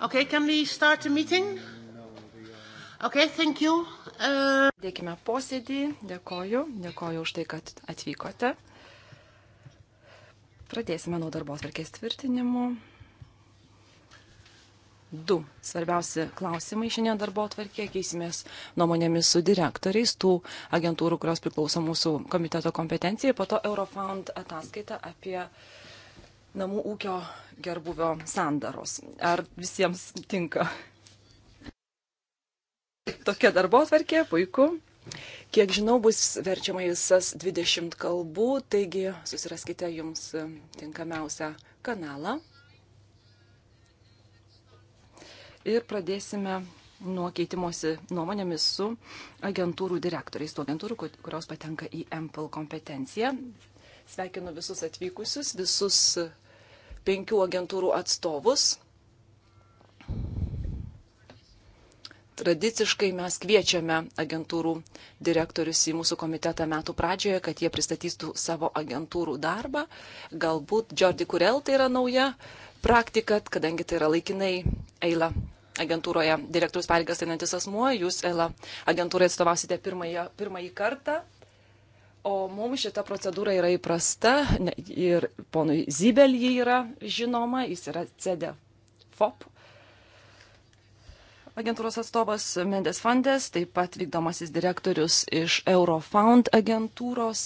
Okay, can we start the meeting? Okay, thank you. Uh... Dėkime posėdį, dėkoju, dėkoju už tai, kad atvykote. Pradėsime nuo darbos varkės tvirtinimo. Du svarbiausi klausimai šiandien darbo atvarkė, keisimės nuomonėmis su direktoriais tų agentūrų, kurios priklauso mūsų komiteto kompetencijai, po to Eurofound ataskaita apie uh, namų ūkio gerbuvio sandaros. Ar visiems tinka? Tokia darbo atvarkė, puiku. Kiek žinau, bus verčiama į visas 20 kalbų, taigi susiraskite jums tinkamiausią kanalą. Ir pradėsime nuo keitimosi nuomonėmis su agentūrų direktoriais, tų agentūrų, kurios patenka į MPL kompetenciją. Sveikinu visus atvykusius, visus penkių agentūrų atstovus. Tradiciškai mes kviečiame agentūrų direktorius į mūsų komitetą metų pradžioje, kad jie pristatystų savo agentūrų darbą. Galbūt Jordi Kurel tai yra nauja praktika, kadangi tai yra laikinai eila agentūroje direktorius pareigas einantis asmuo, jūs eila agentūrai atstovausite pirmąją, pirmąjį kartą O mums šita procedūra yra įprasta ir ponui Zybel jį yra žinoma, jis yra CEDE FOP. Agentūros atstovas Mendes Fandes, taip pat vykdomasis direktorius iš Eurofound agentūros.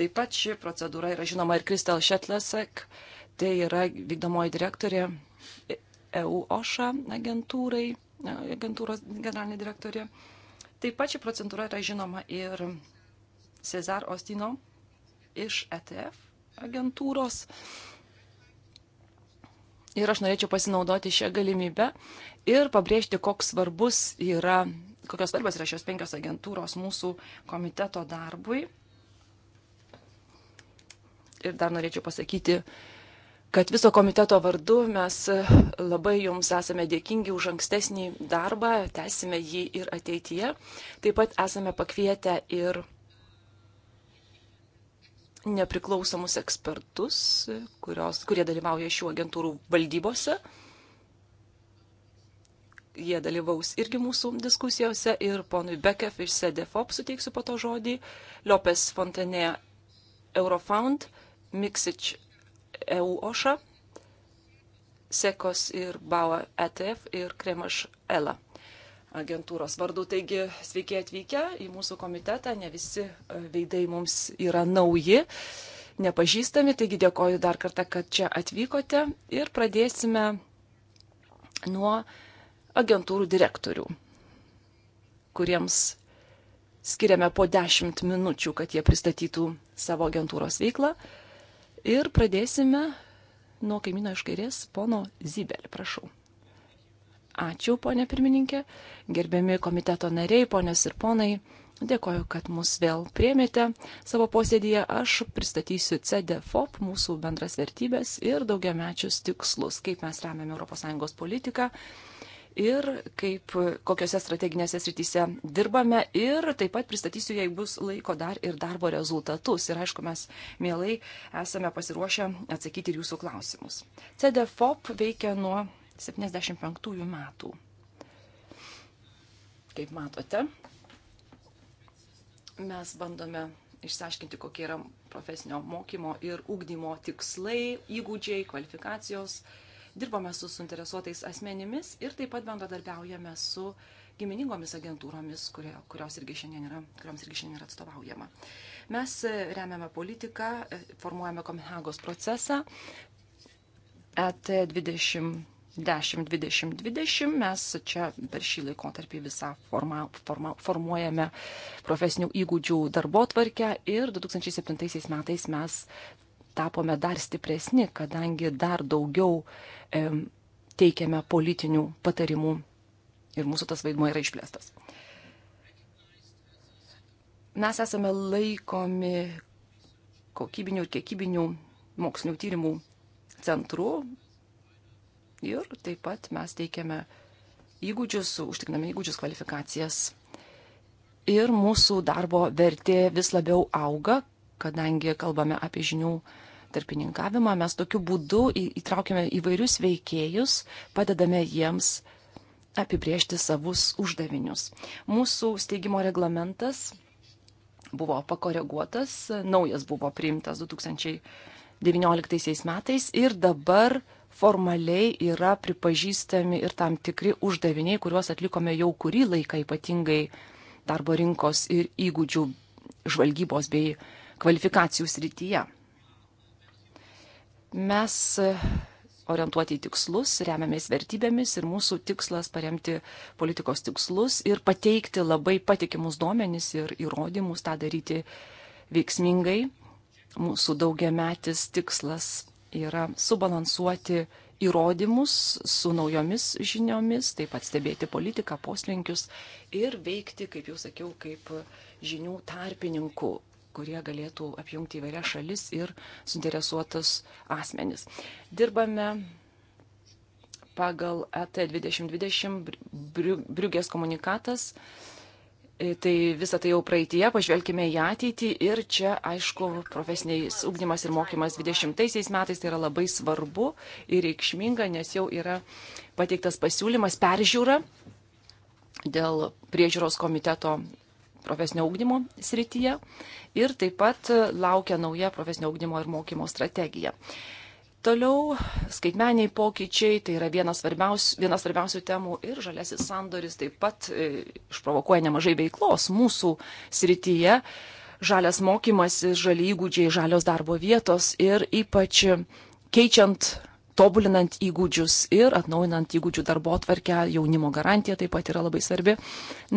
Taip pat ši procedūra yra žinoma ir Kristel Šetlesek, tai yra vykdomoji direktorė EU OŠA agentūrai, agentūros generalinė direktorė. Taip pat ši procedūra yra žinoma ir Cezar Ostino iš ETF agentūros. Ir aš norėčiau pasinaudoti šią galimybę ir pabrėžti, koks svarbus yra, kokios svarbios yra šios penkios agentūros mūsų komiteto darbui. Ir dar norėčiau pasakyti, kad viso komiteto vardu mes labai jums esame dėkingi už ankstesnį darbą, tęsime jį ir ateityje. Taip pat esame pakvietę ir nepriklausomus ekspertus, kurios, kurie dalyvauja šių agentūrų valdybose. Jie dalyvaus irgi mūsų diskusijose ir ponui Bekef iš SEDEFOP suteiksiu po to žodį, Lopes Fontene Eurofound, Miksič EU OŠA, Sekos ir Bauer ETF ir Kremaš ELA agentūros vardu. Taigi, sveiki atvykę į mūsų komitetą, ne visi e, veidai mums yra nauji, nepažįstami, taigi dėkoju dar kartą, kad čia atvykote ir pradėsime nuo agentūrų direktorių, kuriems skiriame po 10 minučių, kad jie pristatytų savo agentūros veiklą. Ir pradėsime nuo kaimyno iš kairės, pono Zibelį, prašau. Ačiū, ponė pirmininkė, gerbiami komiteto nariai, ponės ir ponai. Dėkoju, kad mus vėl priemėte savo posėdėje. Aš pristatysiu CDFOP, mūsų bendras vertybės ir daugiamečius tikslus, kaip mes remiame ES politiką ir kaip, kokiuose strateginėse srityse dirbame ir taip pat pristatysiu, jei bus laiko dar ir darbo rezultatus. Ir aišku, mes mielai esame pasiruošę atsakyti ir jūsų klausimus. CDFOP veikia nuo 75 metų. Kaip matote, mes bandome išsiaiškinti, kokie yra profesinio mokymo ir ugdymo tikslai, įgūdžiai, kvalifikacijos. Dirbame su suinteresuotais asmenimis ir taip pat bendradarbiaujame su giminingomis agentūromis, kurio, kurios irgi šiandien yra, kurioms irgi šiandien yra atstovaujama. Mes e, remiame politiką, e, formuojame Kopenhagos procesą. ET 20 10-20-20 mes čia per šį laikotarpį visą forma, forma, formuojame profesinių įgūdžių darbo tvarkę ir 2007 metais mes tapome dar stipresni, kadangi dar daugiau e, teikiame politinių patarimų ir mūsų tas vaidmo yra išplėstas. Mes esame laikomi kokybinių ir kiekybinių mokslinių tyrimų centru, ir taip pat mes teikiame įgūdžius, užtikriname įgūdžius, kvalifikacijas. Ir mūsų darbo vertė vis labiau auga, kadangi kalbame apie žinių tarpininkavimą, mes tokiu būdu įtraukiame įvairius veikėjus, padedame jiems apibriežti savus uždavinius. Mūsų steigimo reglamentas buvo pakoreguotas, naujas buvo priimtas 2019 metais ir dabar formaliai yra pripažįstami ir tam tikri uždaviniai, kuriuos atlikome jau kurį laiką, ypatingai darbo rinkos ir įgūdžių žvalgybos bei kvalifikacijų srityje. Mes orientuoti į tikslus, remiamės vertybėmis ir mūsų tikslas paremti politikos tikslus ir pateikti labai patikimus duomenis ir įrodymus, tą daryti veiksmingai. Mūsų daugiametis tikslas yra subalansuoti įrodymus su naujomis žiniomis, taip pat stebėti politiką, poslinkius ir veikti, kaip jau sakiau, kaip žinių tarpininkų, kurie galėtų apjungti įvairias šalis ir suinteresuotus asmenis. Dirbame pagal ET 2020 Briugės komunikatas. Briu E, tai visą tai jau praeitie, pažvelkime į ateitį ir čia, aišku, profesiniais ugdymas ir mokymas 20 metais tai yra labai svarbu ir reikšminga, nes jau yra pateiktas pasiūlymas peržiūra dėl priežiūros komiteto profesinio ūkdymo srityje ir taip pat laukia nauja profesinio ūkdymo ir mokymo strategija. Toliau skaitmeniai pokyčiai, tai yra vienas svarbiausių, vienas svarbiausių temų ir žalesis sandoris taip pat e, išprovokuoja nemažai veiklos mūsų srityje. Žalias mokymasis, žali įgūdžiai, žalios darbo vietos ir ypač keičiant, tobulinant įgūdžius ir atnaujinant įgūdžių darbo atvarkę, jaunimo garantija taip pat yra labai svarbi.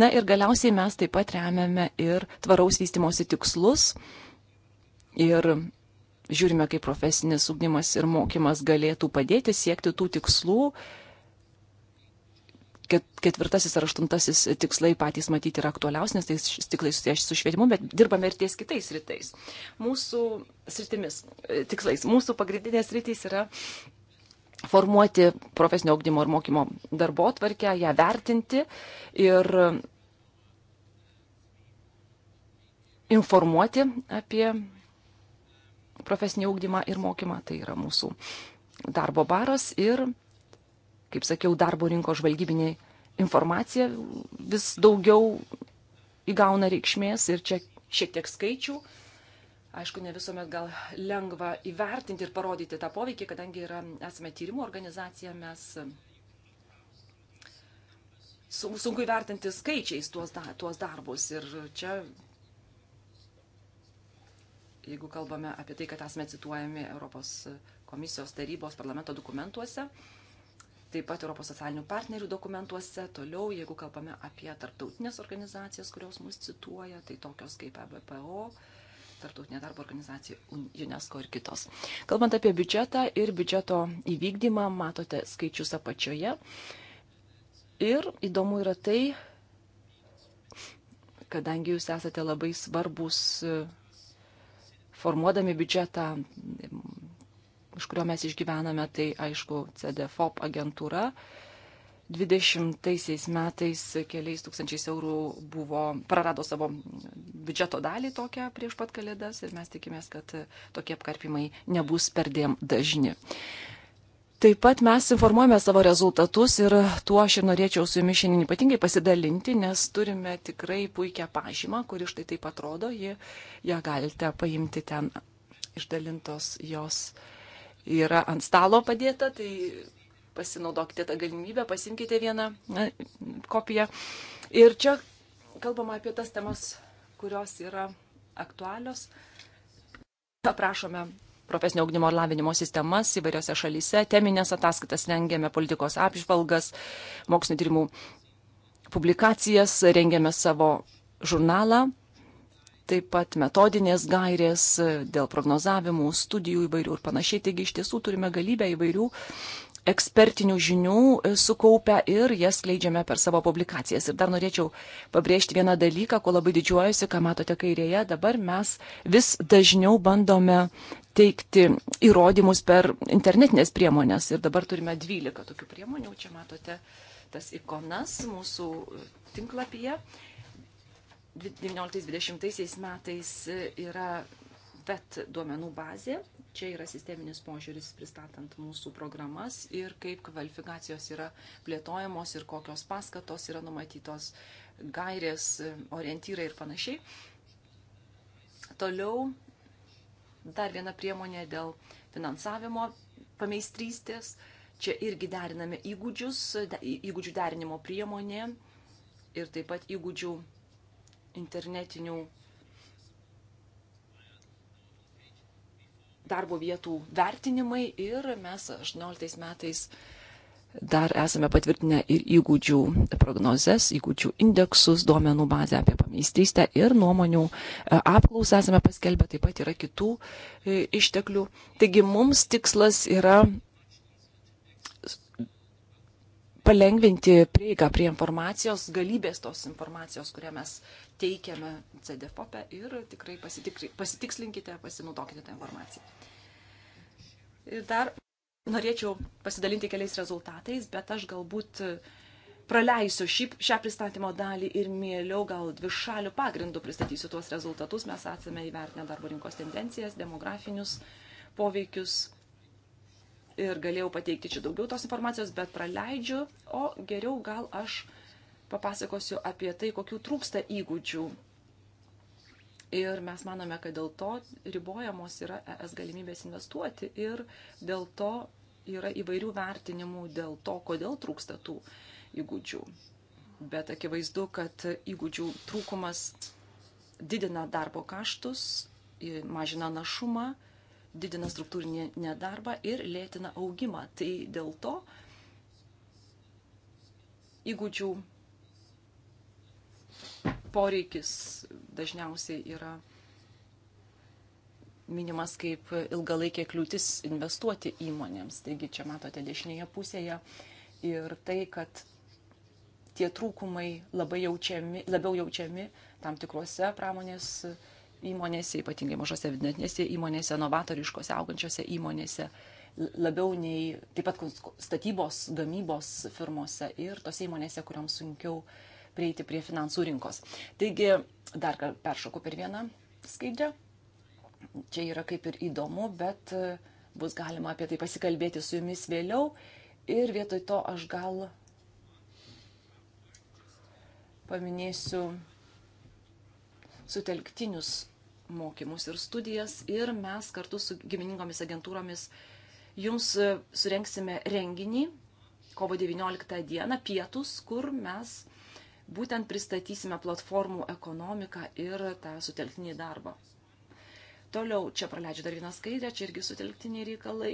Na ir galiausiai mes taip pat remiame ir tvaraus vystimosi tikslus. Ir žiūrime, kaip profesinis ugdymas ir mokymas galėtų padėti siekti tų tikslų. Ketvirtasis ar aštuntasis tikslai patys matyti yra aktualiausi, nes tai tikslai susijęs su švietimu, bet dirbame ir ties kitais rytais. Mūsų sritimis, e, tikslais, mūsų pagrindinės rytys yra formuoti profesinio augdymo ir mokymo darbo tvarkę, ją vertinti ir informuoti apie profesinį augdymą ir mokymą. Tai yra mūsų darbo baras ir, kaip sakiau, darbo rinko žvalgybinė informacija vis daugiau įgauna reikšmės ir čia šiek tiek skaičių. Aišku, ne visuomet gal lengva įvertinti ir parodyti tą poveikį, kadangi yra, esame tyrimų organizacija, mes sunku įvertinti skaičiais tuos, da, tuos darbus. Ir čia jeigu kalbame apie tai, kad esame cituojami Europos komisijos tarybos parlamento dokumentuose, taip pat Europos socialinių partnerių dokumentuose, toliau, jeigu kalbame apie tarptautinės organizacijas, kurios mus cituoja, tai tokios kaip EBPO, Tartautinė darbo organizacija UNESCO ir kitos. Kalbant apie biudžetą ir biudžeto įvykdymą, matote skaičius apačioje. Ir įdomu yra tai, kadangi jūs esate labai svarbus formuodami biudžetą, iš kurio mes išgyvename, tai aišku CDFOP agentūra. 20 metais keliais tūkstančiais eurų buvo, prarado savo biudžeto dalį tokią prieš pat kalėdas ir mes tikimės, kad tokie apkarpimai nebus perdėm dažni. Taip pat mes informuojame savo rezultatus ir tuo aš ir norėčiau su jumis šiandien ypatingai pasidalinti, nes turime tikrai puikią pažymą, kuri štai taip atrodo, jį, ją galite paimti ten išdalintos jos yra ant stalo padėta, tai pasinaudokite tą galimybę, pasimkite vieną na, kopiją. Ir čia kalbama apie tas temas, kurios yra aktualios. Aprašome profesinio augdymo ir lavinimo sistemas įvairiose šalyse, teminės ataskaitas rengiame, politikos apžvalgas, mokslinio tyrimų publikacijas, rengiame savo žurnalą, taip pat metodinės gairės dėl prognozavimų, studijų įvairių ir panašiai. Taigi iš tiesų turime galybę įvairių ekspertinių žinių e, sukaupę ir jas kleidžiame per savo publikacijas. Ir dar norėčiau pabrėžti vieną dalyką, ko labai didžiuojuosi, ką matote kairėje. Dabar mes vis dažniau bandome teikti įrodymus per internetinės priemonės. Ir dabar turime 12 tokių priemonių. Čia matote tas ikonas mūsų tinklapyje. 19-20 metais e, yra VET duomenų bazė čia yra sisteminis požiūris pristatant mūsų programas ir kaip kvalifikacijos yra plėtojamos ir kokios paskatos yra numatytos, gairės, orientyrai ir panašiai. Toliau dar viena priemonė dėl finansavimo pameistrystės. Čia irgi deriname įgūdžius, įgūdžių derinimo priemonė ir taip pat įgūdžių internetinių darbo vietų vertinimai ir mes 18 metais dar esame patvirtinę ir įgūdžių prognozes, įgūdžių indeksus, duomenų bazę apie pameistrystę ir nuomonių e, apklausą esame paskelbę, taip pat yra kitų e, išteklių. Taigi mums tikslas yra palengvinti prieigą prie informacijos, galybės tos informacijos, kurią mes teikiame CDFOPE ir tikrai pasitikslinkite, pasinaudokite tą informaciją. Ir dar norėčiau pasidalinti keliais rezultatais, bet aš galbūt praleisiu šį, šią pristatymo dalį ir mieliau gal dvišalių pagrindų pristatysiu tuos rezultatus. Mes esame įvertinę darbo rinkos tendencijas, demografinius poveikius ir galėjau pateikti čia daugiau tos informacijos, bet praleidžiu, o geriau gal aš papasakosiu apie tai, kokių trūksta įgūdžių. Ir mes manome, kad dėl to ribojamos yra ES galimybės investuoti ir dėl to yra įvairių vertinimų dėl to, kodėl trūksta tų įgūdžių. Bet akivaizdu, kad įgūdžių trūkumas didina darbo kaštus, mažina našumą didina struktūrinį nedarbą ir lėtina augimą. Tai dėl to įgūdžių poreikis dažniausiai yra minimas kaip ilgalaikė kliūtis investuoti įmonėms. Taigi čia matote dešinėje pusėje ir tai, kad tie trūkumai jaučiami, labiau jaučiami tam tikrose pramonės sektoriuose įmonėse, ypatingai mažose vidutinėse įmonėse, novatoriškose augančiose įmonėse, labiau nei taip pat statybos, gamybos firmose ir tose įmonėse, kuriams sunkiau prieiti prie finansų rinkos. Taigi, dar kartą peršoku per vieną skaidrę. Čia yra kaip ir įdomu, bet e, bus galima apie tai pasikalbėti su jumis vėliau. Ir vietoj to aš gal paminėsiu sutelktinius mokymus ir studijas ir mes kartu su giminingomis agentūromis jums e, surenksime renginį kovo 19 dieną pietus, kur mes būtent pristatysime platformų ekonomiką ir tą sutelktinį darbą. Toliau čia praleidžiu dar vieną skaidrę, čia irgi sutelktiniai reikalai.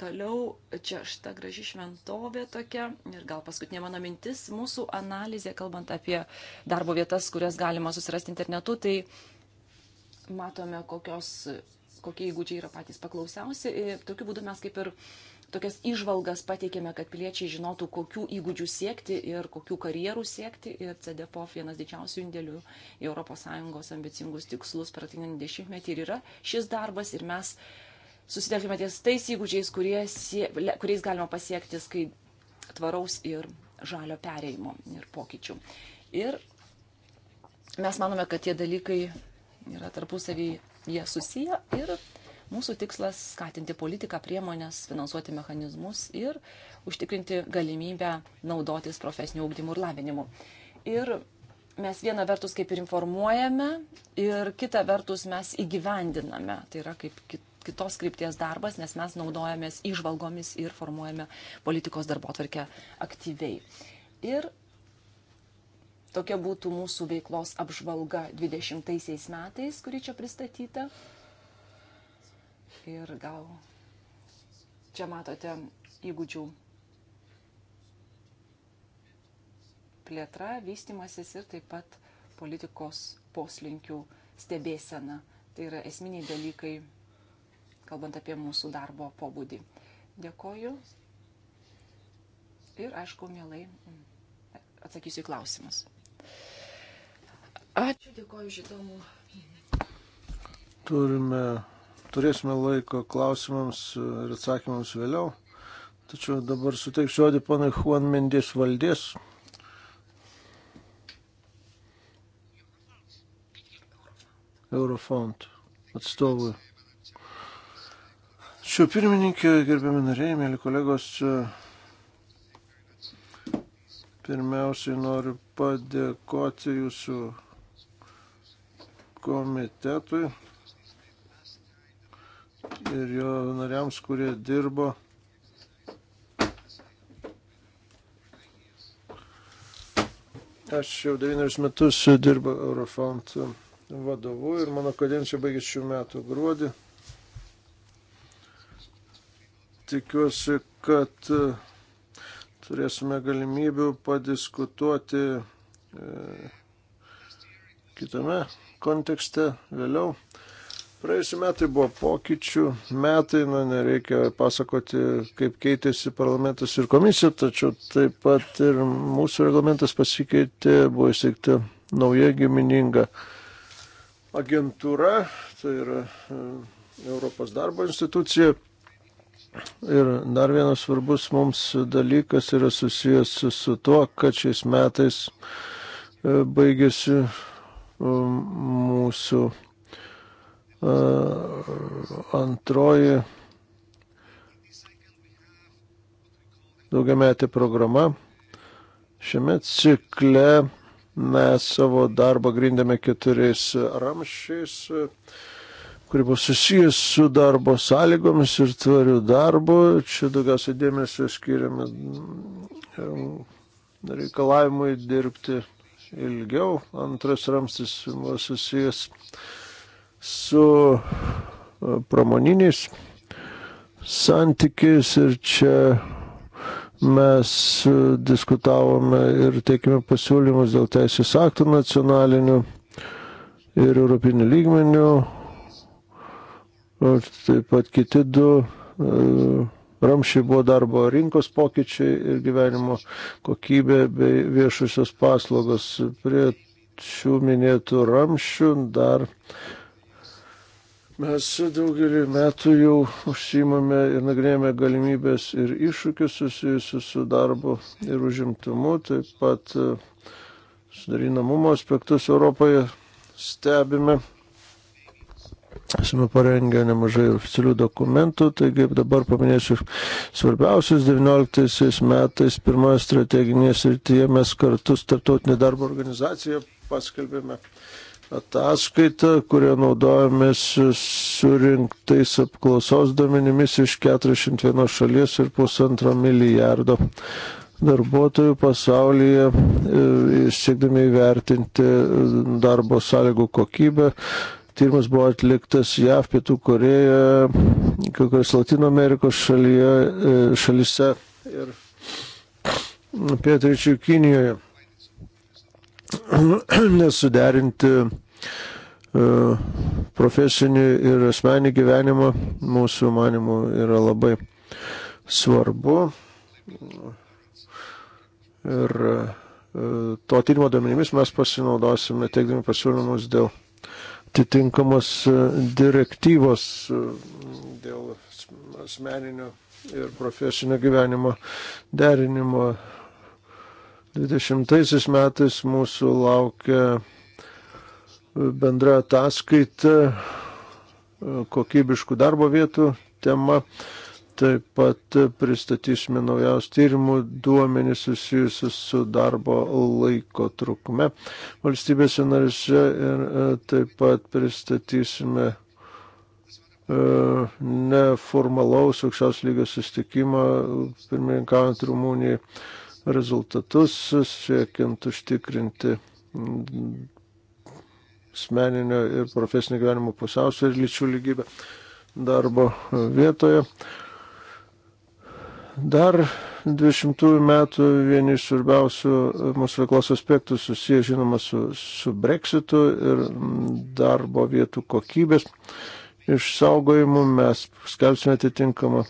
Toliau čia šita graži šventovė tokia ir gal paskutinė mano mintis, mūsų analizė, kalbant apie darbo vietas, kurias galima susirasti internetu, tai matome, kokios, kokie įgūdžiai yra patys paklausiausi. Ir tokiu būdu mes kaip ir tokias išvalgas pateikėme, kad piliečiai žinotų, kokių įgūdžių siekti ir kokių karjerų siekti. Ir CDPOF vienas didžiausių indėlių į ES ambicingus tikslus per atinantį dešimtmetį ir yra šis darbas. Ir mes susitelkime ties tais įgūdžiais, kurie sie, kuriais galima pasiekti skai, tvaraus ir žalio pereimo ir pokyčių. Ir mes manome, kad tie dalykai yra tarpusavyje susiję ir mūsų tikslas skatinti politiką, priemonės, finansuoti mechanizmus ir užtikrinti galimybę naudotis profesiniu ūkdymu ir lavinimu. Ir mes viena vertus kaip ir informuojame ir kita vertus mes įgyvendiname. Tai yra kaip kit kitos krypties darbas, nes mes naudojamės išvalgomis ir formuojame politikos darbotvarkę aktyviai. Ir tokia būtų mūsų veiklos apžvalga 20 metais, kuri čia pristatyta. Ir gal čia matote įgūdžių plėtra, vystimasis ir taip pat politikos poslinkių stebėsena. Tai yra esminiai dalykai kalbant apie mūsų darbo pobūdį. Dėkoju ir, aišku, mielai mm, atsakysiu į klausimus. Ačiū, dėkoju šitomų. Turime, turėsime laiko klausimams ir atsakymams vėliau, tačiau dabar suteiksiu žodį panai Juan Mendės valdės. Eurofond atstovui. Ačiū pirmininkė, gerbiami nariai, mėly kolegos. Pirmiausiai noriu padėkoti jūsų komitetui ir jo nariams, kurie dirbo Aš jau devynerius metus dirbu Eurofond vadovu ir mano kadencija baigėsi šių metų gruodį tikiuosi, kad e, turėsime galimybių padiskutuoti e, kitame kontekste vėliau. Praėjusiu metai buvo pokyčių metai, nu, nereikia pasakoti, kaip keitėsi parlamentas ir komisija, tačiau taip pat ir mūsų reglamentas pasikeitė, buvo įsteigta nauja gimininga agentūra, tai yra e, Europos darbo institucija, Ir dar vienas svarbus mums dalykas yra susijęs su, su tuo, kad šiais metais e, baigėsi e, mūsų e, antroji daugiametė programa. Šiame cikle mes savo darbą grindėme keturiais ramščiais kuri buvo susijęs su darbo sąlygomis ir tvariu darbu. Čia daugiausiai dėmesio skiriame reikalavimui dirbti ilgiau. Antras ramstis buvo susijęs su e, pramoniniais santykiais ir čia mes diskutavome ir teikėme pasiūlymus dėl teisės aktų nacionalinių ir europinių lygmenių Taip pat kiti du e, ramšiai buvo darbo rinkos pokyčiai ir gyvenimo kokybė bei viešusios paslaugos. Prie šių minėtų ramščių dar mes daugelį metų jau užsimame ir nagrinėjame galimybės ir iššūkius susijusius su darbu ir užimtumu, taip pat e, sudarinamumo aspektus Europoje stebime. Esame parengę nemažai oficialių dokumentų, taigi dabar paminėsiu svarbiausius 19 metais pirmoje strateginėje srityje mes kartu Startautinė darbo organizacija paskelbėme ataskaitą, kurią naudojamės surinktais apklausos duomenimis iš 401 šalies ir pusantro milijardo darbuotojų pasaulyje, e, siekdami įvertinti darbo sąlygų kokybę Tyrimas buvo atliktas JAV, Pietų Koreja, kai kurios Latino Amerikos šalyje, e, šalyse ir pietryčių Kinijoje. Nesuderinti e, profesinį ir asmenį gyvenimą mūsų manimų yra labai svarbu. Ir e, to tyrimo duomenimis mes pasinaudosime teikdami pasiūlymus dėl atitinkamos e, direktyvos e, dėl asmeninio ir profesinio gyvenimo derinimo. 20 metais mūsų laukia bendra ataskaita e, kokybiškų darbo vietų tema. Taip pat pristatysime naujaus tyrimų duomenį susijusius su darbo laiko trukme valstybėse narise ir e, taip pat pristatysime e, neformalaus aukščiaus lygio sustikimo pirmininkaujant Rumunijai rezultatus, siekiant užtikrinti asmeninio ir profesinio gyvenimo pusiausvyrą ir lyčių lygybę darbo vietoje. Dar 200 metų vieni iš svarbiausių e, mūsų veiklos aspektų susiję, žinoma, su, su breksitu ir darbo vietų kokybės išsaugojimu. Mes skelbsime atitinkamą e,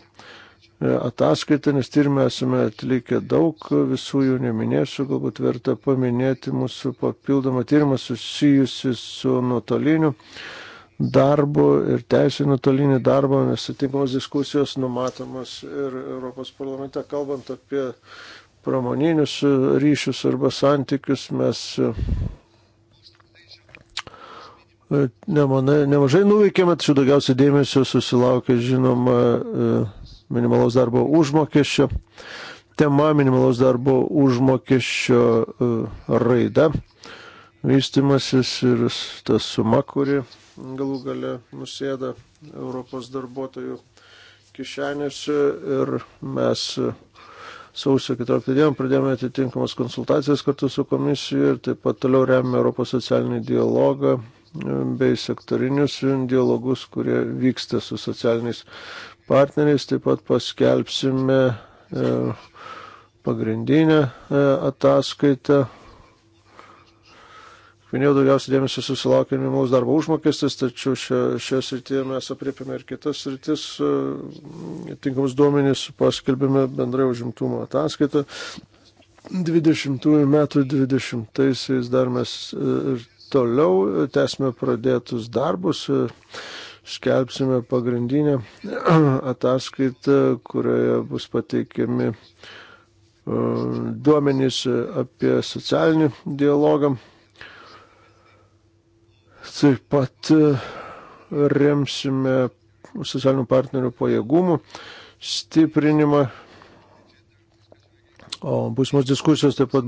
ataskaitą, nes tyrimę esame atlikę daug, visų jų neminėsiu, galbūt verta paminėti mūsų papildomą tyrimą susijusi su nuotoliniu darbu ir teisų nuotolinį darbą, nes atitinkamos diskusijos numatomas ir Europos parlamente, kalbant apie pramoninius ryšius arba santykius, mes e, nemanai, nemažai nuveikėme, tačiau daugiausiai dėmesio susilaukė, žinoma, e, minimalaus darbo užmokesčio tema, minimalaus darbo užmokesčio e, raida, vystimasis ir tas suma, kuri galų gale nusėda Europos darbuotojų kišenėse ir mes sausio 14 dieną pradėjome atitinkamas konsultacijas kartu su komisija ir taip pat toliau remia Europos socialinį dialogą bei sektorinius dialogus, kurie vyksta su socialiniais partneriais. Taip pat paskelbsime pagrindinę e, ataskaitą minėjau, daugiausiai dėmesio susilaukia minimalus darbo užmokestis, tačiau šioje srityje mes apriepiame ir kitas sritis, e, tinkamus duomenys paskelbėme bendrai užimtumo ataskaitą. 20 metų 20-aisiais dar mes e, ir toliau tęsime pradėtus darbus, e, skelbsime pagrindinę ataskaitą, kurioje bus pateikiami duomenys apie socialinį dialogą Taip pat e, remsime socialinių partnerių pajėgumų stiprinimą. O būsimos diskusijos taip pat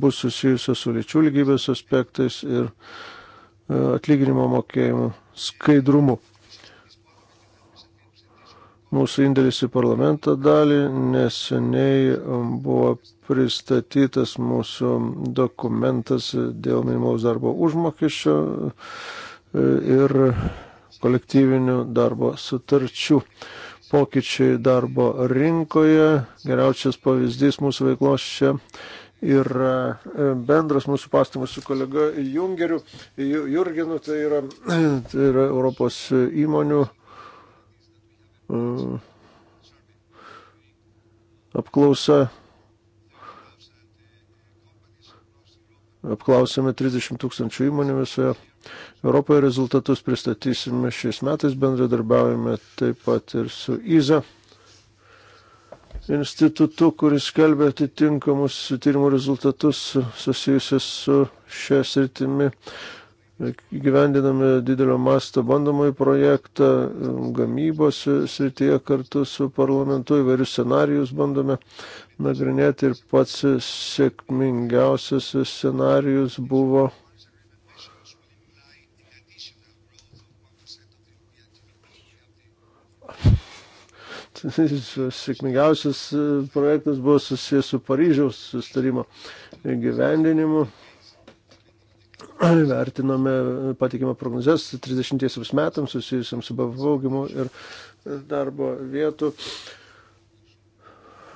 bus susijusios su lyčių lygybės aspektais ir e, atlyginimo mokėjimų skaidrumu mūsų indėlis į parlamento dalį. Neseniai um, buvo pristatytas mūsų dokumentas dėl minimaus darbo užmokesčio e, ir kolektyvinių darbo sutarčių. Pokyčiai darbo rinkoje, geriausias pavyzdys mūsų veiklos čia ir e, bendras mūsų pastamas su kolega Jungeriu, Jurginu, tai yra, tai yra Europos įmonių Mm. apklausa. Apklausėme 30 tūkstančių įmonių visoje Europoje, rezultatus pristatysime šiais metais, bendradarbiaujame taip pat ir su IZA institutu, kuris skelbia atitinkamus tyrimų rezultatus susijusius su šia sritimi gyvendiname didelio masto bandomąjį projektą gamybos srityje kartu su parlamentu įvairius scenarijus bandome nagrinėti ir pats sėkmingiausias scenarijus buvo sėkmingiausias projektas buvo susijęs su Paryžiaus sustarimo gyvendinimu vertinome e, patikimą prognozes 30 metams susijusiam su BVP augimu ir e, darbo vietų.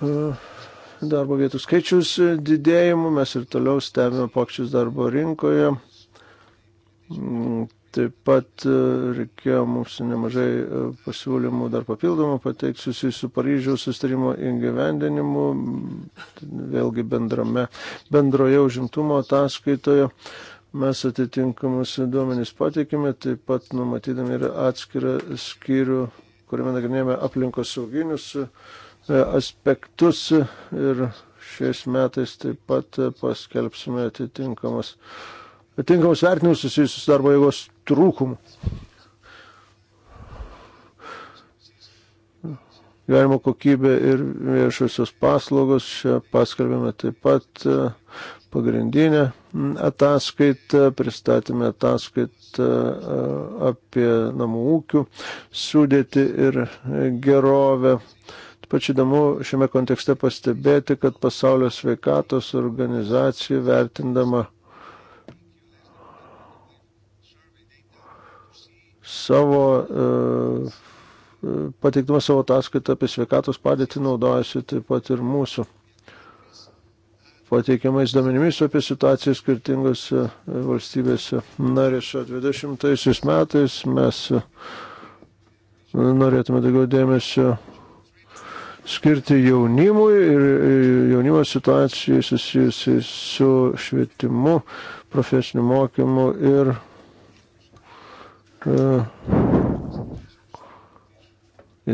E, darbo vietų skaičius didėjimu mes ir toliau stebime pokščius darbo rinkoje. Mm, taip pat reikėjo mums nemažai pasiūlymų dar papildomų pateikti susijusiu Paryžiaus sustarimo įgyvendinimu, vėlgi bendrame, bendroje užimtumo ataskaitoje. Uh, Mes atitinkamus duomenys pateikime, taip pat numatydami ir atskirą skyrių, kuriame nagrinėjame aplinkos sauginius e, aspektus ir šiais metais taip pat paskelbsime atitinkamas, atitinkamus vertinimus susijusius darbo jėgos trūkumu. Gyvenimo kokybė ir viešosios paslaugos, čia paskelbėme taip pat pagrindinę ataskaitą, pristatėme ataskaitą e, apie namų ūkių sudėti ir gerovę. Pačiu įdomu šiame kontekste pastebėti, kad pasaulio sveikatos organizacija vertindama savo, e, pateikdama savo ataskaitą apie sveikatos padėtį naudojasi taip pat ir mūsų pateikiamais duomenimis apie situaciją skirtingose e, valstybėse narėse. 20 metais mes e, norėtume daugiau dėmesio skirti jaunimui ir e, jaunimo situacijai susijusiai su švietimu, profesiniu mokymu ir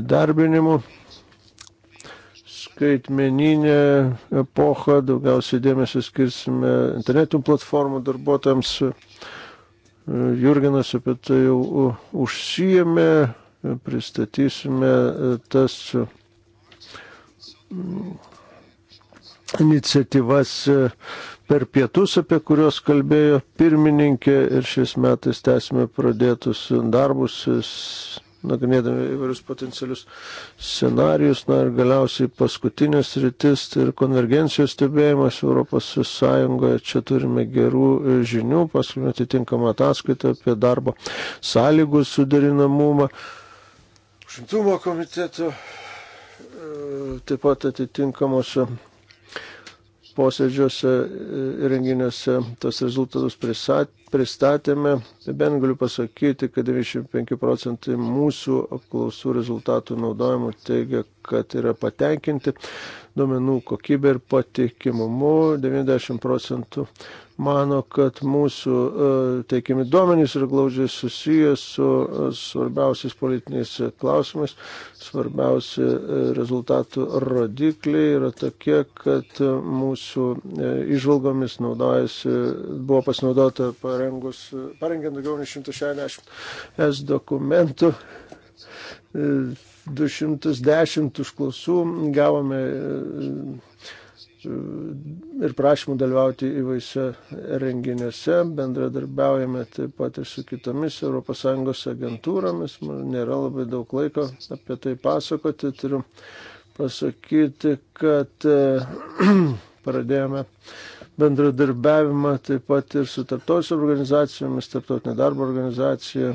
įdarbinimu. E, skaitmeninę epochą, daugiausiai dėmesio skirsime internetinių platformų darbuotojams. Jurginas apie tai jau užsijėmė, pristatysime tas mm, iniciatyvas per pietus, apie kuriuos kalbėjo pirmininkė ir šiais metais tęsime pradėtus darbus nagrinėdami įvairius potencialius scenarius. Na ir galiausiai paskutinės rytis tai ir konvergencijos stebėjimas Europos Sąjungoje. Čia turime gerų e, žinių, paskutinė atitinkama ataskaita apie darbo sąlygų suderinamumą. Šimtumo komiteto e, taip pat atitinkamuose posėdžiuose ir e, renginiuose tos rezultatus pristatėme. Tai bent galiu pasakyti, kad 95 procentai mūsų apklausų rezultatų naudojimų teigia, kad yra patenkinti duomenų kokybė ir patikimumu. 90 procentų mano, kad mūsų e, teikiami duomenys yra glaudžiai susijęs su e, svarbiausiais politiniais klausimais. Svarbiausi e, rezultatų rodikliai yra tokie, kad mūsų išvalgomis naudojasi, buvo pasinaudota parengus, parengiant daugiau nei 160 S dokumentų. 210 užklausų gavome ir prašymų dalyvauti įvairiose renginiuose, bendradarbiaujame taip pat ir su kitomis ES agentūromis, man nėra labai daug laiko apie tai pasakoti, turiu pasakyti, kad pradėjome bendradarbiavimą taip pat ir su tarptautinėmis organizacijomis, tarptautinė darbo organizacija,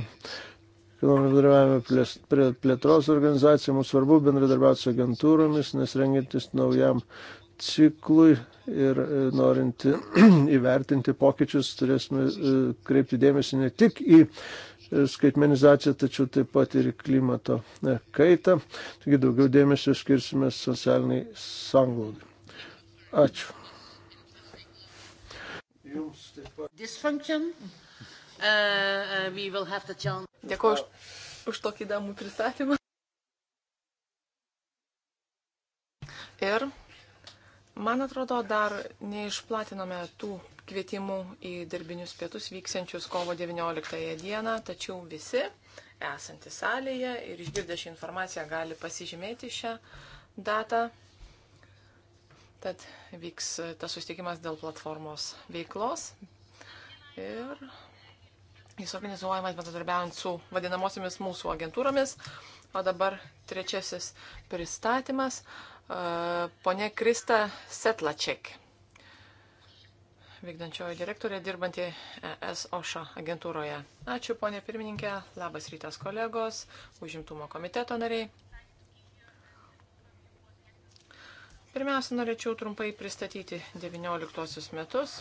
bendradarbiavime prie plėtros organizacija, mums svarbu bendradarbiauti su agentūromis, nes rengintis naujam ciklui ir e, norint įvertinti pokyčius turėsime e, kreipti dėmesį ne tik į e, skaitmenizaciją, tačiau taip pat ir į klimato kaitą. Taigi daugiau dėmesio skirsime socialiniai sanglaudai. Ačiū. Uh, uh, Dėkuoju už, už tokį įdomų pristatymą. Ir Man atrodo, dar neišplatinome tų kvietimų į darbinius pietus vyksiančius kovo 19 dieną, tačiau visi esantys salėje ir išgirdę šią informaciją gali pasižymėti šią datą. Tad vyks tas susitikimas dėl platformos veiklos ir jis organizuojamas bendradarbiaujant su vadinamosiamis mūsų agentūromis. O dabar trečiasis pristatymas. E, Pone Krista Setlaček, vykdančioji direktorė dirbanti ES OŠA agentūroje. Ačiū, ponė pirmininkė, labas rytas kolegos, užimtumo komiteto nariai. Pirmiausia, norėčiau trumpai pristatyti 19 metus,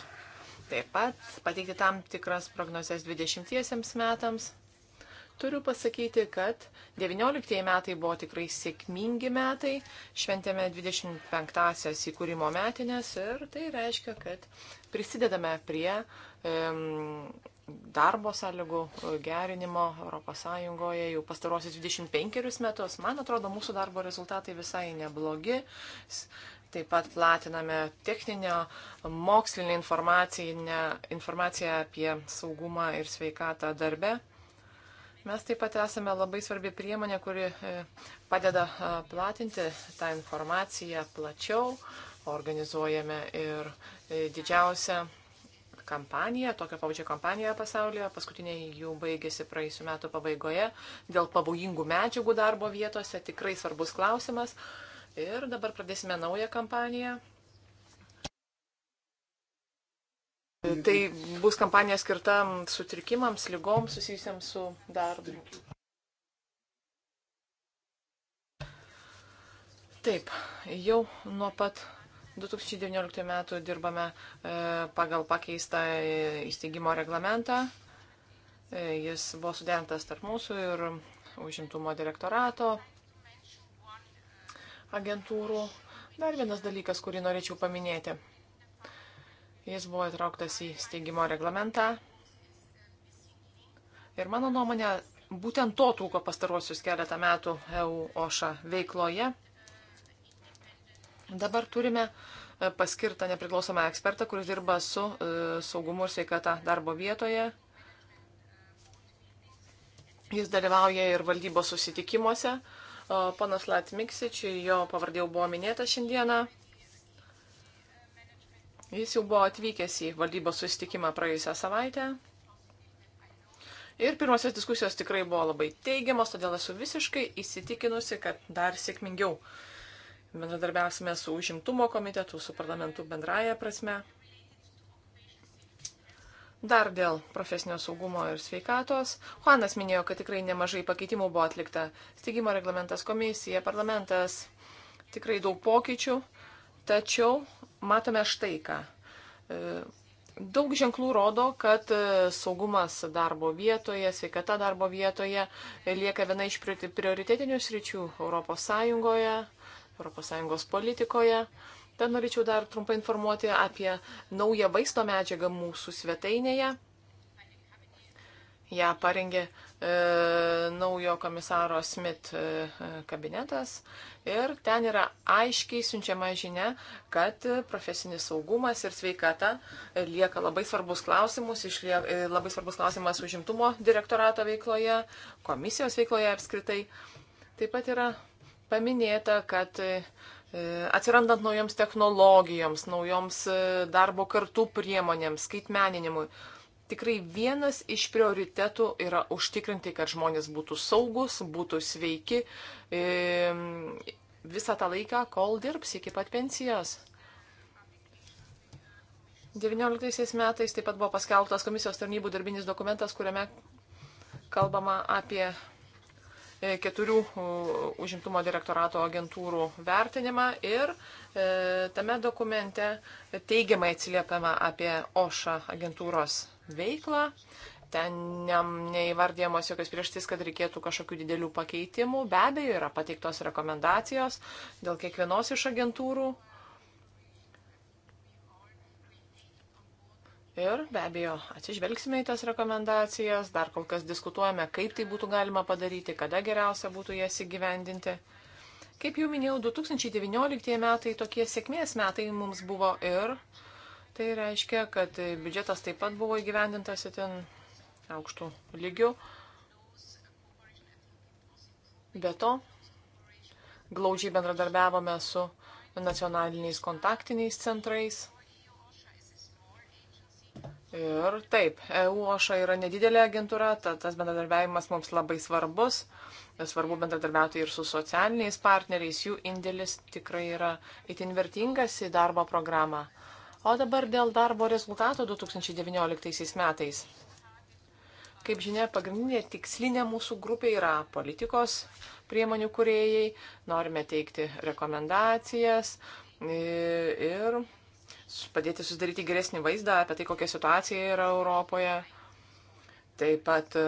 taip pat pateikti tam tikras prognozes 20 metams Turiu pasakyti, kad 19 metai buvo tikrai sėkmingi metai, šventėme 25-asias įkūrimo metinės ir tai reiškia, kad prisidedame prie um, darbo sąlygų e, gerinimo ES jau pastarosius 25 metus. Man atrodo, mūsų darbo rezultatai visai neblogi. Taip pat platiname techninę, mokslinę informaciją, informaciją apie saugumą ir sveikatą darbe. Mes taip pat esame labai svarbi priemonė, kuri e, padeda e, platinti tą informaciją plačiau. Organizuojame ir e, didžiausią kampaniją, tokią pavadžią kampaniją pasaulyje. Paskutiniai jų baigėsi praėjusiu metu pabaigoje dėl pavojingų medžiagų darbo vietose. Tikrai svarbus klausimas. Ir dabar pradėsime naują kampaniją Tai bus kampanija skirta sutrikimams, lygoms susijusiams su darbu. Taip, jau nuo pat 2019 metų dirbame e, pagal pakeistą įsteigimo reglamentą. E, jis buvo sudėtas tarp mūsų ir užimtumo direktorato agentūrų. Dar vienas dalykas, kurį norėčiau paminėti. Jis buvo įtrauktas į steigimo reglamentą. Ir mano nuomonė, būtent to trūko pastaruosius keletą metų EU OŠA veikloje. Dabar turime e, paskirtą nepriklausomą ekspertą, kuris dirba su e, saugumu ir sveikata darbo vietoje. Jis dalyvauja ir valdybos susitikimuose. Panas Latmiksič, jo pavardė jau buvo minėta šiandieną. Jis jau buvo atvykęs į valdybos susitikimą praėjusią savaitę. Ir pirmosios diskusijos tikrai buvo labai teigiamos, todėl esu visiškai įsitikinusi, kad dar sėkmingiau bendradarbiausime su užimtumo komitetu, su parlamentu bendraja prasme. Dar dėl profesinio saugumo ir sveikatos. Juanas minėjo, kad tikrai nemažai pakeitimų buvo atlikta. Steigimo reglamentas komisija, parlamentas, tikrai daug pokyčių. Tačiau matome štai ką. E, daug ženklų rodo, kad e, saugumas darbo vietoje, sveikata darbo vietoje e, lieka viena iš prioritetinių sričių ES, ES politikoje. Ten norėčiau dar trumpai informuoti apie naują vaisto medžiagą mūsų svetainėje. Ja parengė E, naujo komisaro Smith e, e, kabinetas ir ten yra aiškiai siunčiama žinia, kad profesinis saugumas ir sveikata lieka labai svarbus klausimus, išlie, labai svarbus klausimas užimtumo direktorato veikloje, komisijos veikloje apskritai. Taip pat yra paminėta, kad atsirandant naujoms technologijoms, naujoms darbo kartų priemonėms, skaitmeninimui, tikrai vienas iš prioritetų yra užtikrinti, kad žmonės būtų saugus, būtų sveiki visą tą laiką, kol dirbs iki pat pensijos. 19 metais taip pat buvo paskelbtas komisijos tarnybų darbinis dokumentas, kuriame kalbama apie e, keturių užimtumo direktorato agentūrų vertinimą ir e, tame dokumente teigiamai atsiliepiama apie OŠA agentūros veiklą. Ten neįvardėjamos jokios prieštys, kad reikėtų kažkokių didelių pakeitimų. Be abejo, yra pateiktos rekomendacijos dėl kiekvienos iš agentūrų. Ir be abejo, atsižvelgsime į tas rekomendacijas, dar kol kas diskutuojame, kaip tai būtų galima padaryti, kada geriausia būtų jas įgyvendinti. Kaip jau minėjau, 2019 metai tokie sėkmės metai mums buvo ir uh, Tai reiškia, kad biudžetas taip pat buvo įgyvendintas itin aukštų lygių. Be to, glaudžiai bendradarbiavome su nacionaliniais kontaktiniais centrais. Ir taip, EU OŠA yra nedidelė agentūra, ta, tas bendradarbiavimas mums labai svarbus. Svarbu bendradarbiauti ir su socialiniais partneriais, jų indėlis tikrai yra itin vertingas į darbo programą. O dabar dėl darbo rezultato 2019 metais. Kaip žinia, pagrindinė tikslinė mūsų grupė yra politikos priemonių kuriejai. Norime teikti rekomendacijas ir padėti susidaryti geresnį vaizdą apie tai, kokia situacija yra Europoje. Taip pat e,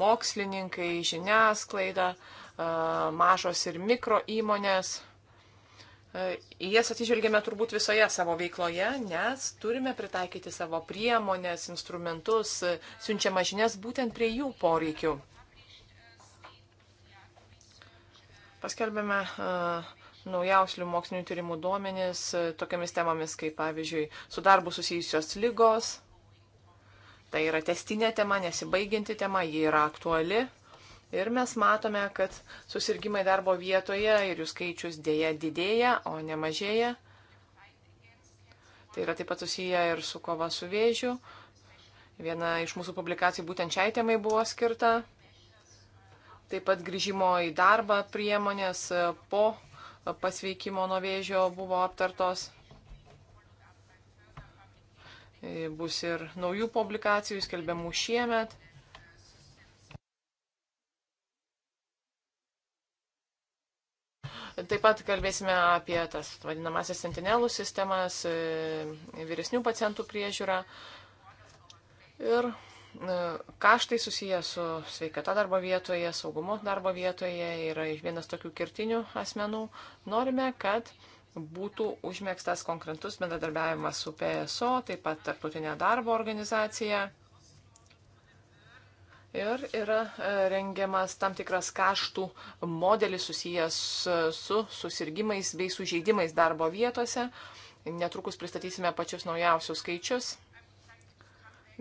mokslininkai, žiniasklaida, e, mažos ir mikro įmonės Į jas atsižvelgėme turbūt visoje savo veikloje, nes turime pritaikyti savo priemonės, instrumentus, siunčiamą žinias būtent prie jų poreikių. Paskelbėme e, naujausių mokslinių tyrimų duomenis e, tokiamis temomis, kaip pavyzdžiui, su darbu susijusios lygos. Tai yra testinė tema, nesibaiginti tema, ji yra aktuali. Ir mes matome, kad susirgymai darbo vietoje ir jų skaičius dėja didėja, o ne mažėja. Tai yra taip pat susiję ir su kova su vėžiu. Viena iš mūsų publikacijų būtent šiai temai buvo skirta. Taip pat grįžimo į darbą priemonės po pasveikimo nuo vėžio buvo aptartos. Bus ir naujų publikacijų skelbiamų šiemet. Taip pat kalbėsime apie tas vadinamasias sentinelų sistemas, e, vyresnių pacientų priežiūrą ir e, kaštai susiję su sveikata darbo vietoje, saugumu darbo vietoje yra vienas tokių kirtinių asmenų. Norime, kad būtų užmėgstas konkretus bendradarbiavimas su PSO, taip pat tarptautinė darbo organizacija. Ir yra e, rengiamas tam tikras kaštų modelis susijęs e, su susirgymais bei sužeidimais darbo vietose. Netrukus pristatysime pačius naujausius skaičius.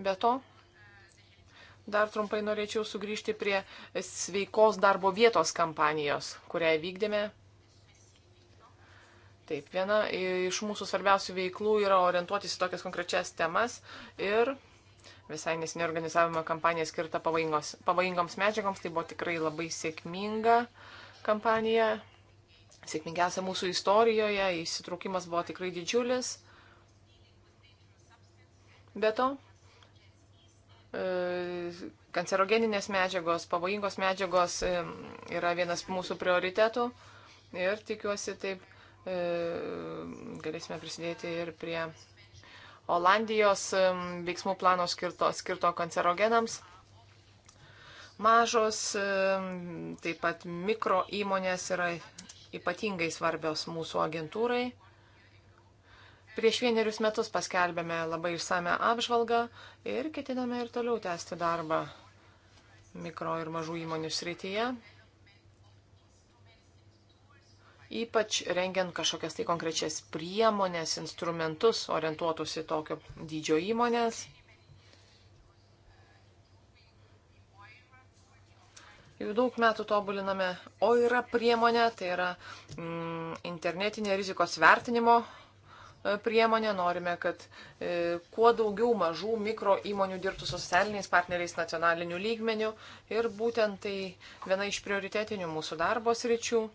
Be to, dar trumpai norėčiau sugrįžti prie sveikos darbo vietos kampanijos, kurią vykdėme. Taip, viena iš mūsų svarbiausių veiklų yra orientuotis į tokias konkrečias temas ir Visai nesiniai organizavome kampaniją skirtą pavojingoms medžiagoms. Tai buvo tikrai labai sėkminga kampanija. Sėkmingiausia mūsų istorijoje. Įsitraukimas buvo tikrai didžiulis. Be to, e, kancerogeninės medžiagos, pavojingos medžiagos e, yra vienas mūsų prioritetų ir tikiuosi taip e, galėsime prisidėti ir prie Olandijos veiksmų plano skirto, skirto kancerogenams. Mažos, taip pat mikro įmonės yra ypatingai svarbios mūsų agentūrai. Prieš vienerius metus paskelbėme labai išsame apžvalgą ir ketiname ir toliau tęsti darbą mikro ir mažų įmonių srityje ypač rengiant kažkokias tai konkrečias priemonės, instrumentus orientuotus į tokio dydžio įmonės. Jau daug metų tobuliname OIRA priemonę, tai yra mm, internetinė rizikos vertinimo e, priemonė. Norime, kad e, kuo daugiau mažų mikro įmonių dirbtų su socialiniais partneriais nacionaliniu lygmeniu ir būtent tai viena iš prioritetinių mūsų darbos ryčių.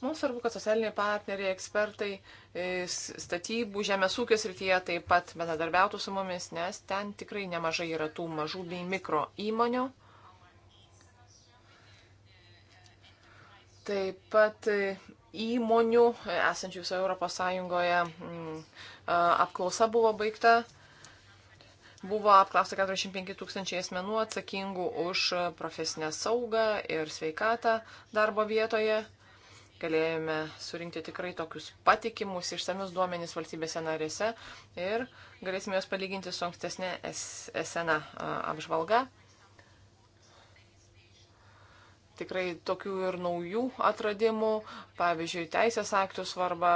Mums svarbu, kad socialiniai partneriai, ekspertai e, statybų, žemės ūkio srityje taip pat bendradarbiautų su mumis, nes ten tikrai nemažai yra tų mažų bei mikro įmonių. Taip pat e, įmonių e, esančių visoje Europos Sąjungoje apklausa buvo baigta. Buvo apklausta 45 tūkstančiai asmenų atsakingų už profesinę saugą ir sveikatą darbo vietoje galėjome surinkti tikrai tokius patikimus, išsamius duomenys valstybėse narėse ir galėsime juos palyginti su ankstesnė SNA apžvalga. Tikrai tokių ir naujų atradimų, pavyzdžiui, teisės aktų svarba,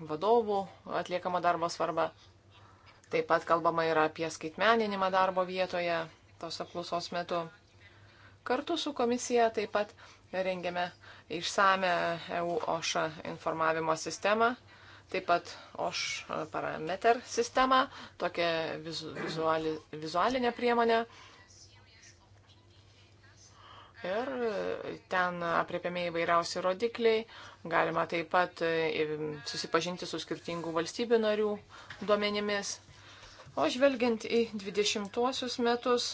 vadovų atliekama darbo svarba. Taip pat kalbama yra apie skaitmeninimą darbo vietoje tos apklausos metu. Kartu su komisija taip pat rengiame uh, išsame EU OŠA informavimo sistemą, taip pat OŠ parameter sistemą, tokią vizuali, vizualinę priemonę. Ir ten apriepiami įvairiausi rodikliai. Galima taip pat e, susipažinti su skirtingų valstybių narių duomenimis. O žvelgiant į 20-uosius metus,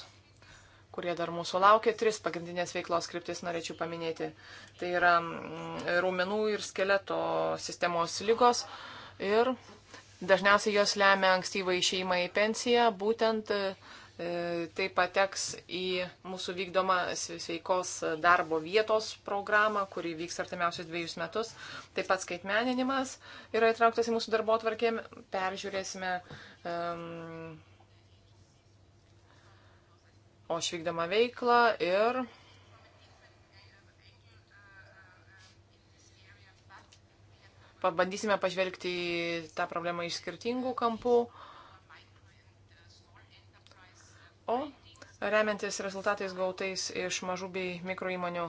kurie dar mūsų laukia. Tris pagrindinės veiklos kryptis norėčiau paminėti. Tai yra mm, raumenų ir skeleto sistemos lygos ir dažniausiai jos lemia ankstyvą išeimą į pensiją, būtent e, tai pateks į mūsų vykdomą sveikos darbo vietos programą, kuri vyks artimiausius dviejus metus. Taip pat skaitmeninimas yra įtrauktas į mūsų darbo atvarkė. Peržiūrėsime um, o aš vykdama veiklą ir pabandysime pažvelgti į tą problemą iš skirtingų kampų. O remiantis rezultatais gautais iš mažų bei mikro įmonių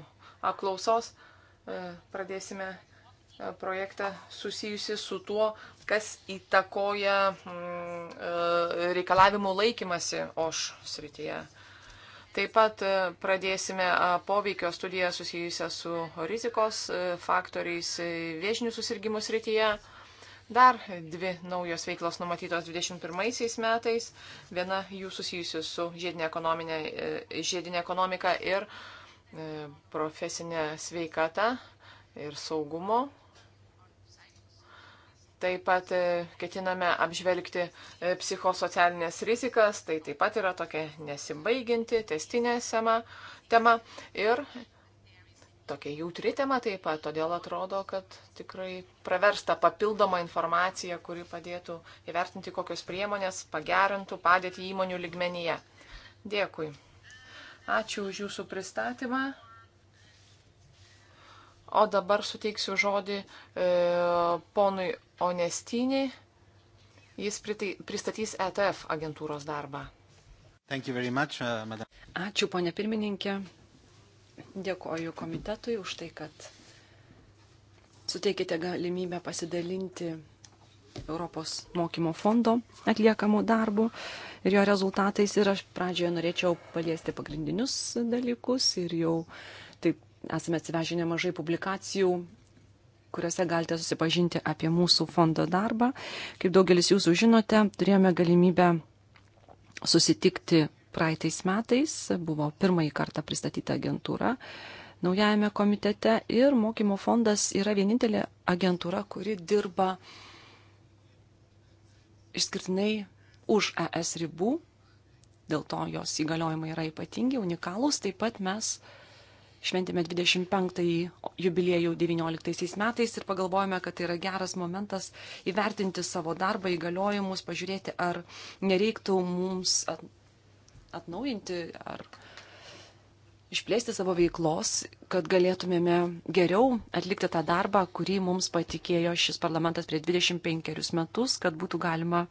apklausos, e, pradėsime e, projektą susijusi su tuo, kas įtakoja mm, e, reikalavimų laikymasi OŠ srityje. Taip pat e, pradėsime e, poveikio studiją susijusią su rizikos e, faktoriais viešinių susirgymų srityje. Dar dvi naujos veiklos numatytos 21 metais. Viena jų susijusi su žiedinė, žiedinė ekonomika ir profesinė sveikata ir saugumo. Taip pat e, ketiname apžvelgti e, psichosocialinės rizikas, tai taip pat yra tokia nesibaiginti, testinė tema ir tokia jautri tema taip pat, todėl atrodo, kad tikrai praversta papildoma informacija, kuri padėtų įvertinti, kokios priemonės pagerintų padėti įmonių ligmenyje. Dėkui. Ačiū už jūsų pristatymą. O dabar suteiksiu žodį e, ponui Onestinį. Jis pristatys ETF agentūros darbą. Much, uh, madame. Ačiū, ponė pirmininkė. Dėkoju komitetui už tai, kad suteikite galimybę pasidalinti Europos mokymo fondo atliekamų darbų ir jo rezultatais. Ir aš pradžioje norėčiau paliesti pagrindinius dalykus ir jau taip esame atsivežę nemažai publikacijų kuriuose galite susipažinti apie mūsų fondo darbą. Kaip daugelis jūsų žinote, turėjome galimybę susitikti praeitais metais, buvo pirmąjį kartą pristatyta agentūra naujajame komitete ir mokymo fondas yra vienintelė agentūra, kuri dirba išskirtinai už ES ribų, dėl to jos įgaliojimai yra ypatingi, unikalūs, taip pat mes uh, šventėme 25-ąjį jubiliejų 19 metais ir pagalvojome, kad tai yra geras momentas įvertinti savo darbą, įgaliojimus, pažiūrėti, ar nereiktų mums atnaujinti ar išplėsti savo veiklos, kad galėtumėme geriau atlikti tą darbą, kurį mums patikėjo šis parlamentas prieš 25 metus, kad būtų galima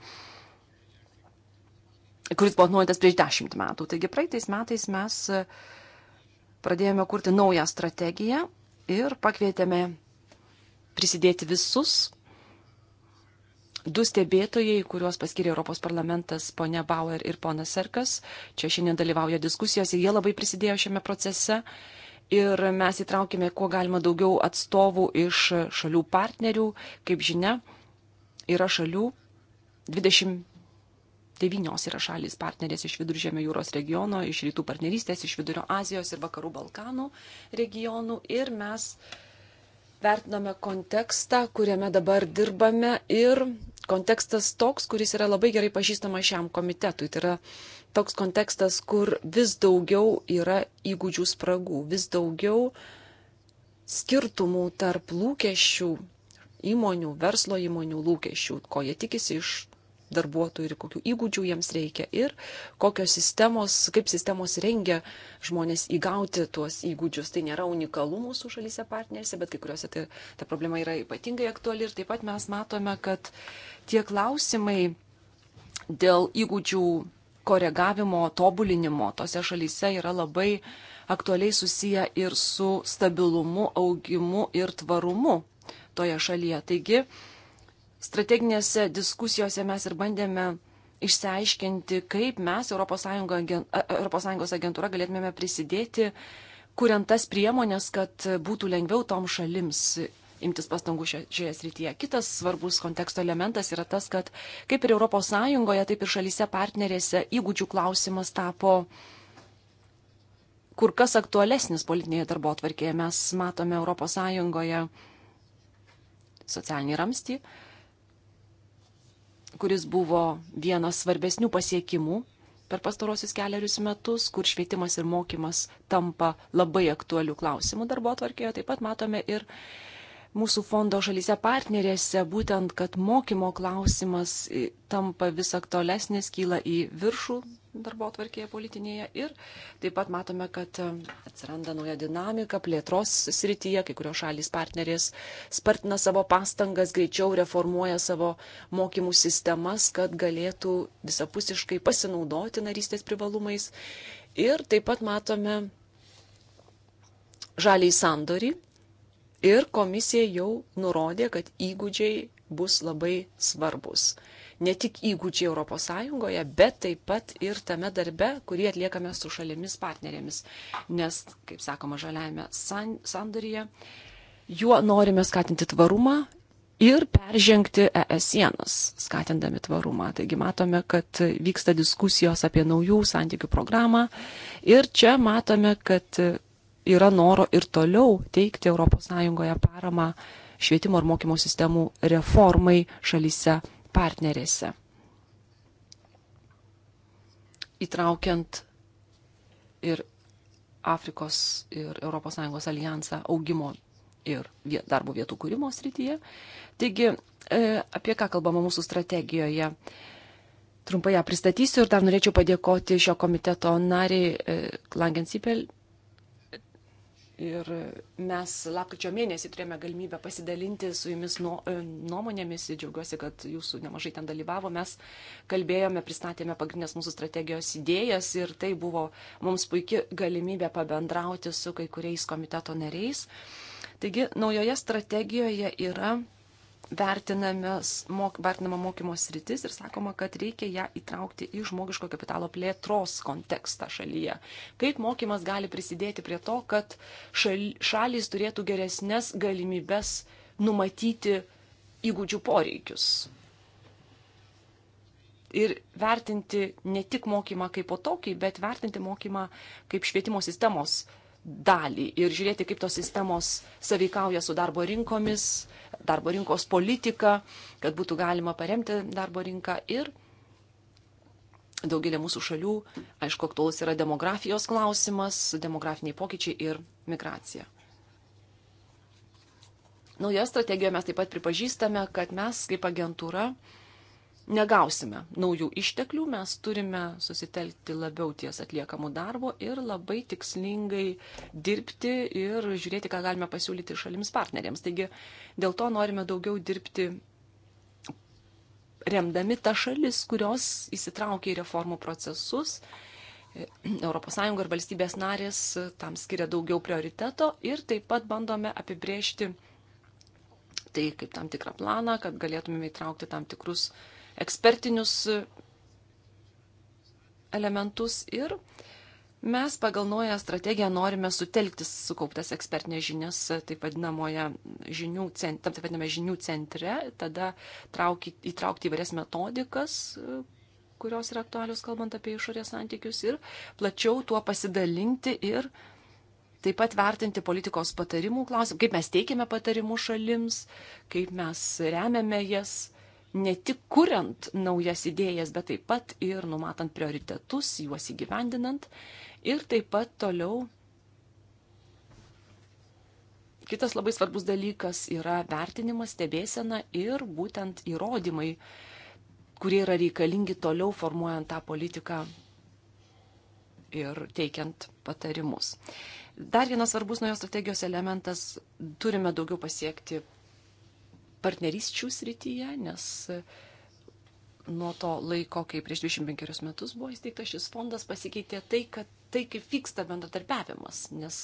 kuris buvo atnaujintas prieš dešimt metų. Taigi praeitais metais mes uh, pradėjome kurti naują strategiją ir pakvietėme prisidėti visus. Du stebėtojai, kuriuos paskiria Europos parlamentas, ponia Bauer ir ponas Serkas, čia šiandien dalyvauja diskusijose, jie labai prisidėjo šiame procese ir mes įtraukėme kuo galima daugiau atstovų iš šalių partnerių. Kaip žinia, yra šalių 20 devynios yra šalys partnerės iš Viduržėmio jūros regiono, iš Rytų partnerystės, iš Vidurio Azijos ir Vakarų Balkanų regionų. Ir mes vertiname kontekstą, kuriame dabar dirbame. Ir kontekstas toks, kuris yra labai gerai pažįstama šiam komitetui. Tai yra toks kontekstas, kur vis daugiau yra įgūdžių spragų, vis daugiau skirtumų tarp lūkesčių įmonių, verslo įmonių lūkesčių, ko jie tikisi iš darbuotojų ir kokių įgūdžių jiems reikia ir kokios sistemos, kaip sistemos rengia žmonės įgauti tuos įgūdžius. Tai nėra unikalu mūsų šalyse partnerėse, bet kai kuriuose tai, ta problema yra ypatingai aktuali ir taip pat mes matome, kad tie klausimai dėl įgūdžių koregavimo, tobulinimo tose šalyse yra labai aktualiai susiję ir su stabilumu, augimu ir tvarumu toje šalyje. Taigi, strateginėse diskusijose mes ir bandėme išsiaiškinti, kaip mes, ES agentūra, galėtumėme prisidėti, kuriant tas priemonės, kad būtų lengviau tom šalims imtis pastangų šioje srityje. Kitas svarbus konteksto elementas yra tas, kad kaip ir ES, taip ir šalyse partnerėse įgūdžių klausimas tapo kur kas aktualesnis politinėje darbo atvarkėje. Mes matome ES socialinį ramstį, kuris buvo vienas svarbesnių pasiekimų per pastarosius keliarius metus, kur švietimas ir mokymas tampa labai aktualių klausimų darbo atvarkėje. Taip pat matome ir mūsų fondo šalyse partnerėse, būtent, kad mokymo klausimas tampa vis aktualesnis, kyla į viršų darbo atvarkėje politinėje ir taip pat matome, kad e, atsiranda nauja dinamika plėtros srityje, kai kurios šalys partnerės spartina savo pastangas, greičiau reformuoja savo mokymų sistemas, kad galėtų visapusiškai pasinaudoti narystės privalumais. Ir taip pat matome žaliai sandorį ir komisija jau nurodė, kad įgūdžiai bus labai svarbus ne tik įgūdžiai ES, bet taip pat ir tame darbe, kurį atliekame su šalimis partnerėmis. Nes, kaip sakoma, žaliajame san, sandaryje, juo norime skatinti tvarumą ir peržengti ES sienas, skatindami tvarumą. Taigi matome, kad vyksta diskusijos apie naujų santykių programą ir čia matome, kad yra noro ir toliau teikti ES paramą švietimo ir mokymo sistemų reformai šalyse partnerėse. Įtraukiant ir Afrikos ir ES alijansą augimo ir darbo vietų kūrimo srityje. Taigi, e, apie ką kalbama mūsų strategijoje? Trumpai ją pristatysiu ir dar norėčiau padėkoti šio komiteto nariai Klangensipel e, Ir mes lapkričio mėnesį turėjome galimybę pasidalinti su jumis e, nuomonėmis ir džiaugiuosi, kad jūsų nemažai ten dalyvavo. Mes kalbėjome, pristatėme pagrindinės mūsų strategijos idėjas ir tai buvo mums puikia galimybė pabendrauti su kai kuriais komiteto nariais. Taigi naujoje strategijoje yra vertinama mokymo sritis ir sakoma, kad reikia ją įtraukti į žmogiško kapitalo plėtros kontekstą šalyje. Kaip mokymas gali prisidėti prie to, kad šal, šalys turėtų geresnės galimybės numatyti įgūdžių poreikius. Ir vertinti ne tik mokymą kaip po tokį, bet vertinti mokymą kaip švietimo sistemos dalį ir žiūrėti, kaip tos sistemos saveikauja su darbo rinkomis, darbo rinkos politika, kad būtų galima paremti darbo rinką ir daugelį mūsų šalių, aišku, aktuolus yra demografijos klausimas, demografiniai pokyčiai ir migracija. Naujoje strategijoje mes taip pat pripažįstame, kad mes kaip agentūra negausime naujų išteklių, mes turime susitelkti labiau ties atliekamų darbo ir labai tikslingai dirbti ir žiūrėti, ką galime pasiūlyti šalims partneriams. Taigi dėl to norime daugiau dirbti remdami tą šalis, kurios įsitraukia į reformų procesus. ES ir valstybės narės tam skiria daugiau prioriteto ir taip pat bandome apibrėžti tai kaip tam tikrą planą, kad galėtumėme įtraukti tam tikrus uh, ekspertinius elementus ir mes pagal naują strategiją norime sutelkti sukauptas ekspertinės žinias, taip vadinamoje žinių, centre, taip vadiname žinių centre, tada trauki, įtraukti įvairias metodikas, kurios yra aktualios kalbant apie išorės santykius ir plačiau tuo pasidalinti ir taip pat vertinti politikos patarimų klausimą, kaip mes teikiame patarimų šalims, kaip mes remiame jas ne tik kuriant naujas idėjas, bet taip pat ir numatant prioritetus, juos įgyvendinant ir taip pat toliau. Kitas labai svarbus dalykas yra vertinimas, stebėsena ir būtent įrodymai, kurie yra reikalingi toliau formuojant tą politiką ir teikiant patarimus. Dar vienas svarbus naujos strategijos elementas - turime daugiau pasiekti partnerysčių srityje, nes e, nuo to laiko, kai prieš 25 metus buvo įsteigtas šis fondas, pasikeitė tai, kad tai, kaip vyksta bendradarbiavimas, nes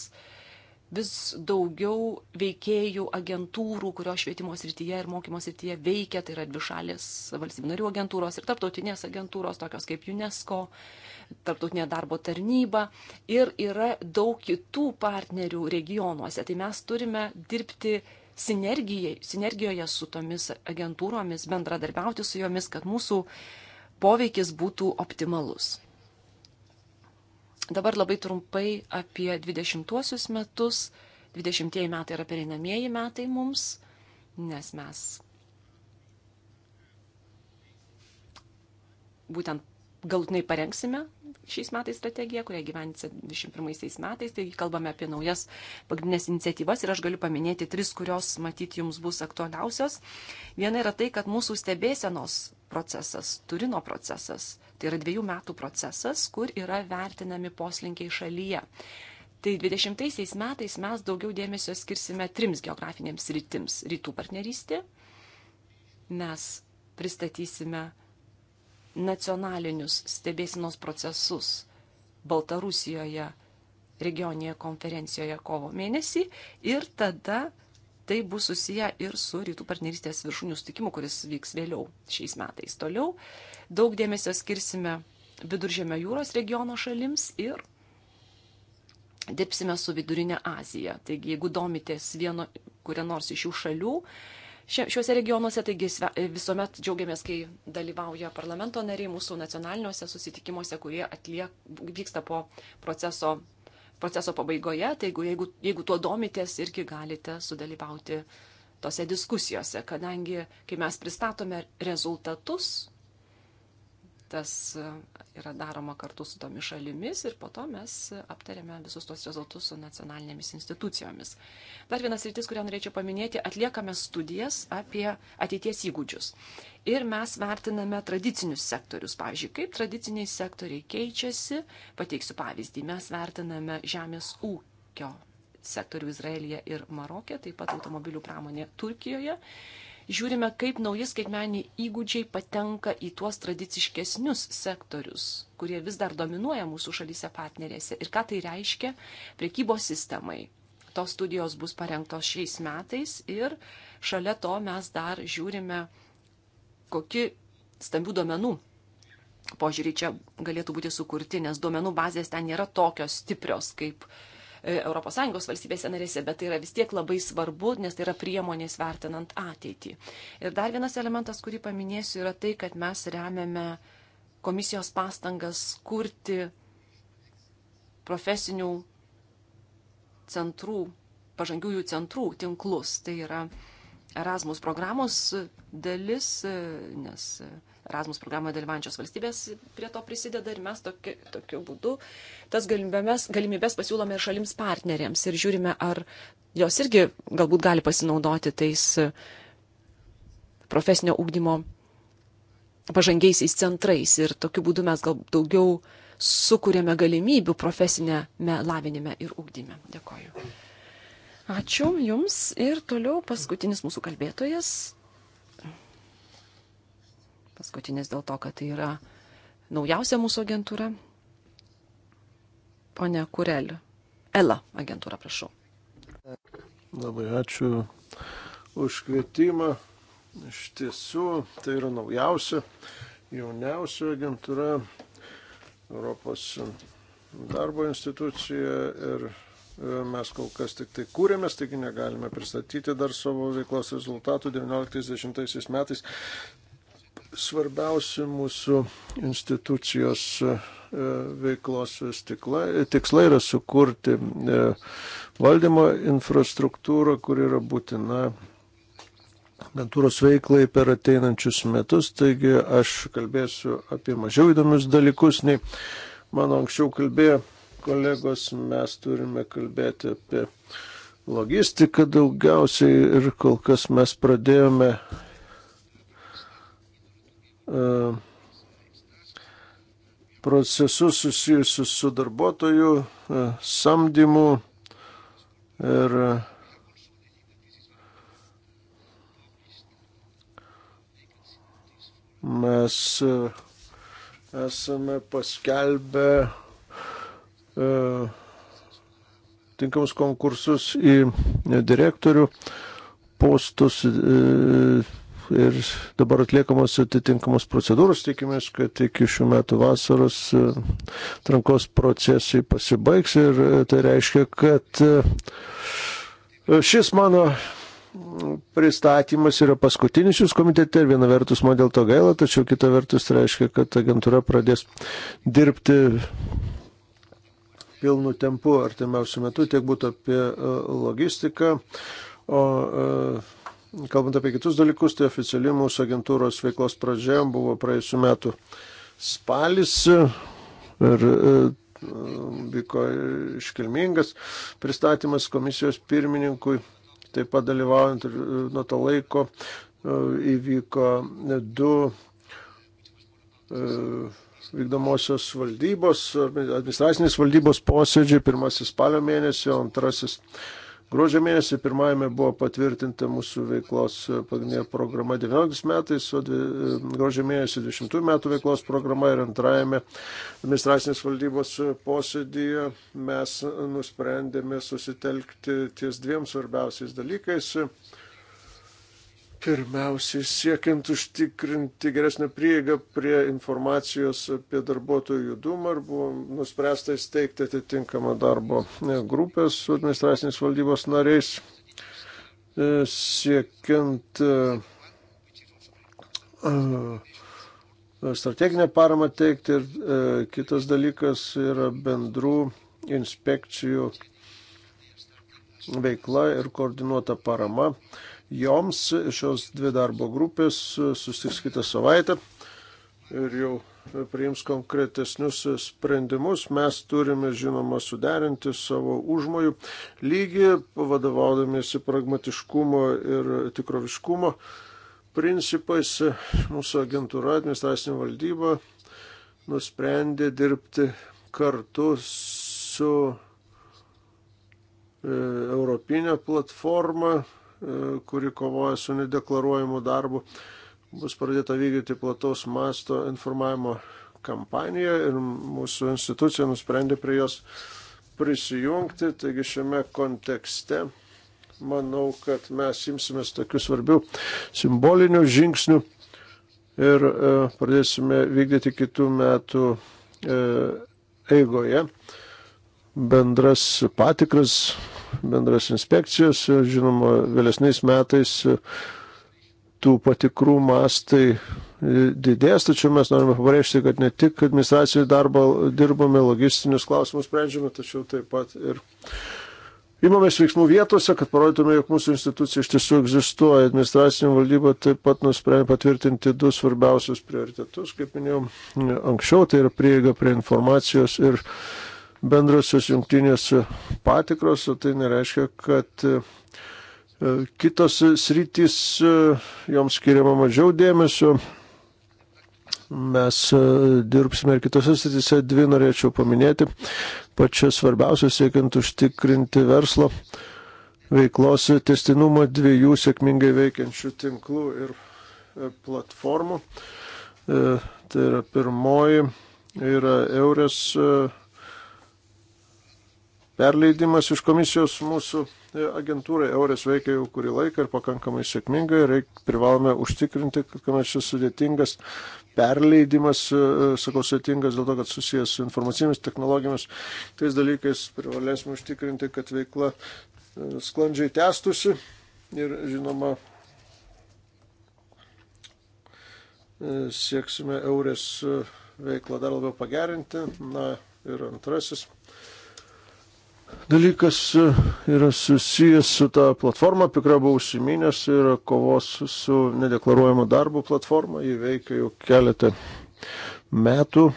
vis daugiau veikėjų, agentūrų, kurios švietimo srityje ir mokymo srityje veikia, tai yra dvišalės valstybių narių agentūros ir tarptautinės agentūros, tokios kaip UNESCO, tarptautinė darbo tarnyba ir yra daug kitų partnerių regionuose. Tai mes turime dirbti sinergijoje su tomis agentūromis, bendradarbiauti su jomis, kad mūsų poveikis būtų optimalus. Dabar labai trumpai apie 20-uosius metus. 20-ieji metai yra pereinamieji metai mums, nes mes būtent galutinai parengsime šiais metais strategiją, kurią gyvensime 21 metais. Taigi kalbame apie naujas pagrindinės iniciatyvas ir aš galiu paminėti tris, kurios matyti jums bus aktualiausios. Viena yra tai, kad mūsų stebėsenos procesas, Turino procesas, tai yra dviejų metų procesas, kur yra vertinami poslinkiai šalyje. Tai 20 metais mes daugiau dėmesio skirsime trims geografinėms rytims - rytų partnerystė. Mes pristatysime nacionalinius stebėsinos procesus Baltarusijoje regioninėje konferencijoje kovo mėnesį ir tada tai bus susiję ir su rytų partnerystės viršūnių sutikimu, kuris vyks vėliau šiais metais. Toliau daug dėmesio skirsime Viduržėmio jūros regiono šalims ir dirbsime su Vidurinė Azija. Taigi, jeigu domitės vieno, kuria nors iš šių šalių, šiuose regionuose, taigi visuomet džiaugiamės, kai dalyvauja parlamento nariai mūsų nacionaliniuose susitikimuose, kurie atliek, vyksta po proceso, proceso pabaigoje. Tai jeigu, jeigu, jeigu tuo domitės, irgi galite sudalyvauti tose diskusijose, kadangi kai mes pristatome rezultatus, tas e, yra daroma kartu su tomis šalimis ir po to mes aptarėme visus tos rezultatus su nacionalinėmis institucijomis. Dar vienas rytis, kurią norėčiau paminėti, atliekame studijas apie ateities įgūdžius. Ir mes vertiname tradicinius sektorius, pavyzdžiui, kaip tradiciniai sektoriai keičiasi. Pateiksiu pavyzdį, mes vertiname žemės ūkio sektorių Izraelyje ir Marokė, taip pat automobilių pramonė Turkijoje žiūrime, kaip nauji skaitmeniai įgūdžiai patenka į tuos tradiciškesnius sektorius, kurie vis dar dominuoja mūsų šalyse partnerėse ir ką tai reiškia priekybos sistemai. Tos studijos bus parengtos šiais metais ir šalia to mes dar žiūrime, kokie stambių duomenų požiūrį čia galėtų būti sukurti, nes duomenų bazės ten nėra tokios stiprios kaip uh, ES valstybėse narėse, bet tai yra vis tiek labai svarbu, nes tai yra priemonės vertinant ateitį. Ir dar vienas elementas, kurį paminėsiu, yra tai, kad mes remiame komisijos pastangas kurti profesinių centrų, pažangiųjų centrų tinklus. Tai yra Erasmus programos dalis, nes Erasmus programoje dalyvančios valstybės prie to prisideda ir mes tokiu, tokiu būdu tas galimybės, galimybės pasiūlome ir šalims partneriams ir žiūrime, ar jos irgi galbūt gali pasinaudoti tais e, profesinio ūkdymo pažangiaisiais centrais ir tokiu būdu mes gal daugiau sukūrėme galimybių profesinėme lavinime ir ūkdyme. Dėkoju. Ačiū Jums ir toliau paskutinis mūsų kalbėtojas Paskutinis dėl to, kad tai yra naujausia mūsų agentūra. Pone Kurelį. Ela agentūra, prašau. Labai ačiū už kvietimą. Iš tiesų, tai yra naujausia, jauniausia agentūra Europos darbo institucija ir e, mes kol kas tik tai kūrėmės, taigi negalime pristatyti dar savo veiklos rezultatų. 19-20 metais svarbiausi mūsų institucijos e, veiklos tikslai yra sukurti e, valdymo infrastruktūrą, kur yra būtina agentūros veiklai per ateinančius metus. Taigi aš kalbėsiu apie mažiau įdomius dalykus, nei mano anksčiau kalbėjo kolegos, mes turime kalbėti apie logistiką daugiausiai ir kol kas mes pradėjome E, procesus susijusius su darbuotojų e, samdymu ir mes e, esame paskelbę tinkamus konkursus į direktorių postus ir dabar atliekamos atitinkamos procedūros. Tikimės, kad iki šių metų vasaros e, trankos procesai pasibaigs ir e, tai reiškia, kad e, šis mano pristatymas yra paskutinis jūs komitete ir viena vertus man dėl to gaila, tačiau kita vertus tai reiškia, kad agentūra pradės dirbti pilnu tempu artimiausiu metu, tiek būtų apie logistiką. O, o Kalbant apie kitus dalykus, tai oficiali mūsų agentūros veiklos pradžia buvo praėjusiu metu spalis ir e, vyko iškilmingas pristatymas komisijos pirmininkui, taip pat dalyvaujant ir e, nuo to laiko e, įvyko du vykdomosios valdybos, administracinės valdybos posėdžiai, pirmasis spalio mėnesio, antrasis Gruodžio mėnesį pirmajame buvo patvirtinta mūsų veiklos pagrindinė programa 19 metais, o dvi, gruodžio mėnesį 20 metų veiklos programa ir antrajame administracinės valdybos posėdėje mes nusprendėme susitelkti ties dviem svarbiausiais dalykais Pirmiausiai siekiant užtikrinti geresnę prieigą prie informacijos apie darbuotojų judumą ir buvo nuspręsta įsteigti atitinkamą darbo grupę su administracinės valdybos nariais, e, siekiant e, e, strateginę paramą teikti ir kitas dalykas yra bendrų inspekcijų veikla ir koordinuota parama joms. Šios dvi darbo grupės susitiks kitą savaitę ir jau priims konkretesnius sprendimus. Mes turime, žinoma, suderinti savo užmojų lygį, vadovaudamėsi pragmatiškumo ir tikroviškumo principais. Mūsų agentūra, administracinė valdyba nusprendė dirbti kartu su e, Europinė platforma E, kuri kovoja su nedeklaruojamu darbu, bus pradėta vykdyti plataus masto informavimo kampaniją ir mūsų institucija nusprendė prie jos prisijungti. Taigi šiame kontekste manau, kad mes imsimės tokių svarbių simbolinių žingsnių ir e, pradėsime vykdyti kitų metų e, eigoje bendras patikras bendras inspekcijas. Žinoma, vėlesniais metais tų patikrų mastai didės, tačiau mes norime pabrėžti, kad ne tik administracijų darbą dirbame, logistinius klausimus sprendžiame, tačiau taip pat ir Įmamės veiksmų vietose, kad parodytume, jog mūsų institucija iš tiesų egzistuoja. Administracinė valdyba taip pat nusprendė patvirtinti du svarbiausius prioritetus, kaip minėjau anksčiau, tai yra prieiga prie informacijos ir bendrosios jungtinės patikros, o tai nereiškia, kad e, e, kitos sritys e, joms skiriama mažiau dėmesio. Mes dirbsime ir kitose srityse, dvi norėčiau paminėti. Pačia svarbiausia siekiant užtikrinti verslo veiklos testinumą dviejų sėkmingai veikiančių tinklų ir platformų. Tai yra pirmoji, yra Eures Perleidimas iš komisijos mūsų e, agentūrai Eurės veikia jau kurį laiką ir pakankamai sėkmingai. Reik, privalome užtikrinti, kad šis sudėtingas perleidimas, e, sakau, sudėtingas dėl to, kad susijęs su informacinėmis technologijomis, tais dalykais privalėsime užtikrinti, kad veikla e, sklandžiai tęstusi ir, žinoma, sieksime Eurės veiklą dar labiau pagerinti. Na ir antrasis dalykas e, yra susijęs su ta platforma, apie kurią buvau užsiminęs, tai yra kovos su nedeklaruojama darbo platforma, jį veikia jau keletą metų.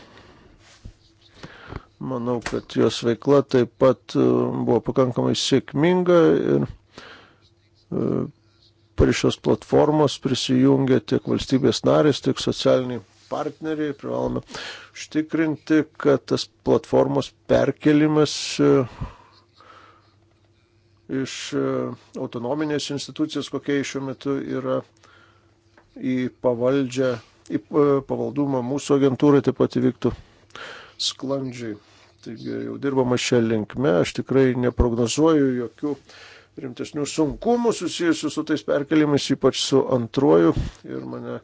Manau, kad jos veikla taip pat e, buvo pakankamai sėkminga ir e, prie šios platformos prisijungia tiek valstybės narės, tiek socialiniai partneriai. Privalome užtikrinti, kad tas platformos perkelimas iš e, autonominės institucijos, kokia šiuo metu yra į pavaldžią, į e, pavaldumą mūsų agentūrai taip pat įvyktų sklandžiai. Taigi jau dirbama šią linkmę, aš tikrai neprognozuoju jokių rimtesnių sunkumų susijusių su tais perkelimais, ypač su antruoju. Ir mane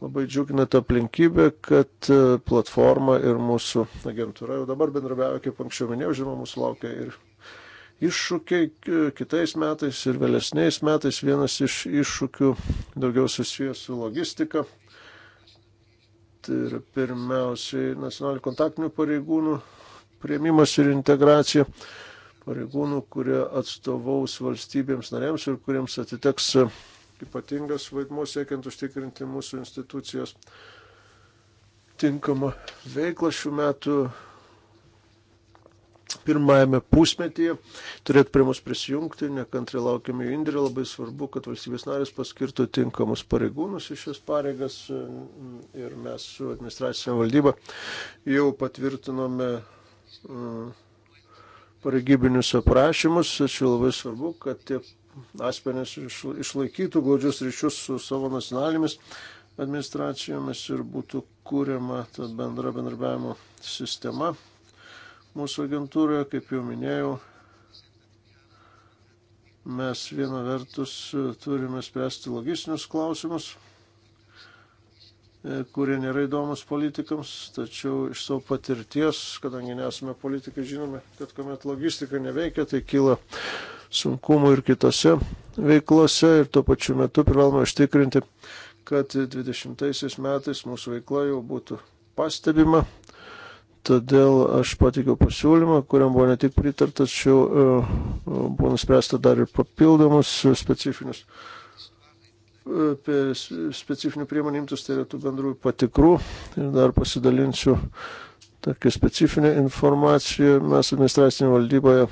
labai džiugina ta aplinkybė, kad e, platforma ir mūsų agentūra jau dabar bendrabiavo, kaip anksčiau minėjau, žinoma, mūsų laukia ir iššūkiai kitais metais ir vėlesniais metais. Vienas iš iššūkių daugiau susijęs su logistika. Tai yra pirmiausiai nacionalinių kontaktinių pareigūnų prieimimas ir integracija. Pareigūnų, kurie atstovaus valstybėms narėms ir kuriems atiteks ypatingas vaidmuo siekiant užtikrinti mūsų institucijos tinkamą veiklą šių metų pirmajame pusmetyje turėtų prie mus prisijungti, nekantri laukiame jų Indrė, labai svarbu, kad valstybės narės paskirtų tinkamus pareigūnus iš šias pareigas mm, ir mes su administracinė valdyba jau patvirtinome mm, pareigybinius aprašymus, tačiau labai svarbu, kad tie asmenys išlaikytų glaudžius ryšius su savo nacionalinėmis administracijomis ir būtų kūriama ta bendra bendrabiavimo sistema mūsų agentūroje, kaip jau minėjau, mes viena vertus turime spręsti logistinius klausimus, e, kurie nėra įdomus politikams, tačiau iš savo patirties, kadangi nesame politikai, žinome, kad kuomet logistika neveikia, tai kyla sunkumų ir kitose veiklose ir tuo pačiu metu privalome užtikrinti, kad 20 metais mūsų veikla jau būtų pastebima Todėl aš pateikiau pasiūlymą, kuriam buvo ne tik pritartas, tačiau e, e, buvo nuspręsta dar ir papildomus e, specifinius specifinių priemonių imtis, tai yra tų bendrųjų patikrų ir dar pasidalinsiu tokia specifinė informacija. Mes administracinėje valdyboje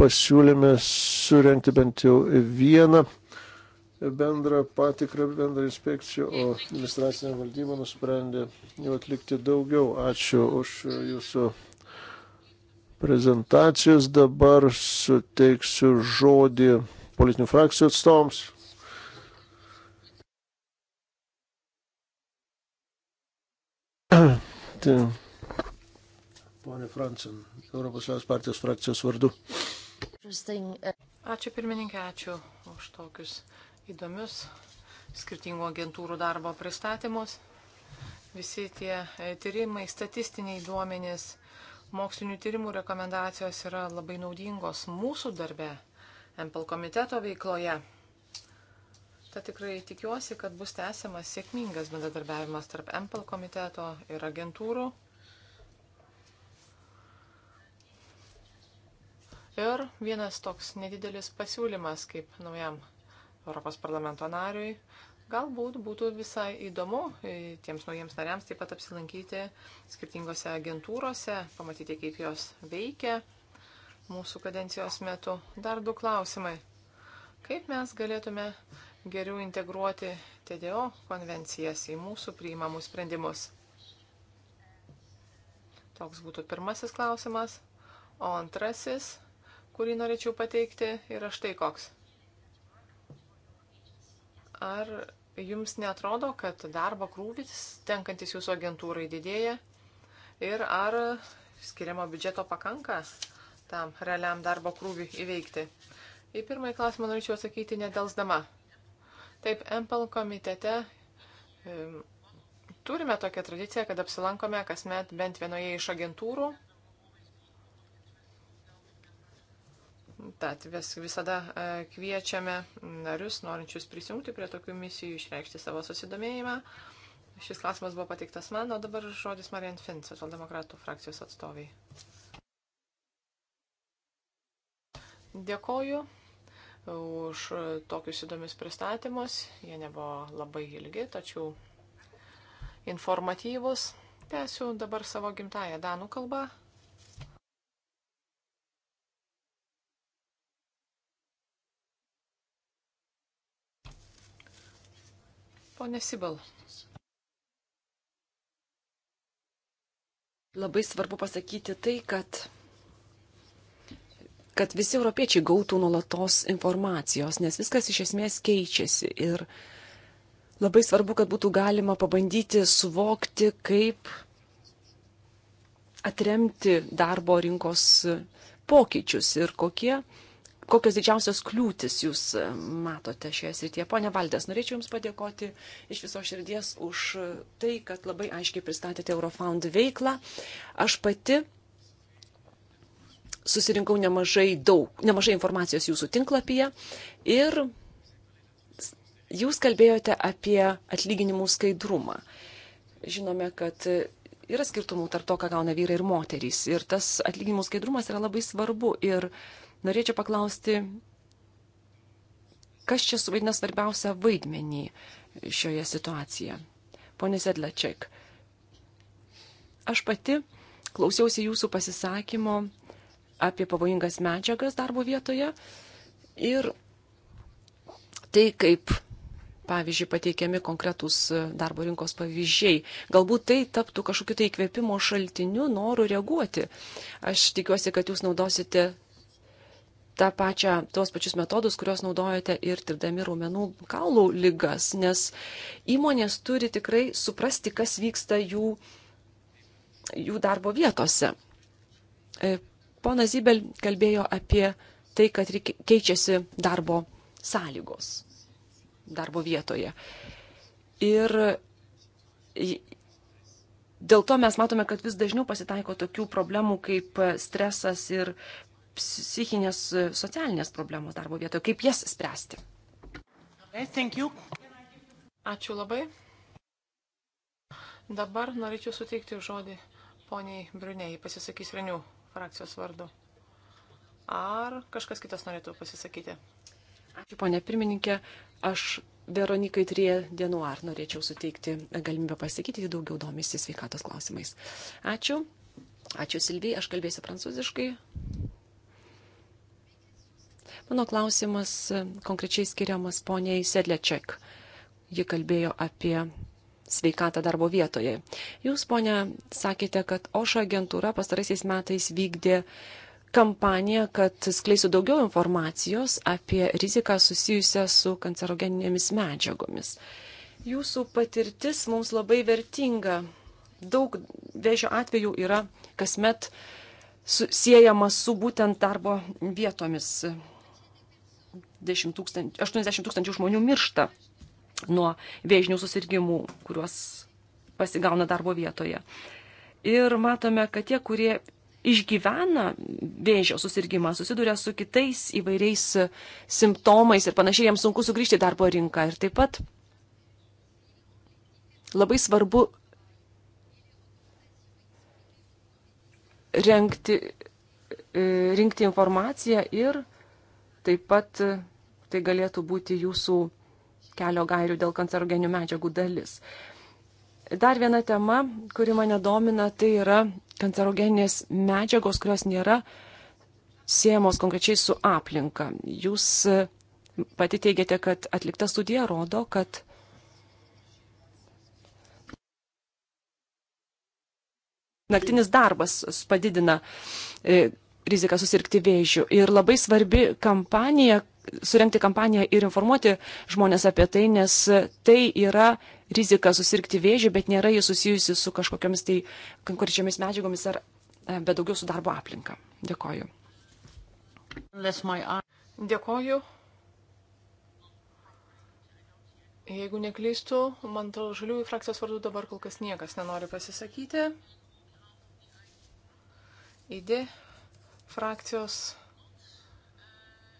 pasiūlėme surenkti bent jau vieną bendrą patikrą, bendrą inspekciją, o administracinė valdyba nusprendė jau atlikti daugiau. Ačiū už jūsų prezentacijas. Dabar suteiksiu žodį politinių frakcijų atstovams. Tai. Pone Francin, Europos Liaudės partijos frakcijos vardu. Uh, ačiū pirmininkė, ačiū už tokius įdomius skirtingų agentūrų darbo pristatymus. Visi tie e, tyrimai, statistiniai duomenys, mokslinių tyrimų rekomendacijos yra labai naudingos mūsų darbe, MPL komiteto veikloje. Tad tikrai tikiuosi, kad bus tęsiamas sėkmingas bendradarbiavimas tarp MPL komiteto ir agentūrų. Ir vienas toks nedidelis pasiūlymas kaip naujam Europos parlamento nariui. Galbūt būtų visai įdomu e, tiems naujiems nariams taip pat apsilankyti skirtingose agentūrose, pamatyti, kaip jos veikia mūsų kadencijos metu. Dar du klausimai. Kaip mes galėtume geriau integruoti TDO konvencijas į mūsų priimamus sprendimus? Toks būtų pirmasis klausimas. O antrasis, kurį norėčiau pateikti, yra štai koks ar jums netrodo, kad darbo krūvis tenkantis jūsų agentūrai didėja ir ar skiriamo biudžeto pakanka tam realiam darbo krūviui įveikti? Į pirmąjį klausimą norėčiau atsakyti nedelsdama. Taip, MPL komitete turime tokią tradiciją, kad apsilankome kasmet bent vienoje iš agentūrų Tad vis, visada e, kviečiame narius, norinčius prisijungti prie tokių misijų, išreikšti savo susidomėjimą. Šis klausimas buvo pateiktas man, o dabar žodis Marian Finn, socialdemokratų frakcijos atstoviai. Dėkoju už tokius įdomius pristatymus. Jie nebuvo labai ilgi, tačiau informatyvus. Tęsiu dabar savo gimtają danų kalbą. Pone Sibal. Labai svarbu pasakyti tai, kad kad visi europiečiai gautų nuolatos informacijos, nes viskas iš esmės keičiasi. Ir labai svarbu, kad būtų galima pabandyti suvokti, kaip atremti darbo rinkos pokyčius ir kokie kokios didžiausios kliūtis jūs e, matote šioje srityje. Pone Valdės, norėčiau Jums padėkoti iš viso širdies už tai, kad labai aiškiai pristatėte Eurofound veiklą. Aš pati susirinkau nemažai, daug, nemažai informacijos jūsų tinklapyje ir jūs kalbėjote apie atlyginimų skaidrumą. Žinome, kad yra skirtumų tarp to, ką gauna vyrai ir moterys. Ir tas atlyginimų skaidrumas yra labai svarbu. Ir uh, Norėčiau paklausti, kas čia suvaidina svarbiausią vaidmenį šioje situacijoje? Pone Zedlaček, aš pati klausiausi jūsų pasisakymo apie pavojingas medžiagas darbo vietoje ir tai, kaip, pavyzdžiui, pateikiami konkretūs darbo rinkos pavyzdžiai. Galbūt tai taptų kažkokiu tai įkvėpimo šaltiniu, noru reaguoti. Aš tikiuosi, kad jūs naudosite tą pačią, tuos pačius metodus, kuriuos naudojate ir tirdami raumenų kaulų lygas, nes įmonės turi tikrai suprasti, kas vyksta jų, jų darbo vietose. E, Pona Zybel kalbėjo apie tai, kad reikia, keičiasi darbo sąlygos darbo vietoje. Ir dėl to mes matome, kad vis dažniau pasitaiko tokių problemų kaip stresas ir psichinės socialinės problemos darbo vietoje, kaip jas spręsti. Ačiū labai. Dabar norėčiau suteikti žodį poniai Brunei, pasisakys Renių frakcijos vardu. Ar kažkas kitas norėtų pasisakyti? Ačiū, ponė pirmininkė. Aš Veronikai Trie Dienuar norėčiau suteikti galimybę pasakyti, ji daugiau domysi sveikatos klausimais. Ačiū. Ačiū Silvijai, aš kalbėsiu prancūziškai. Mano klausimas e, konkrečiai skiriamas poniai Sedlečiak. Ji kalbėjo apie sveikatą darbo vietoje. Jūs, ponia, sakėte, kad OŠA agentūra pastaraisiais metais vykdė kampaniją, kad skleisiu daugiau informacijos apie riziką susijusią su kancerogeninėmis medžiagomis. Jūsų patirtis mums labai vertinga. Daug vėžio atvejų yra kasmet siejama su būtent darbo vietomis tūkstant, 80 tūkstančių žmonių miršta nuo vėžinių susirgymų, kuriuos pasigauna darbo vietoje. Ir matome, kad tie, kurie išgyvena vėžio susirgymą, susiduria su kitais įvairiais simptomais ir panašiai, jiems sunku sugrįžti į darbo rinką. Ir taip pat labai svarbu renkti, e, rinkti informaciją ir taip pat tai galėtų būti jūsų kelio gairių dėl kancerogenių medžiagų dalis. Dar viena tema, kuri mane domina, tai yra kancerogeninės medžiagos, kurios nėra siejamos konkrečiai su aplinka. Jūs e, pati teigiate, kad atlikta studija rodo, kad naktinis darbas padidina e, riziką susirgti vėžių. Ir labai svarbi kampanija, surengti kampaniją ir informuoti žmonės apie tai, nes tai yra rizika susirgti vėžį, bet nėra jis susijusi su kažkokiamis tai konkrečiomis medžiagomis ar e, bet daugiau su darbo aplinka. Dėkoju. Dėkoju. Jeigu neklystu, man to žaliųjų frakcijos vardu dabar kol kas niekas nenori pasisakyti. Įdė frakcijos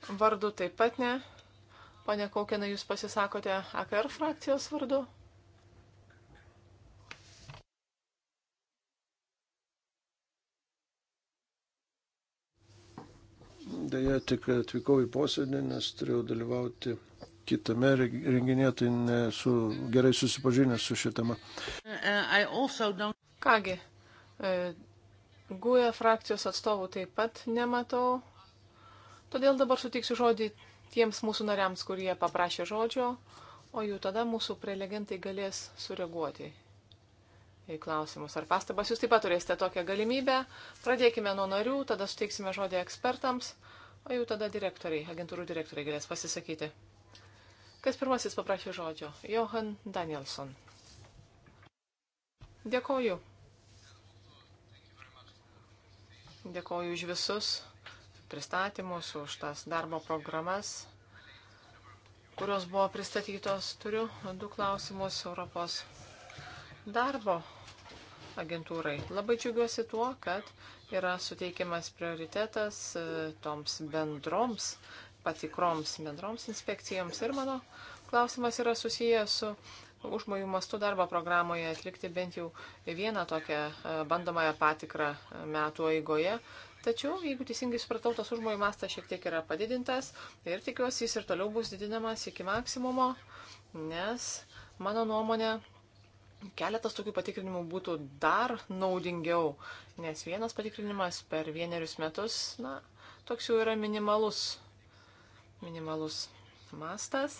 vardu taip pat ne. Pane Kaukina, jūs pasisakote AKR frakcijos vardu? Deja, tik atvykau į posėdį, nes turėjau dalyvauti kitame renginėje, tai nesu gerai susipažinęs su šitama. Uh, Kągi, GUE e frakcijos atstovų taip pat nematau, Todėl dabar suteiksiu žodį tiems mūsų nariams, kurie paprašė žodžio, o jau tada mūsų prelegentai galės sureaguoti į klausimus ar pastabas. Jūs taip pat turėsite tokią galimybę. Pradėkime nuo narių, tada suteiksime žodį ekspertams, o jau tada direktoriai, agentūrų direktoriai galės pasisakyti. Kas pirmasis paprašė žodžio? Johan Danielson. Dėkoju. Dėkoju už visus pristatymus, už tas darbo programas, kurios buvo pristatytos. Turiu du klausimus Europos darbo agentūrai. Labai džiugiuosi tuo, kad yra suteikiamas prioritetas e, toms bendroms patikroms, bendroms inspekcijoms. Ir mano klausimas yra susijęs su užmojų mastu darbo programoje atlikti bent jau vieną tokią e, bandomąją patikrą e, metų eigoje. Tačiau, jeigu teisingai supratau, tas užmojų mastas šiek tiek yra padidintas ir tikiuosi, jis ir toliau bus didinamas iki maksimumo, nes mano nuomonė keletas tokių patikrinimų būtų dar naudingiau, nes vienas patikrinimas per vienerius metus, na, toks jau yra minimalus, minimalus mastas.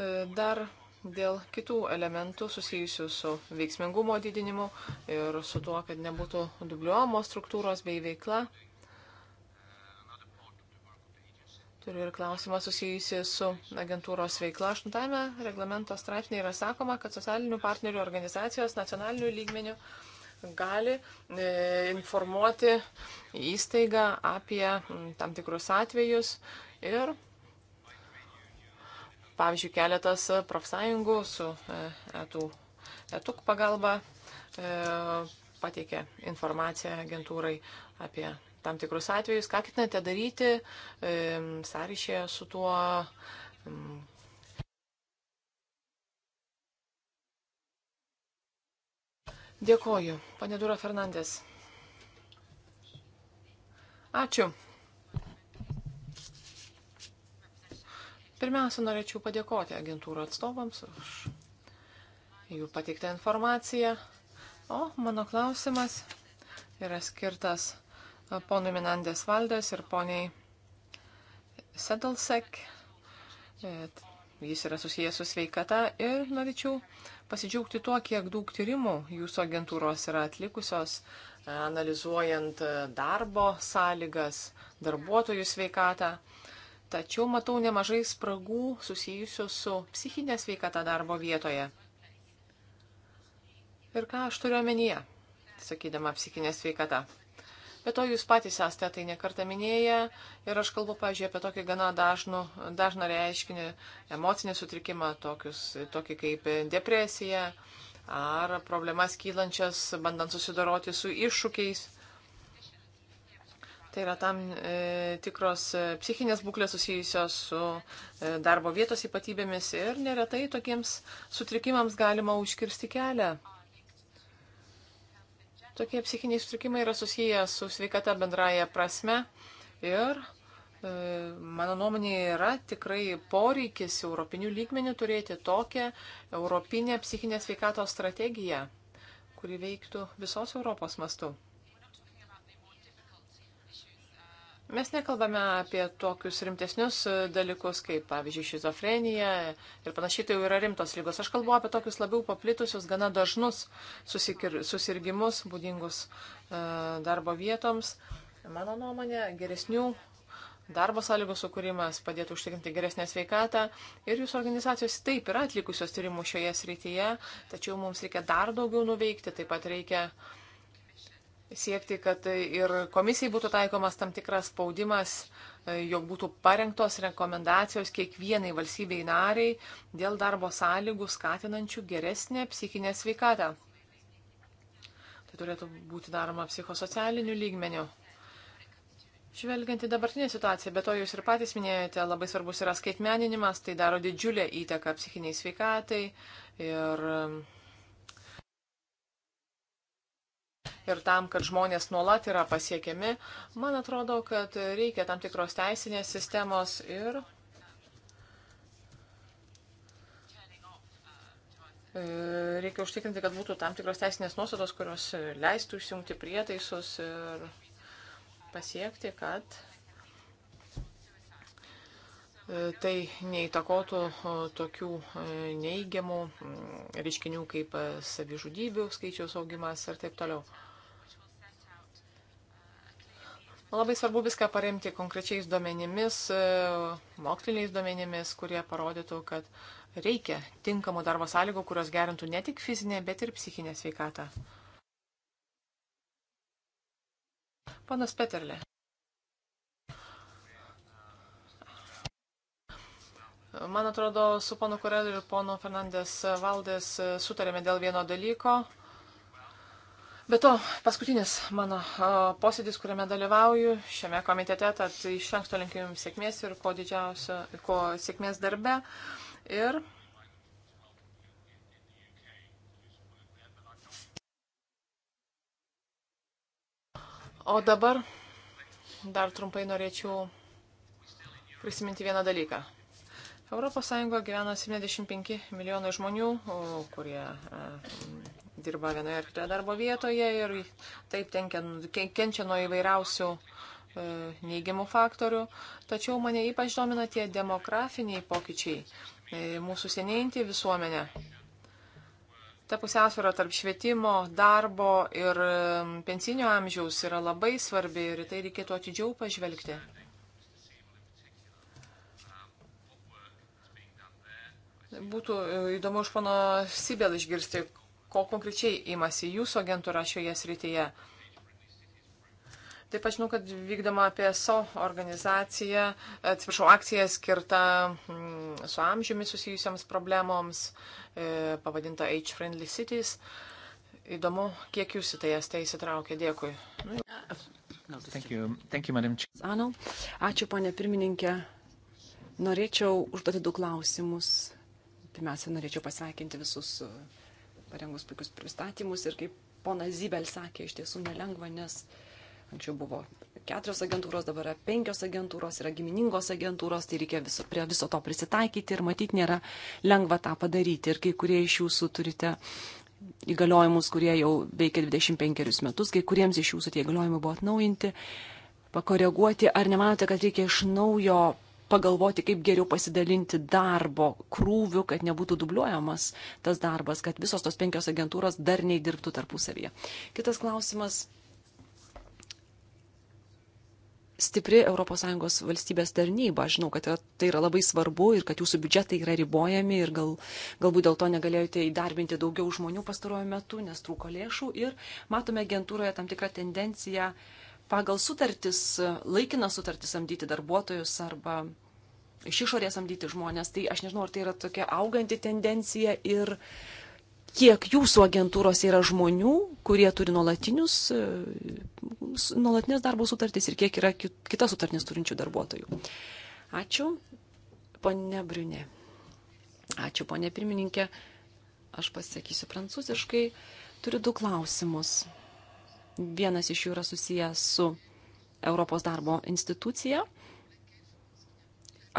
E, dar dėl kitų elementų susijusių su veiksmingumo didinimu ir su tuo, kad nebūtų dubliuojamos struktūros bei veikla. Turiu ir klausimą susijusi su agentūros veikla. Aštuntame reglamento straipsnėje yra sakoma, kad socialinių partnerių organizacijos nacionalinių lygmenių gali e, informuoti įstaigą apie m, tam tikrus atvejus ir Pavyzdžiui, keletas profsąjungų su e, etų, etuk pagalba e, pateikė informaciją agentūrai apie tam tikrus atvejus. Ką ketinate daryti e, sąryšėje su tuo? Mm. Dėkoju, pane Dūra Fernandės. Ačiū. Pirmiausia, norėčiau padėkoti agentūrų atstovams už jų pateiktą informaciją. O mano klausimas yra skirtas ponui Minandės Valdės ir poniai Sedalsek. E, jis yra susijęs su sveikata ir norėčiau pasidžiaugti tuo, kiek daug tyrimų jūsų agentūros yra atlikusios, e, analizuojant darbo sąlygas, darbuotojų sveikatą tačiau matau nemažai spragų susijusių su psichinė sveikata darbo vietoje. Ir ką aš turiu omenyje, sakydama psichinė sveikata. Be to, jūs patys esate tai nekartą minėję ir aš kalbu, pažiūrėjau, apie tokį gana dažnų, dažną reiškinį emocinį sutrikimą, tokius, tokį kaip depresija ar problemas kylančias, bandant susidoroti su iššūkiais. Tai yra tam e, tikros e, psichinės būklės susijusios su e, darbo vietos ypatybėmis ir neretai tokiems sutrikimams galima užkirsti kelią. Tokie psichiniai sutrikimai yra susiję su sveikata bendraja prasme ir e, mano nuomonė, yra tikrai poreikis europinių lygmenių turėti tokią europinę psichinės veikatos strategiją, kuri veiktų visos Europos mastu. Mes nekalbame apie tokius rimtesnius dalykus, kaip, pavyzdžiui, šizofrenija ir panašiai, tai jau yra rimtos lygos. Aš kalbu apie tokius labiau paplitusius, gana dažnus susikir, susirgymus, būdingus e, darbo vietoms. Mano nuomonė, geresnių darbo sąlygų sukūrimas padėtų užtikrinti geresnę sveikatą ir jūsų organizacijos taip yra atlikusios tyrimų šioje srityje, tačiau mums reikia dar daugiau nuveikti, taip pat reikia uh, siekti, kad tai ir komisijai būtų taikomas tam tikras spaudimas, e, jog būtų parengtos rekomendacijos kiekvienai valstybei nariai dėl darbo sąlygų skatinančių geresnę psichinę sveikatą. Tai turėtų būti daroma psichosocialiniu lygmeniu. Žvelgiant į dabartinę situaciją, bet to jūs ir patys minėjote, labai svarbus yra skaitmeninimas, tai daro didžiulę įtaką psichiniai sveikatai ir ir tam, kad žmonės nuolat yra pasiekiami, man atrodo, kad reikia tam tikros teisinės sistemos ir e, reikia užtikrinti, kad būtų tam tikros teisinės nuostatos, kurios leistų išjungti prietaisus ir pasiekti, kad e, tai neįtakotų e, tokių neigiamų reiškinių kaip savižudybių skaičiaus augimas ir taip toliau. Labai svarbu viską paremti konkrečiais duomenimis, e, moksliniais duomenimis, kurie parodytų, kad reikia tinkamų darbo sąlygų, kurios gerintų ne tik fizinę, bet ir psichinę sveikatą. Panas Peterle. Man atrodo, su ponu Kureliu ir ponu Fernandės Valdės sutarėme dėl vieno dalyko. Be to, paskutinis mano posėdis, kuriame dalyvauju šiame komitete, tad iš anksto linkiu Jums sėkmės ir ko didžiausio, ko sėkmės darbe. Ir O dabar dar trumpai norėčiau prisiminti vieną dalyką. ES gyvena 75 milijonai žmonių, kurie dirba vienoje ar kitoje darbo vietoje ir taip tenkia, kenčia nuo įvairiausių e, neigiamų faktorių. Tačiau mane ypač domina tie demografiniai pokyčiai, e, mūsų senėjantį visuomenę. Ta pusiausvėra tarp švietimo, darbo ir e, pensinio amžiaus yra labai svarbi ir tai reikėtų atidžiau pažvelgti. Būtų e, įdomu iš pono Sibel išgirsti, ko konkrečiai imasi jūsų agentūra šioje srityje. Taip pat žinau, kad vykdama apie SO organizaciją, atsiprašau, akciją skirtą mm, su amžiumi susijusiams problemoms, e, pavadinta Age Friendly Cities. Įdomu, kiek jūs į tai esate tai įsitraukę. Dėkui. Thank you. Thank you, Anau, ačiū, ponė pirmininkė. Norėčiau užduoti du klausimus. Pirmiausia, norėčiau pasveikinti visus uh, parengus puikius pristatymus ir kaip ponas Zybel sakė, iš tiesų nelengva, nes anksčiau buvo keturios agentūros, dabar yra penkios agentūros, yra giminingos agentūros, tai reikia viso, prie viso to prisitaikyti ir matyti nėra lengva tą padaryti. Ir kai kurie iš jūsų turite įgaliojimus, kurie jau veikia 25 metus, kai kuriems iš jūsų tie įgaliojimai buvo atnaujinti, pakoreguoti, ar nemanote, kad reikia iš naujo pagalvoti, kaip geriau pasidalinti darbo krūviu, kad nebūtų dubliuojamas tas darbas, kad visos tos penkios agentūros dar neįdirbtų tarpusavyje. Kitas klausimas. Stipri ES valstybės tarnyba. Žinau, kad yra, tai yra labai svarbu ir kad jūsų biudžetai yra ribojami ir gal, galbūt dėl to negalėjote įdarbinti daugiau žmonių pastaruoju metu, nes trūko lėšų. Ir matome agentūroje tam tikrą tendenciją uh, pagal sutartis, laikiną sutartį samdyti darbuotojus arba iš išorės samdyti žmonės. Tai aš nežinau, ar tai yra tokia auganti tendencija ir kiek jūsų agentūros yra žmonių, kurie turi nuolatinius, nuolatinės darbo sutartys ir kiek yra kitas sutartys turinčių darbuotojų. Ačiū, ponė Briunė. Ačiū, ponė pirmininkė. Aš pasisakysiu prancūziškai. Turiu du klausimus. Vienas iš jų yra susijęs su Europos darbo institucija.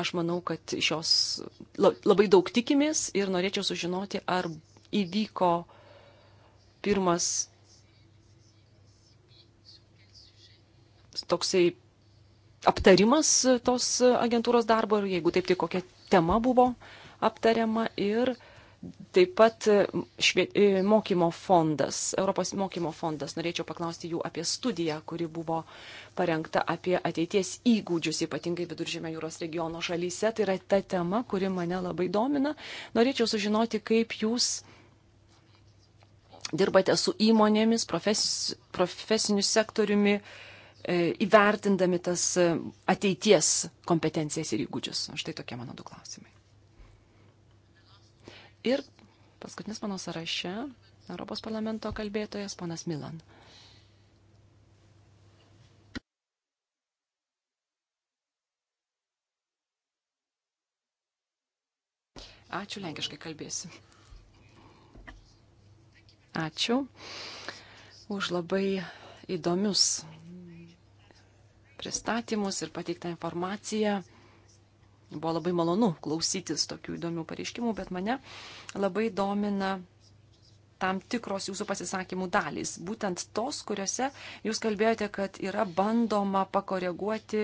Aš manau, kad šios labai daug tikimės ir norėčiau sužinoti, ar įvyko pirmas toksai aptarimas tos agentūros darbo ir jeigu taip, tai kokia tema buvo aptariama ir Taip pat e, švie, e, mokymo fondas, Europos mokymo fondas, norėčiau paklausti jų apie studiją, kuri buvo parengta apie ateities įgūdžius, ypatingai viduržėme jūros regiono šalyse. Tai yra ta tema, kuri mane labai domina. Norėčiau sužinoti, kaip jūs dirbate su įmonėmis, profes, profesiniu sektoriumi, e, įvertindami tas ateities kompetencijas ir įgūdžius. Štai tokie mano du klausimai. Ir paskutinis mano sąraše Europos parlamento kalbėtojas ponas Milan. Ačiū, lenkiškai kalbėsiu. Ačiū už labai įdomius pristatymus ir pateiktą informaciją. Buvo labai malonu klausytis tokių įdomių pareiškimų, bet mane labai domina tam tikros jūsų pasisakymų dalys. Būtent tos, kuriuose jūs kalbėjote, kad yra bandoma pakoreguoti,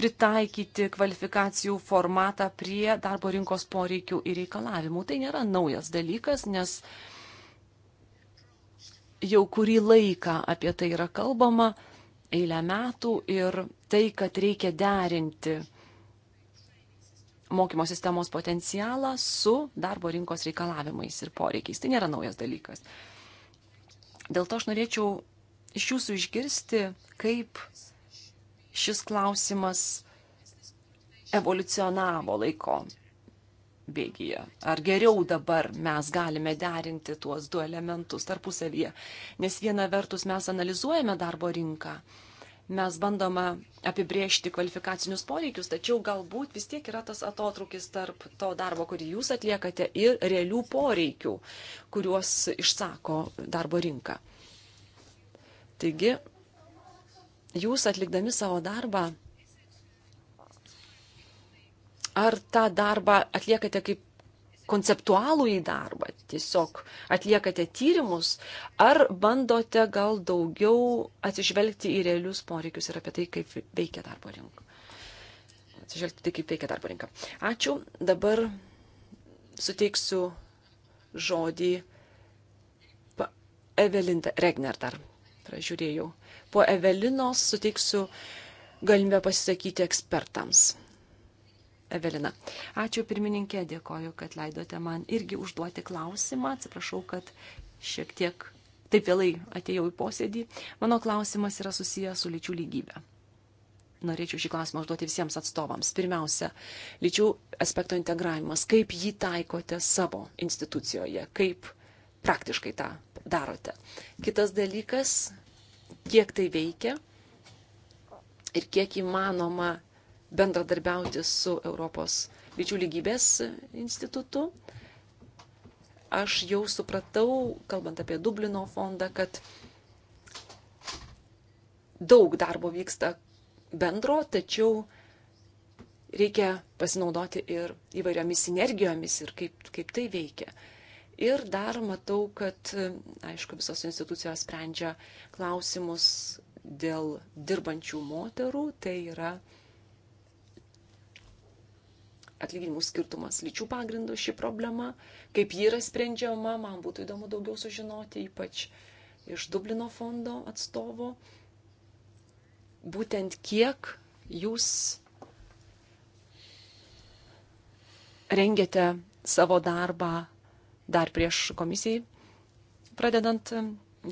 pritaikyti kvalifikacijų formatą prie darbo rinkos poreikių ir reikalavimų. Tai nėra naujas dalykas, nes jau kurį laiką apie tai yra kalbama, eilę metų ir tai, kad reikia derinti mokymo sistemos potencialą su darbo rinkos reikalavimais ir poreikiais. Tai nėra naujas dalykas. Dėl to aš norėčiau iš jūsų išgirsti, kaip šis klausimas evoliucionavo laiko bėgyje. Ar geriau dabar mes galime derinti tuos du elementus tarpusavyje? Nes viena vertus mes analizuojame darbo rinką mes bandoma apibriežti kvalifikacinius poreikius, tačiau galbūt vis tiek yra tas atotrukis tarp to darbo, kurį jūs atliekate, ir realių poreikių, kuriuos išsako darbo rinka. Taigi, jūs atlikdami savo darbą, ar tą darbą atliekate kaip konceptualų į darbą, tiesiog atliekate tyrimus, ar bandote gal daugiau atsižvelgti į realius poreikius ir apie tai, kaip veikia darbo rinka. Atsižvelgti tai, kaip veikia darbo rinka. Ačiū. Dabar suteiksiu žodį Evelinda Regner dar. Pražiūrėjau. Po Evelinos suteiksiu galimybę pasisakyti ekspertams. Evelina. Ačiū pirmininkė, dėkoju, kad leidote man irgi užduoti klausimą. Atsiprašau, kad šiek tiek taip vėlai atėjau į posėdį. Mano klausimas yra susijęs su lyčių lygybė. Norėčiau šį klausimą užduoti visiems atstovams. Pirmiausia, lyčių aspekto integravimas. Kaip jį taikote savo institucijoje? Kaip praktiškai tą darote? Kitas dalykas, kiek tai veikia ir kiek įmanoma bendradarbiauti su Europos lyčių lygybės institutu. Aš jau supratau, kalbant apie Dublino fondą, kad daug darbo vyksta bendro, tačiau reikia pasinaudoti ir įvairiomis sinergijomis ir kaip, kaip tai veikia. Ir dar matau, kad, aišku, visos institucijos sprendžia klausimus dėl dirbančių moterų, tai yra atlyginimų skirtumas lyčių pagrindų, ši problema, kaip ji yra sprendžiama, man būtų įdomu daugiau sužinoti, ypač iš Dublino fondo atstovo, būtent kiek jūs rengiate savo darbą dar prieš komisijai, pradedant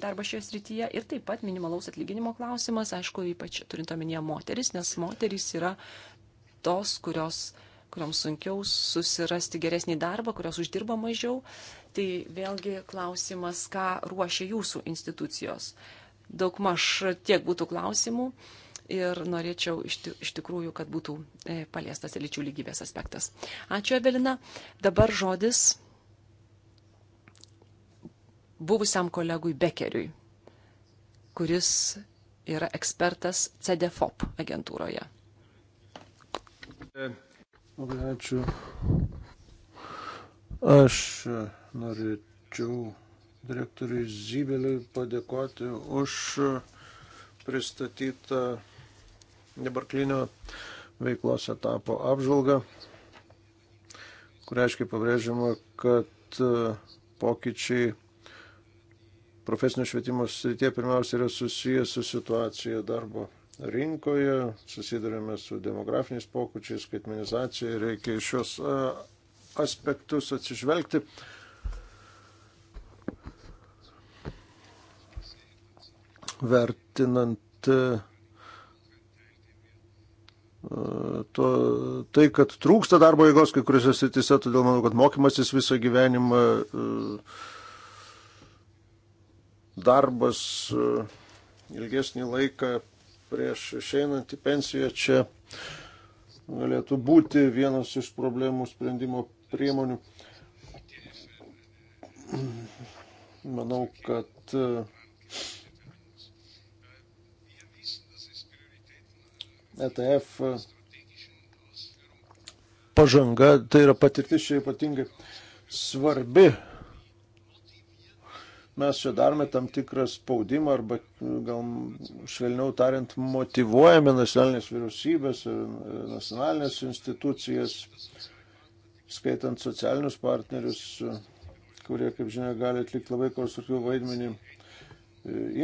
darbą šioje srityje ir taip pat minimalaus atlyginimo klausimas, aišku, ypač turint omenyje moteris, nes moteris yra tos, kurios uh, kurioms sunkiau susirasti geresnį darbą, kurios uždirba mažiau. Tai vėlgi klausimas, ką ruošia jūsų institucijos. Daugmaž tiek būtų klausimų ir norėčiau iš tikrųjų, kad būtų e, paliestas lyčių lygybės aspektas. Ačiū, Evelina. Dabar žodis buvusiam kolegui Bekeriui, kuris yra ekspertas CDFOP agentūroje. E, Labai ačiū. Aš norėčiau direktoriui Zybeliui padėkoti už pristatytą dabartinio veiklos etapo apžvalgą, kuria aiškiai pabrėžiama, kad e, pokyčiai profesinio švietimo srityje pirmiausia yra susijęs su situacija darbo rinkoje, susidurėme su demografiniais pokyčiais, skaitmenizacija, reikia iš šios aspektus atsižvelgti. Vertinant to, tai, kad trūksta darbo jėgos kai kuriuose srityse, todėl manau, kad mokymasis visą gyvenimą, darbas ilgesnį laiką prieš išeinant į pensiją čia galėtų būti vienas iš problemų sprendimo priemonių. Manau, kad ETF e pažanga, tai yra patirtis čia ypatingai svarbi mes čia darome tam tikrą spaudimą arba gal švelniau tariant motivuojame nacionalinės vyriausybės, nacionalinės institucijas, skaitant socialinius partnerius, kurie, kaip žinia, gali atlikti labai konstruktyvų vaidmenį,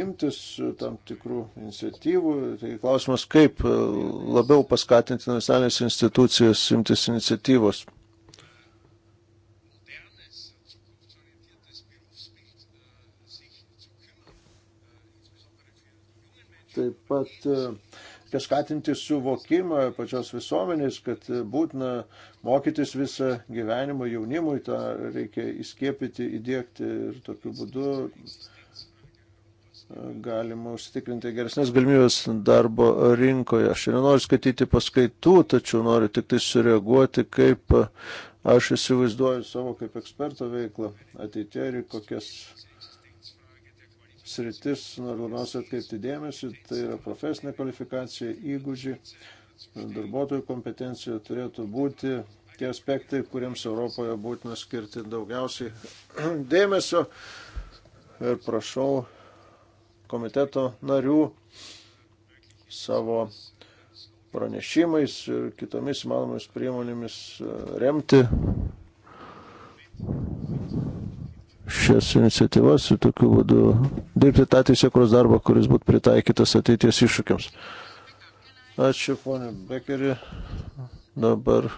imtis tam tikrų iniciatyvų. Tai klausimas, kaip labiau paskatinti nacionalinės institucijas imtis iniciatyvos. Taip pat reikia skatinti suvokimą pačios visuomenės, kad e, būtina mokytis visą gyvenimą jaunimui, tą reikia įskiepyti, įdėkti ir tokiu būdu e, galima užsitikrinti geresnės galimybės darbo rinkoje. Aš nenoriu skaityti paskaitų, tačiau noriu tik tai sureaguoti, kaip e, aš įsivaizduoju savo kaip eksperto veiklą ateitie ir kokias sritis, noriu labiausiai atkreipti dėmesį, tai yra profesinė kvalifikacija, įgūdžiai, darbuotojų kompetencija turėtų būti tie aspektai, kuriems Europoje būtina skirti daugiausiai dėmesio. Ir prašau komiteto narių savo pranešimais ir kitomis manomis priemonėmis e, remti šias iniciatyvas ir tokiu būdu dirbti tą teisėkros darbą, kuris būtų pritaikytas ateities iššūkiams. Ačiū, ponė Bekeri. Dabar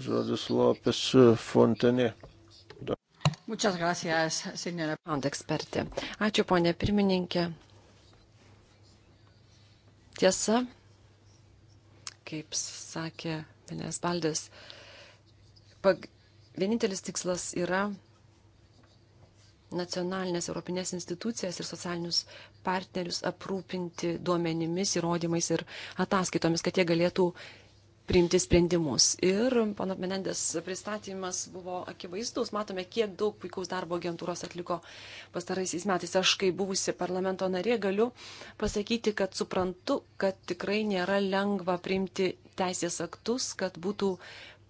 žodis Lopes Fontenė. Muchas gracias, señora. Fond ekspertė. Ačiū, ponė pirmininkė. Tiesa, kaip sakė Vienes Baldės, pag... vienintelis tikslas yra nacionalinės europinės institucijas ir socialinius partnerius aprūpinti duomenimis, įrodymais ir ataskaitomis, kad jie galėtų priimti sprendimus. Ir pana Menendės pristatymas buvo akivaizdus. Matome, kiek daug puikaus darbo agentūros atliko pastaraisiais metais. Aš, kai buvusi parlamento narė, galiu pasakyti, kad suprantu, kad tikrai nėra lengva priimti teisės aktus, kad būtų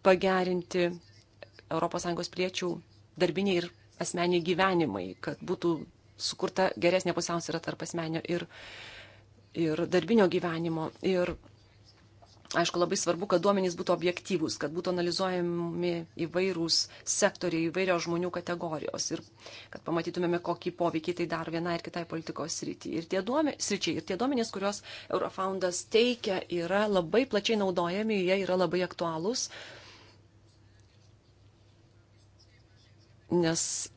pagerinti ES priečių darbiniai ir asmeniai gyvenimai, kad būtų sukurta geresnė pusiausvyrą tarp asmenio ir, ir darbinio gyvenimo. Ir aišku, labai svarbu, kad duomenys būtų objektyvūs, kad būtų analizuojami įvairūs sektoriai, įvairios žmonių kategorijos ir kad pamatytumėme, kokį poveikį tai dar viena ir kitai politikos sričiai. Ir tie, duome, sričiai, ir tie duomenys, kuriuos Eurofoundas teikia, yra labai plačiai naudojami, jie yra labai aktualūs. nes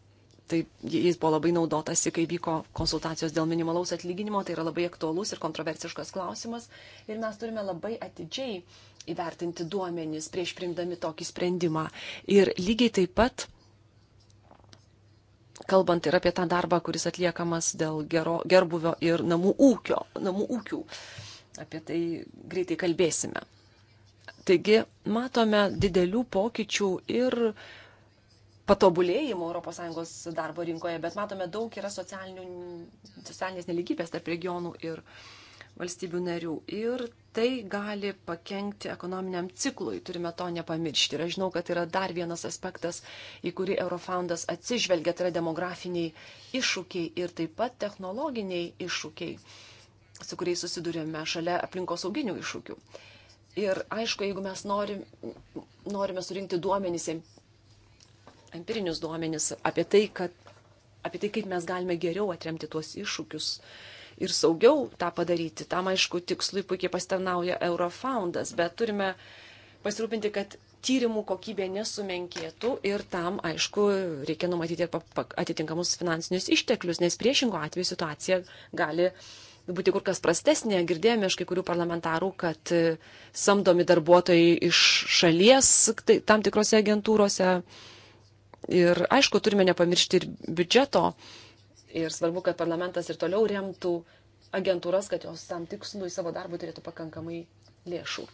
tai jais buvo labai naudotasi, kai vyko konsultacijos dėl minimalaus atlyginimo, tai yra labai aktuolus ir kontroversiškas klausimas ir mes turime labai atidžiai įvertinti duomenys prieš primdami tokį sprendimą. Ir lygiai taip pat, kalbant ir apie tą darbą, kuris atliekamas dėl gero, gerbuvio ir namų, ūkio, namų ūkių, apie tai greitai kalbėsime. Taigi matome didelių pokyčių ir patobulėjimų ES darbo rinkoje, bet matome daug yra socialinės neligybės tarp regionų ir valstybių narių. Ir tai gali pakengti ekonominiam ciklui, turime to nepamiršti. Ir aš žinau, kad yra dar vienas aspektas, į kurį Eurofondas atsižvelgia, tai yra demografiniai iššūkiai ir taip pat technologiniai iššūkiai, su kuriais susidurėme šalia aplinkosauginių iššūkių. Ir aišku, jeigu mes norim, norime surinkti duomenys empirinius duomenis apie tai, kad, apie tai, kaip mes galime geriau atremti tuos iššūkius ir saugiau tą padaryti. Tam, aišku, tikslui puikiai pastarnauja Eurofoundas, bet turime pasirūpinti, kad tyrimų kokybė nesumenkėtų ir tam, aišku, reikia numatyti atitinkamus finansinius išteklius, nes priešingo atveju situacija gali būti kur kas prastesnė. Girdėjome iš kai kurių parlamentarų, kad e, samdomi darbuotojai iš šalies tai, tam tikrose agentūrose Ir aišku, turime nepamiršti ir biudžeto. Ir svarbu, kad parlamentas ir toliau remtų agentūras, kad jos tam tikslui savo darbui turėtų pakankamai lėšų.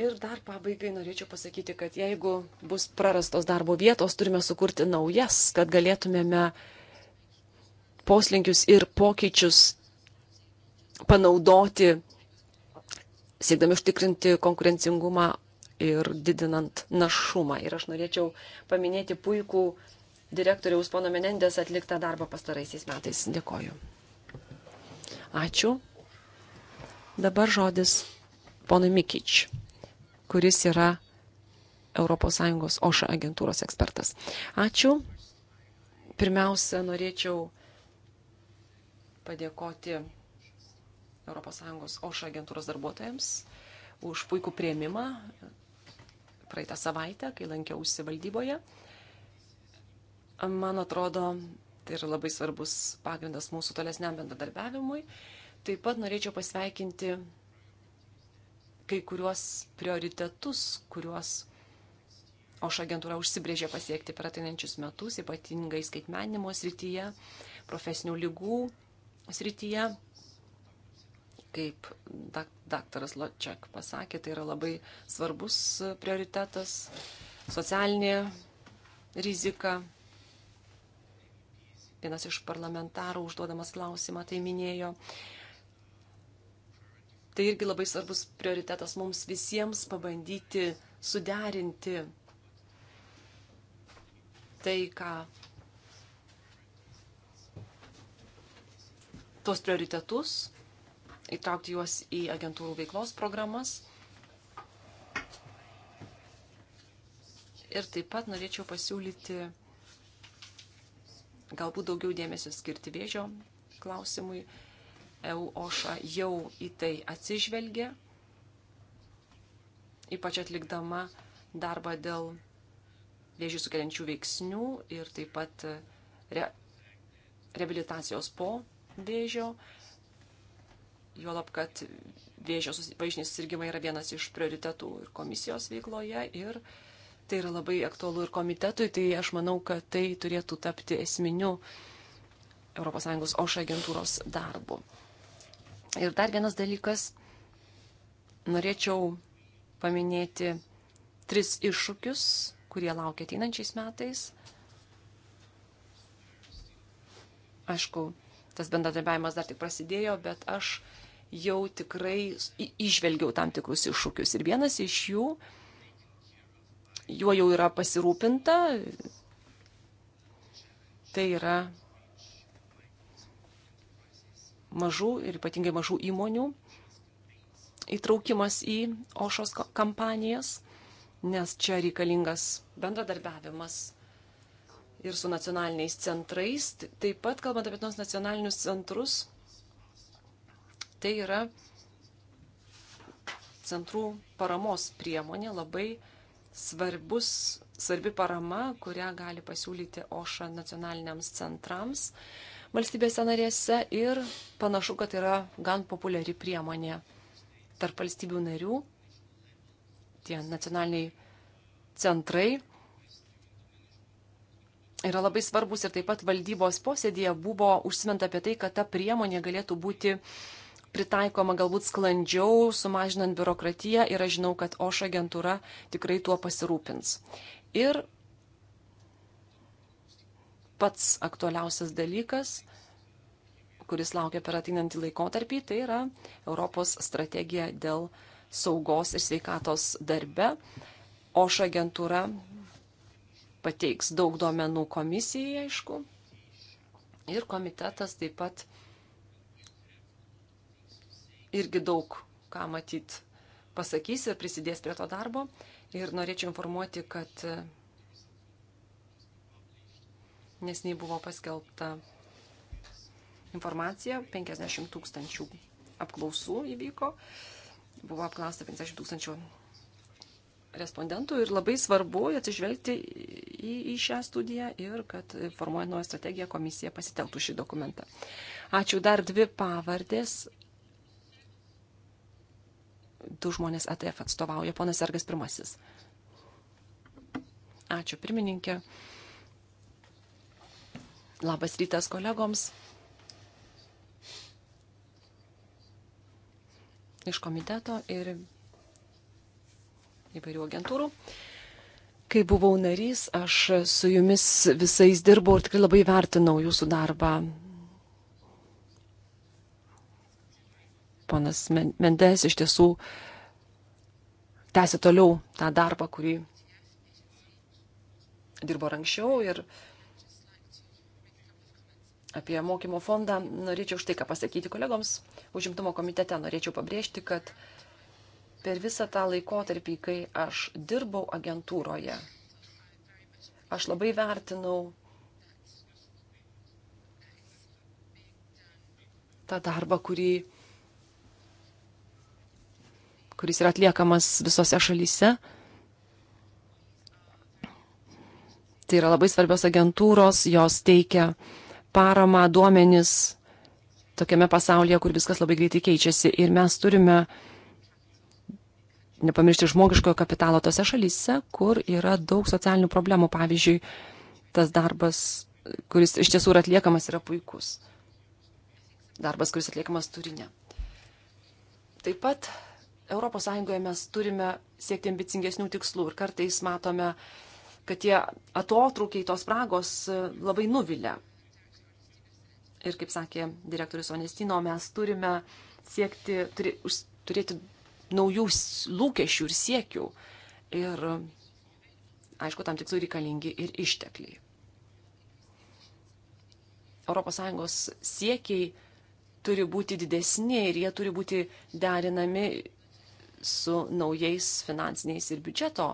Ir dar pabaigai norėčiau pasakyti, kad jeigu bus prarastos darbo vietos, turime sukurti naujas, kad galėtumėme poslinkius ir pokyčius panaudoti, siekdami užtikrinti konkurencingumą ir didinant našumą. Ir aš norėčiau paminėti puikų direktoriaus pono Menendės atliktą darbą pastaraisiais metais. Dėkoju. Ačiū. Dabar žodis ponui Mikič, kuris yra ES OŠA agentūros ekspertas. Ačiū. Pirmiausia, norėčiau padėkoti ES OŠA agentūros darbuotojams už puikų prieimimą, praeitą savaitę, kai lankiausi valdyboje. Man atrodo, tai yra labai svarbus pagrindas mūsų tolesniam bendradarbiavimui. Taip pat norėčiau pasveikinti kai kuriuos prioritetus, kuriuos OŠ agentūra užsibrėžė pasiekti per ateinančius metus, ypatingai skaitmenimo srityje, profesinių lygų srityje, Kaip daktaras Lotček pasakė, tai yra labai svarbus prioritetas - socialinė rizika. Vienas iš parlamentarų užduodamas klausimą tai minėjo. Tai irgi labai svarbus prioritetas mums visiems pabandyti suderinti tai, ką tuos prioritetus, įtraukti juos į agentūrų veiklos programas. Ir taip pat norėčiau pasiūlyti galbūt daugiau dėmesio skirti vėžio klausimui. EUOŠA jau į tai atsižvelgia, ypač atlikdama darbą dėl vėžių sukeliančių veiksnių ir taip pat re, reabilitacijos po vėžio. Juolab, kad vėžio vaizdiniai susirgymai yra vienas iš prioritetų ir komisijos veikloje, ir tai yra labai aktualu ir komitetui, tai aš manau, kad tai turėtų tapti esminiu ES OŠA agentūros darbu. Ir dar vienas dalykas, norėčiau paminėti tris iššūkius, kurie laukia ateinančiais metais. Aišku, tas bendradarbiavimas dar tik prasidėjo, bet aš jau tikrai išvelgiau tam tikrus iššūkius. Ir vienas iš jų, juo jau yra pasirūpinta, tai yra mažų ir ypatingai mažų įmonių įtraukimas į ošos kampanijas, nes čia reikalingas bendradarbiavimas ir su nacionaliniais centrais. Taip pat, kalbant apie tos nacionalinius centrus, Tai yra centrų paramos priemonė, labai svarbus, svarbi parama, kurią gali pasiūlyti OŠA nacionaliniams centrams valstybėse narėse ir panašu, kad yra gan populiari priemonė tarp valstybių narių. Tie nacionaliniai centrai yra labai svarbus ir taip pat valdybos posėdėje buvo užsiminta apie tai, kad ta priemonė galėtų būti uh, pritaikoma galbūt sklandžiau, sumažinant biurokratiją ir aš žinau, kad OŠ agentūra tikrai tuo pasirūpins. Ir pats aktualiausias dalykas, kuris laukia per ateinantį laikotarpį, tai yra Europos strategija dėl saugos ir sveikatos darbe. OŠ agentūra pateiks daug duomenų komisijai, aišku. Ir komitetas taip pat irgi daug ką matyt pasakys ir prisidės prie to darbo. Ir norėčiau informuoti, kad nesniai buvo paskelbta informacija, 50 tūkstančių apklausų įvyko, buvo apklausta 50 tūkstančių respondentų ir labai svarbu atsižvelgti į, į šią studiją ir kad formuojant naują strategiją komisija pasiteltų šį dokumentą. Ačiū dar dvi pavardės du žmonės ATF e atstovauja. Ponas Sergas pirmasis. Ačiū pirmininkė. Labas rytas kolegoms. Iš komiteto ir įvairių agentūrų. Kai buvau narys, aš su jumis visais dirbau ir tikrai labai vertinau jūsų darbą Ponas Mendes iš tiesų tęsė toliau tą darbą, kurį dirbo anksčiau ir apie mokymo fondą norėčiau štai ką pasakyti kolegoms. Užimtumo komitete norėčiau pabrėžti, kad per visą tą laikotarpį, kai aš dirbau agentūroje, aš labai vertinau tą darbą, kurį kuris yra atliekamas visose šalyse. Tai yra labai svarbios agentūros, jos teikia paramą, duomenis tokiame pasaulyje, kur viskas labai greitai keičiasi. Ir mes turime nepamiršti žmogiškojo kapitalo tose šalyse, kur yra daug socialinių problemų. Pavyzdžiui, tas darbas, kuris iš tiesų yra atliekamas, yra puikus. Darbas, kuris atliekamas turinė. Taip pat ES mes turime siekti ambicingesnių tikslų ir kartais matome, kad tie atotrukiai, tos spragos e, labai nuvilia. Ir kaip sakė direktorius Onestino, mes turime siekti, turi, turėti naujų lūkesčių ir siekių. Ir aišku, tam tikslui reikalingi ir ištekliai. ES siekiai turi būti didesni ir jie turi būti derinami su naujais finansiniais ir biudžeto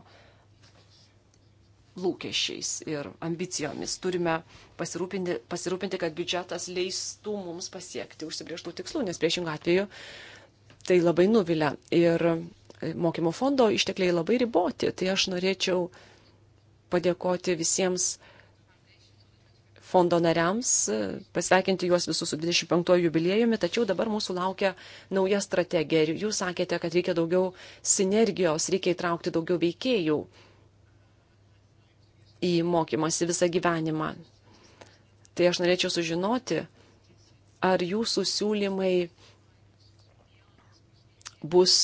lūkesčiais ir ambicijomis. Turime pasirūpinti, pasirūpinti, kad biudžetas leistų mums pasiekti užsibrieštų tikslų, nes priešingų atveju tai labai nuvilia. Ir e, mokymo fondo ištekliai labai riboti. Tai aš norėčiau padėkoti visiems uh, fondo nariams, e, pasveikinti juos visus su 25-ojo jubiliejumi, tačiau dabar mūsų laukia nauja strategija ir jūs sakėte, kad reikia daugiau sinergijos, reikia įtraukti daugiau veikėjų į mokymasi visą gyvenimą. Tai aš norėčiau sužinoti, ar jūsų siūlymai bus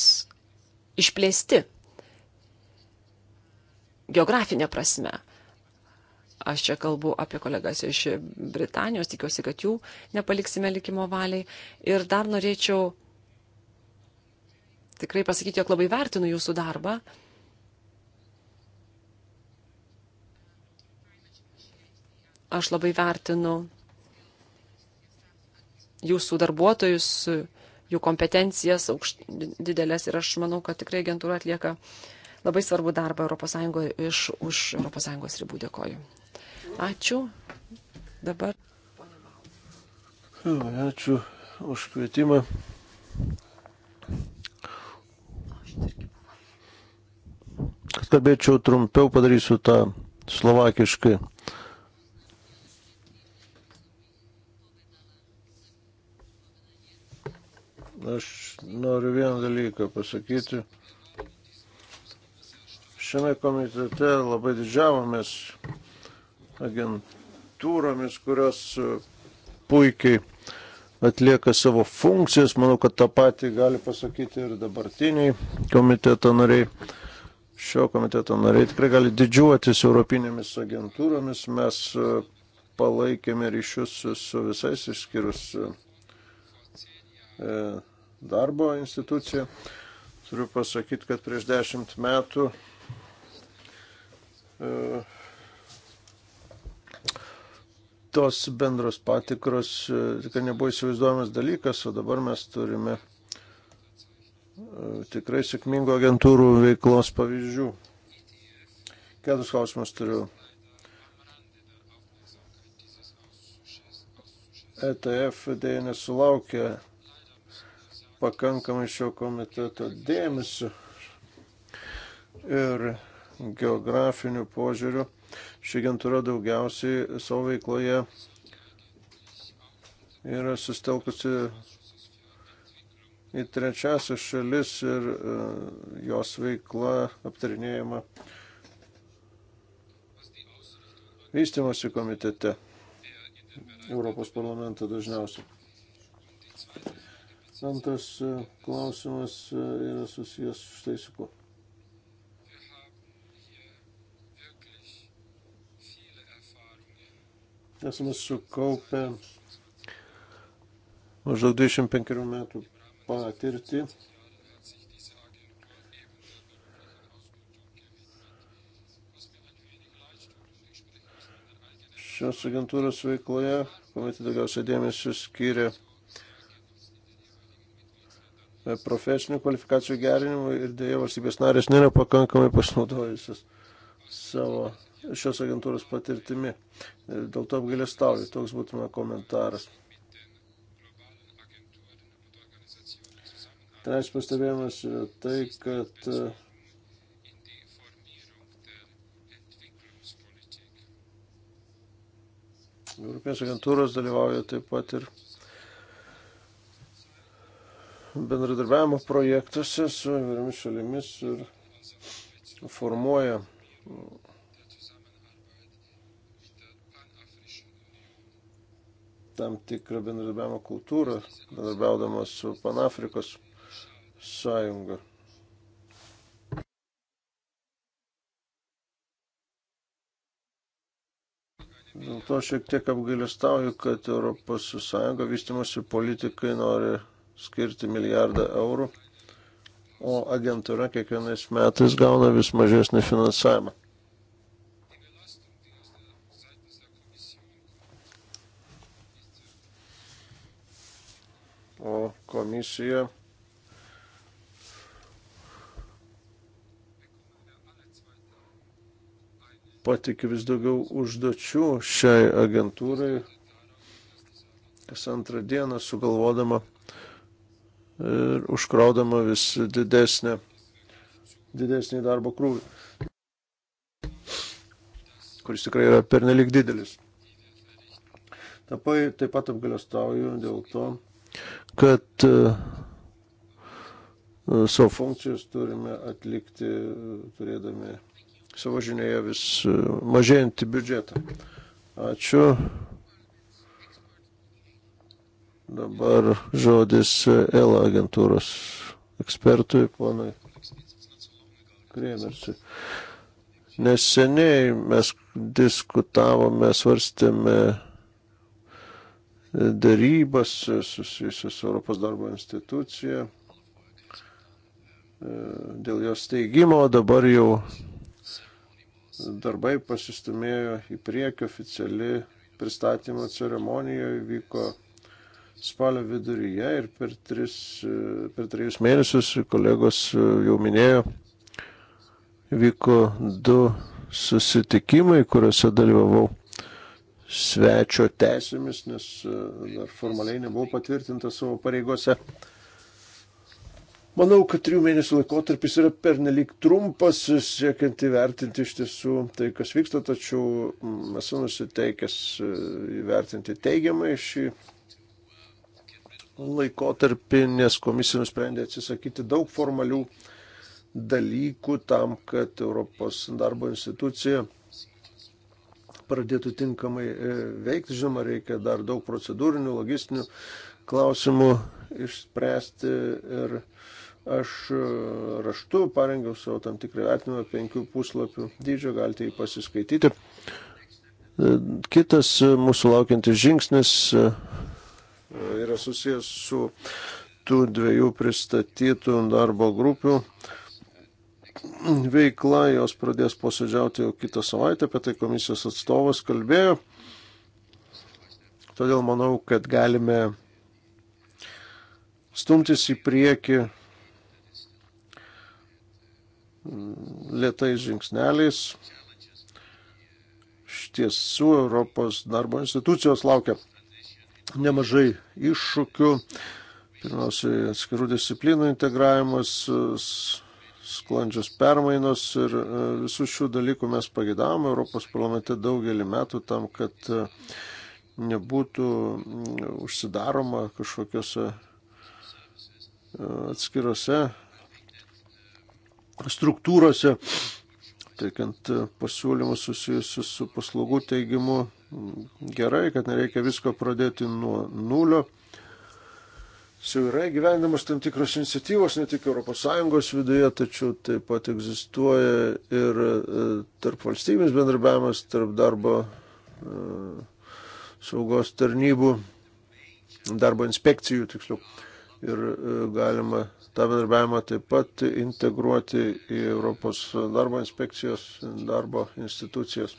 išplėsti geografinė prasme Aš čia kalbu apie kolegas iš Britanijos, tikiuosi, kad jų nepaliksime likimo valiai. Ir dar norėčiau tikrai pasakyti, jog labai vertinu jūsų darbą. Aš labai vertinu jūsų darbuotojus, jų kompetencijas aukšt, didelės ir aš manau, kad tikrai agentūra atlieka labai svarbu darbą ES iš už ES ribų. Dėkoju. Ačiū. Dabar. Ačiū už kvietimą. Kad kalbėčiau trumpiau, padarysiu tą slovakiškai. Aš noriu vieną dalyką pasakyti. Šiame komitete labai didžiavomės agentūromis, kurios e, puikiai atlieka savo funkcijas. Manau, kad tą patį gali pasakyti ir dabartiniai komiteto nariai. Šio komiteto nariai tikrai gali didžiuotis europinėmis agentūromis. Mes e, palaikėme ryšius su, su visais išskyrus e, darbo instituciją. Turiu pasakyti, kad prieš dešimt metų e, tos bendros patikros e, tikrai nebuvo įsivaizduojamas dalykas, o dabar mes turime e, tikrai sėkmingų agentūrų veiklos pavyzdžių. Keturis klausimus turiu. ETF dėja nesulaukia pakankamai šio komiteto dėmesio ir geografinių požiūrių Ši agentūra daugiausiai savo veikloje yra sustelkusi į trečiasias šalis ir e, jos veikla aptarinėjama vystimosi komitete Europos parlamento dažniausiai. Antras e, klausimas e, yra susijęs štai su kuo. esame sukaupę maždaug 25 metų patirtį. Šios agentūros veikloje, kuomet daugiausia dėmesio skiria profesinių kvalifikacijų gerinimui ir dėja valstybės narės nėra pakankamai pasinaudojusios savo šios agentūros patirtimi. Dėl to apgailestauju. Toks būtų mano komentaras. Trečias pastebėjimas yra tai, kad e, Europės agentūros dalyvauja taip pat ir bendradarbiavimo projektuose su įvairiomis šalimis ir formuoja tam tikrą bendradarbiavimo kultūrą, bendradarbiaudamas su Panafrikos sąjunga. Dėl to šiek tiek apgailestauju, kad ES vystimosi politikai nori skirti milijardą eurų, o agentūra kiekvienais metais gauna vis mažesnį finansavimą. komisija patikė vis daugiau užduočių šiai agentūrai, kas antrą dieną sugalvodama ir užkraudama vis didesnę, didesnį darbo krūvį, kuris tikrai yra pernelik didelis. Tapai taip pat apgalėstauju dėl to, kad e, e, savo funkcijas turime atlikti, e, turėdami savo žinioje vis mažėjantį biudžetą. Ačiū. Dabar žodis ELA agentūros ekspertui, ponui Kremersui. Neseniai mes diskutavome, svarstėme darybas susijusius su Europos darbo institucija e, dėl jos steigimo, dabar jau darbai pasistumėjo į priekį oficiali pristatymo ceremonija vyko spalio viduryje ir per, tris, e, per trejus mėnesius, kolegos jau minėjo, vyko du susitikimai, kuriuose dalyvavau svečio teisėmis, nes e, dar formaliai nebuvau patvirtinta savo pareigose. Manau, kad trijų mėnesių laikotarpis yra pernelik trumpas, siekiant įvertinti iš tiesų tai, kas vyksta, tačiau mm, esu nusiteikęs e, įvertinti teigiamai šį laikotarpį, nes komisija nusprendė atsisakyti daug formalių dalykų tam, kad Europos darbo institucija pradėtų tinkamai e, veikti. Žinoma, reikia dar daug procedūrinių, logistinių klausimų išspręsti ir aš e, raštu parengiau savo tam tikrą vertinimą penkių puslapių dydžio, galite jį pasiskaityti. E, kitas mūsų laukiantis žingsnis yra susijęs su tų dviejų pristatytų darbo grupių veikla, jos pradės posėdžiauti jau kitą savaitę, apie tai komisijos atstovas kalbėjo. Todėl manau, kad galime stumtis į priekį lėtais žingsneliais. Štiesų Europos darbo institucijos laukia nemažai iššūkių. Pirmiausiai atskirų disciplinų integravimas, sklandžios permainos ir e, visų šių dalykų mes pagėdavome Europos parlamente daugelį metų tam, kad e, nebūtų mm, užsidaroma kažkokiose e, atskirose struktūrose, teikiant pasiūlymus susijusius su paslaugų teigimu. Mm, gerai, kad nereikia visko pradėti nuo nulio jau yra gyvenimas tam tikros iniciatyvos, ne tik ES viduje, tačiau taip pat egzistuoja ir e, tarp valstybės bendrabiavimas, tarp darbo e, saugos tarnybų, darbo inspekcijų tiksliau. Ir e, galima tą bendrabiavimą taip pat integruoti į Europos darbo inspekcijos, darbo institucijos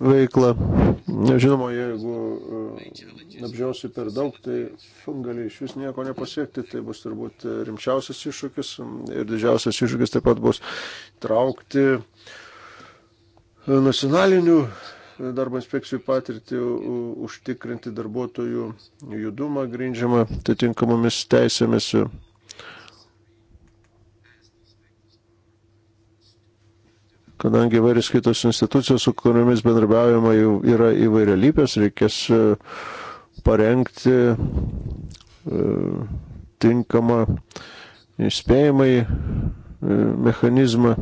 veiklą. Žinoma, jeigu apžiausi e, per daug, tai gali iš vis nieko nepasiekti. Tai bus turbūt rimčiausias iššūkis ir didžiausias iššūkis taip pat bus traukti e, nacionalinių darbo inspekcijų patirtį, užtikrinti darbuotojų judumą grindžiamą atitinkamomis teisėmis kadangi įvairios kitos institucijos, su kuriomis bendrabiaujama jau yra įvairialypės, reikės e, parengti e, tinkamą įspėjimai e, mechanizmą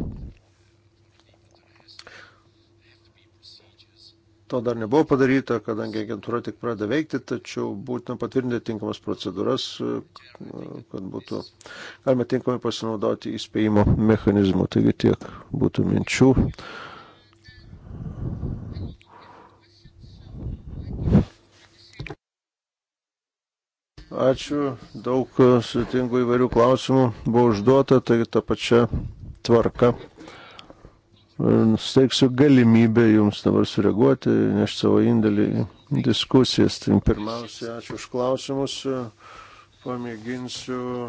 To dar nebuvo padaryta, kadangi agentūra tik pradeda veikti, tačiau būtina patvirtinti tinkamas procedūras, kad būtų galima tinkamai pasinaudoti įspėjimo mechanizmu. Taigi tiek būtų minčių. Ačiū, daug sutingų įvairių klausimų buvo užduota, taigi ta pačia tvarka steiksiu galimybę jums dabar sureaguoti, nešti savo indėlį į diskusijas. Tai pirmiausia, ačiū už klausimus. Pamėginsiu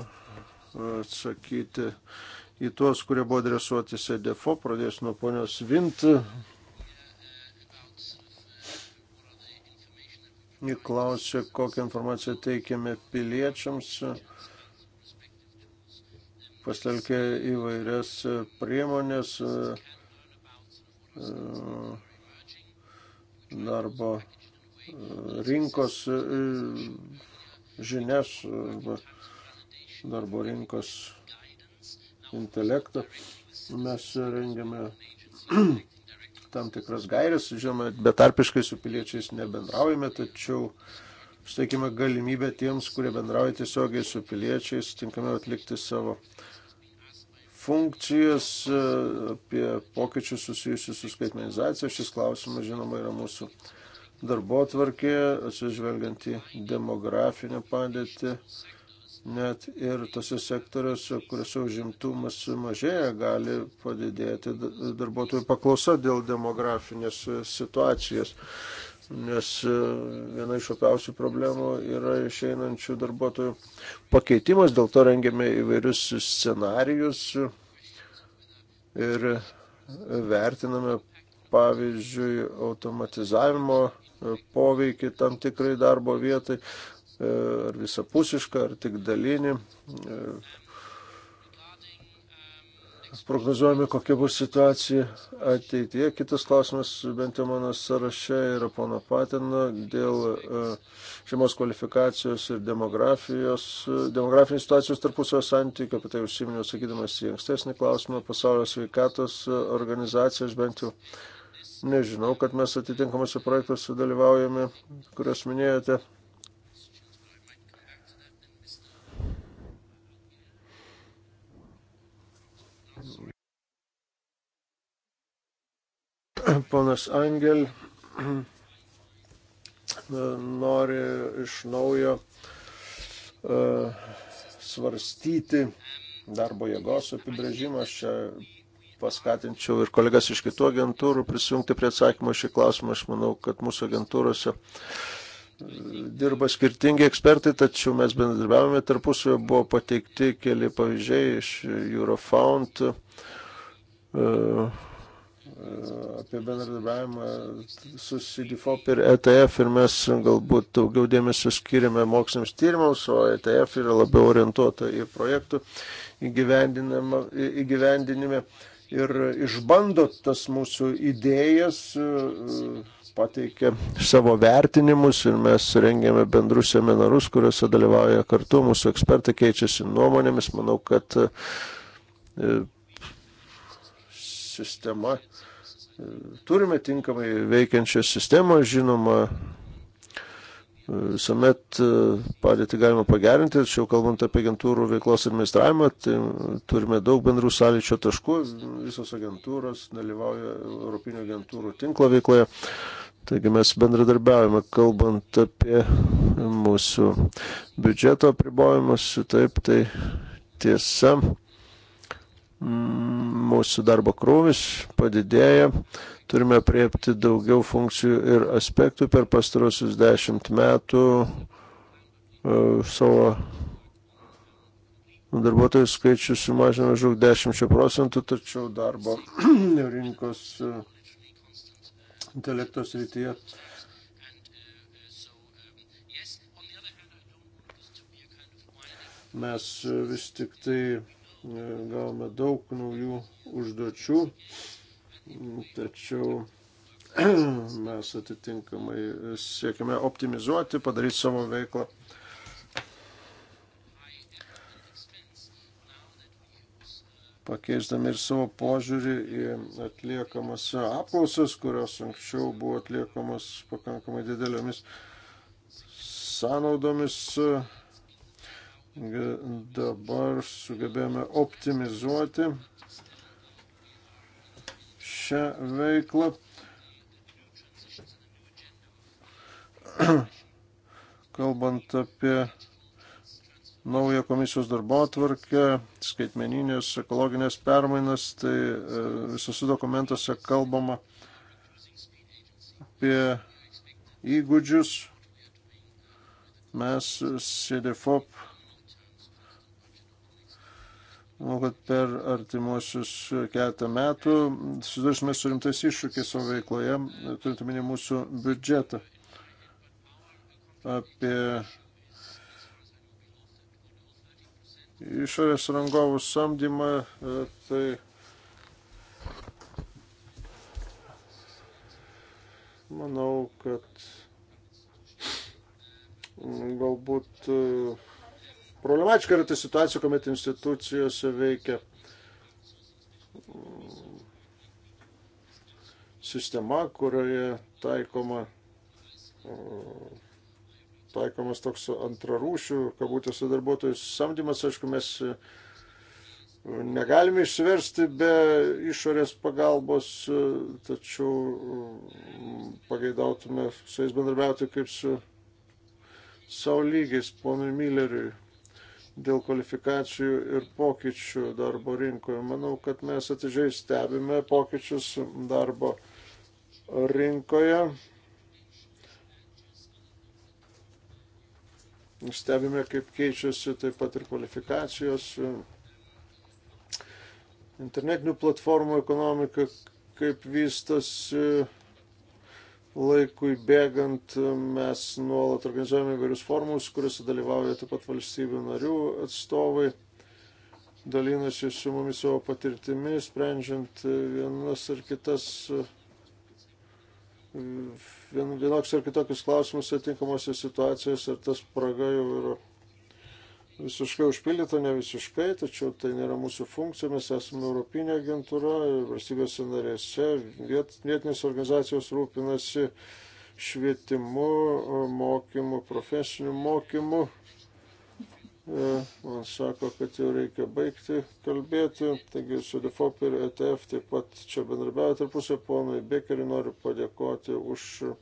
atsakyti į tuos, kurie buvo adresuoti SEDEFO. Pradėsiu nuo ponios Vint. Jį klausė, kokią informaciją teikiame piliečiams pasitelkė įvairias priemonės, E, darbo e, rinkos e, žinias arba darbo rinkos intelektą. Mes rengiame tam tikras gairias, žinoma, betarpiškai su piliečiais nebendraujame, tačiau suteikime galimybę tiems, kurie bendrauja tiesiogiai su piliečiais, tinkamai atlikti savo funkcijas, e, apie pokyčius susijusius su skaitmenizacija. Šis klausimas, žinoma, yra mūsų darbo tvarkė, atsižvelgiant į demografinę padėtį. Net ir tose sektoriuose, kuriuose užimtumas mažėja, gali padidėti darbuotojų paklausa dėl demografinės situacijos nes e, viena iš opiausių problemų yra išeinančių darbuotojų pakeitimas, dėl to rengiame įvairius scenarius ir vertiname, pavyzdžiui, automatizavimo poveikį tam tikrai darbo vietai, e, ar visapusišką, ar tik dalinį, e, prognozuojame, kokia bus situacija ateityje. Kitas klausimas, bent jau mano sąraše, yra pono Patino dėl e, šeimos kvalifikacijos ir demografijos, e, demografinės situacijos tarpusio santykių, apie tai užsiminiau sakydamas į ankstesnį klausimą, pasaulio sveikatos organizacijos bent jau. Nežinau, kad mes atitinkamuose projektuose dalyvaujame, kuriuos minėjote. Ponas Angel nori iš naujo e, svarstyti darbo jėgos apibrėžimą. Aš čia paskatinčiau ir kolegas iš kitų agentūrų prisijungti prie atsakymo šį klausimą. Aš manau, kad mūsų agentūrose e, dirba skirtingi ekspertai, tačiau mes bendradarbiavome tarpusavio, buvo pateikti keli pavyzdžiai iš Eurofound. Uh, apie bendradarbiavimą su CDFOP ir ETF ir mes galbūt daugiau dėmesio skiriame moksliniams tyrimams, o ETF yra labiau orientuota į projektų įgyvendinimą ir išbando tas mūsų idėjas, pateikia savo vertinimus ir mes rengėme bendrus seminarus, kuriuose dalyvauja kartu mūsų ekspertai keičiasi nuomonėmis. Manau, kad e, sistema turime tinkamai veikiančią sistemą, žinoma, visuomet e, padėtį galima pagerinti, tačiau kalbant apie agentūrų veiklos administravimą, tai turime daug bendrų sąlyčio taškų, visos agentūros dalyvauja Europinio agentūrų tinklo veikloje, taigi mes bendradarbiavime, kalbant apie mūsų biudžeto apribojimus, taip tai tiesa mūsų darbo krūvis padidėja, turime priepti daugiau funkcijų ir aspektų per pastarosius dešimt metų e, savo darbuotojų skaičių sumažino maždaug 10 procentų, tačiau darbo rinkos e, intelektos rytyje mes e, vis tik tai gavome daug naujų užduočių, tačiau mes atitinkamai siekime optimizuoti, padaryti savo veiklą. Pakeisdami ir savo požiūrį į atliekamas apklausas, kurios anksčiau buvo atliekamas pakankamai didelėmis sąnaudomis, dabar sugebėjome optimizuoti šią veiklą. Kalbant apie naują komisijos darbo atvarkę, skaitmeninės ekologinės permainas, tai e, visose dokumentuose kalbama apie įgūdžius. Mes CDFOP Manau, kad per artimuosius keletą metų susidursime su rimtais iššūkiais savo veikloje, turint omeny mūsų biudžetą. Apie išorės rangovų samdymą, tai manau, kad galbūt uh, Problematiška yra ta situacija, kuomet institucijose veikia mm, sistema, kurioje taikoma, mm, taikomas toks antrarūšių, kabutėse darbuotojų samdymas, aišku, mes mm, negalime išsiversti be išorės pagalbos, tačiau pageidautume su jais bendrabiauti kaip su savo lygiais, ponui Milleriui dėl kvalifikacijų ir pokyčių darbo rinkoje. Manau, kad mes atidžiai stebime pokyčius darbo rinkoje. Stebime, kaip keičiasi taip pat ir kvalifikacijos. Internetinių platformų ekonomika, kaip vystosi laikui bėgant mes nuolat organizuojame įvairius formus, kuriuose dalyvauja taip pat valstybių narių atstovai, dalinasi su mumis savo patirtimi, sprendžiant vienas ar kitas vien, vienoks ar kitokius klausimus atitinkamosios situacijos ir tas praga jau yra visiškai užpildyta, ne visiškai, tačiau tai nėra mūsų funkcija, mes esame Europinė agentūra ir valstybėse narėse, viet, vietinės organizacijos rūpinasi švietimu, mokymu, profesiniu mokymu. E, man sako, kad jau reikia baigti kalbėti, taigi su DFOP ir ETF taip pat čia bendrabiavo tarpusio ponui Bekeriui, noriu padėkoti už uh,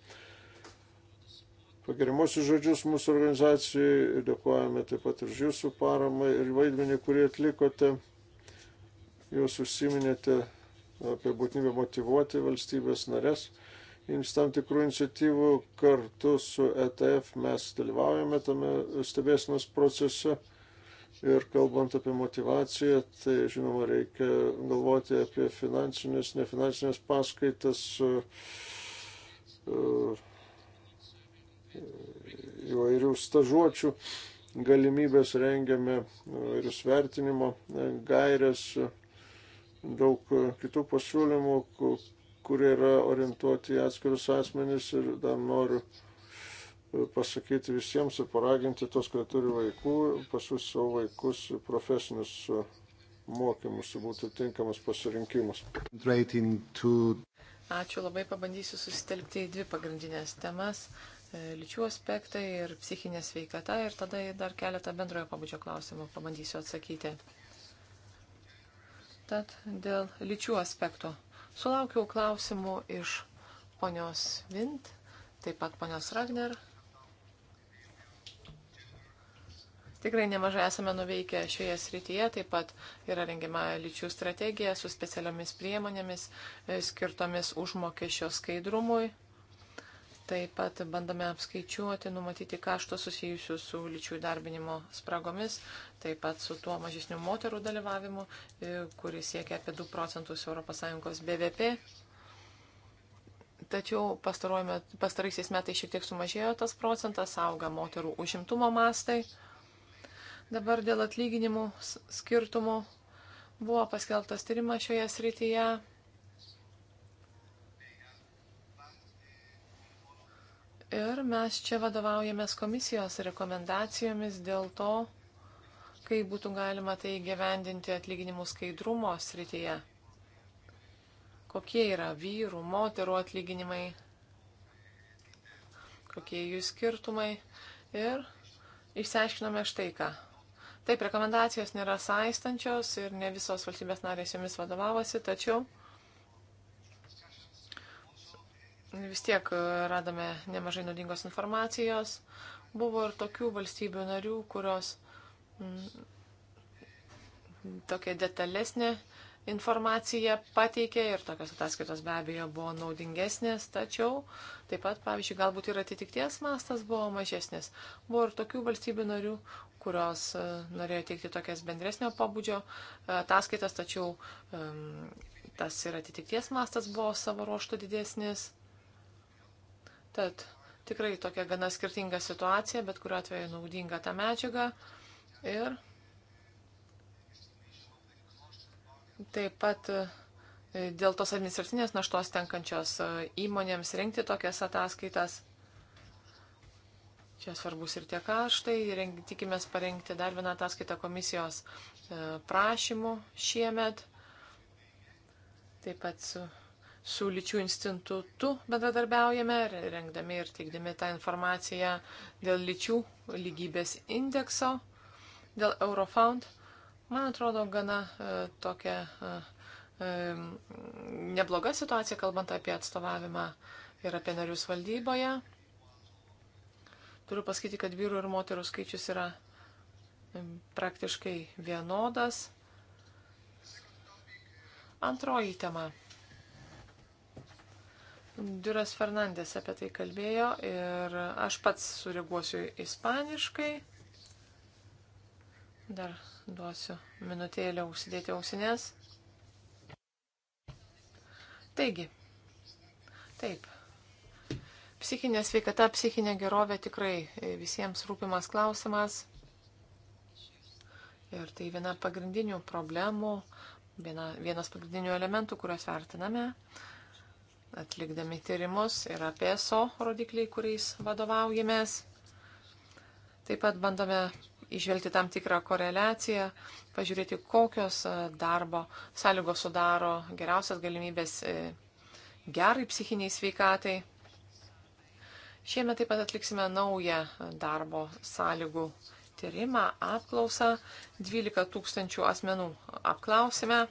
pagirimuosius žodžius mūsų organizacijai ir dėkojame taip pat ir jūsų paramą ir vaidmenį, kurį atlikote. Jūs užsiminėte apie būtinybę motivuoti valstybės nares. Jums tam tikrų iniciatyvų kartu su ETF mes dalyvaujame tame stebėsinos procese. Ir kalbant apie motivaciją, tai žinoma reikia galvoti apie finansinės, nefinansinės paskaitas. Uh, uh, įvairių stažuočių galimybės, rengiame įvairius vertinimo gairias, daug kitų pasiūlymų, kurie yra orientuoti į atskirius asmenys ir dar noriu pasakyti visiems ir paraginti tos, kurie turi vaikų, pasiūs savo vaikus profesinius mokymus, būtų tinkamas pasirinkimas. Ačiū labai, pabandysiu susitelkti į dvi pagrindinės temas. E, lyčių aspektai ir psichinė sveikata ir tada dar keletą bendrojo pabudžio klausimų pabandysiu atsakyti. Tad dėl lyčių aspektų. Sulaukiau klausimų iš ponios Vint, taip pat ponios Ragner. Tikrai nemažai esame nuveikę šioje srityje, taip pat yra rengiama lyčių strategija su specialiomis priemonėmis e, skirtomis užmokesčio skaidrumui Taip pat bandome apskaičiuoti, numatyti kaštus susijusius su lyčių darbinimo spragomis, taip pat su tuo mažesniu moterų dalyvavimu, e, kuris siekia apie 2 procentus ES BVP. Tačiau pastaraisiais metais šiek tiek sumažėjo tas procentas, auga moterų užimtumo mastai. Dabar dėl atlyginimų skirtumų buvo paskelbtas tyrimas šioje srityje Ir mes čia vadovaujamės komisijos rekomendacijomis dėl to, kaip būtų galima tai gyvendinti atlyginimų skaidrumo srityje. Kokie yra vyrų, moterų atlyginimai, kokie jų skirtumai. Ir išsiaiškinome štai ką. Taip, rekomendacijos nėra saistančios ir ne visos valstybės narės jomis vadovavosi, tačiau vis tiek e, radome nemažai naudingos informacijos. Buvo ir tokių valstybių narių, kurios mm, tokia detalesnė informaciją pateikė ir tokios ataskaitos be abejo buvo naudingesnės, tačiau taip pat, pavyzdžiui, galbūt ir atitikties mastas buvo mažesnis. Buvo ir tokių valstybių narių, kurios e, norėjo teikti tokias bendresnio pabudžio e, ataskaitas, tačiau um, tas ir atitikties mastas buvo savo ruoštų didesnis. Tad tikrai tokia gana skirtinga situacija, bet kuriuo atveju naudinga ta medžiaga. Ir taip pat e, dėl tos administracinės naštos tenkančios e, įmonėms rinkti tokias ataskaitas. Čia svarbus ir tie kaštai. Tikimės parengti dar vieną ataskaitą komisijos e, prašymų šiemet. Taip pat su su lyčių institutu bendradarbiaujame, rengdami ir teikdami tą informaciją dėl lyčių lygybės indekso, dėl Eurofound. Man atrodo, gana e, tokia e, e, nebloga situacija, kalbant apie atstovavimą ir apie narius valdyboje. Turiu pasakyti, kad vyrų ir moterų skaičius yra praktiškai vienodas. Antroji tema. Duras Fernandės apie tai kalbėjo ir aš pats sureaguosiu ispaniškai. Dar duosiu minutėlę užsidėti ausinės. Taigi, taip. Psichinė sveikata, psichinė gerovė tikrai visiems rūpimas klausimas. Ir tai viena pagrindinių problemų, viena, vienas pagrindinių elementų, kuriuos vertiname. Uh, atlikdami tyrimus ir apie ESO rodikliai, kuriais vadovaujamės. Taip pat bandome išvelgti tam tikrą koreliaciją, pažiūrėti, kokios e, darbo sąlygos sudaro geriausias galimybės e, gerai psichiniai sveikatai. Šiemet taip pat atliksime naują darbo sąlygų tyrimą, apklausą. 12 tūkstančių asmenų apklausime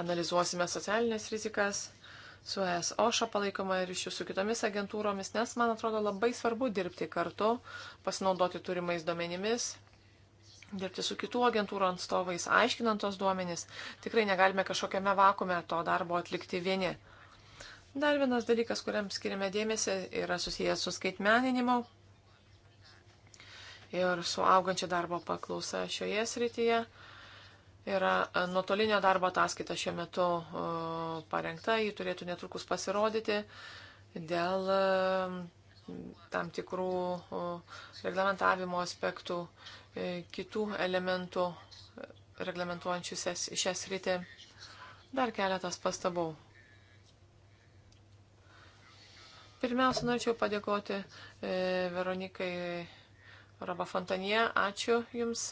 analizuosime socialinės rizikas su ESOŠA palaikoma ir iš jų su kitomis agentūromis, nes man atrodo labai svarbu dirbti kartu, pasinaudoti turimais duomenimis, dirbti su kitų agentūrų atstovais, aiškinant tos duomenys. Tikrai negalime kažkokiame vakume to darbo atlikti vieni. Dar vienas dalykas, kuriam skiriame dėmesį, yra susijęs su skaitmeninimu ir su augančia darbo paklausa šioje srityje. Yra e, nuotolinio darbo ataskaita šiuo metu e, parengta, ji turėtų netrukus pasirodyti dėl e, tam tikrų reglamentavimo aspektų, kitų elementų reglamentuojančių šią sritį. Dar keletas pastabų. Pirmiausia, norėčiau padėkoti Veronikai Roba Fontanie. Ačiū Jums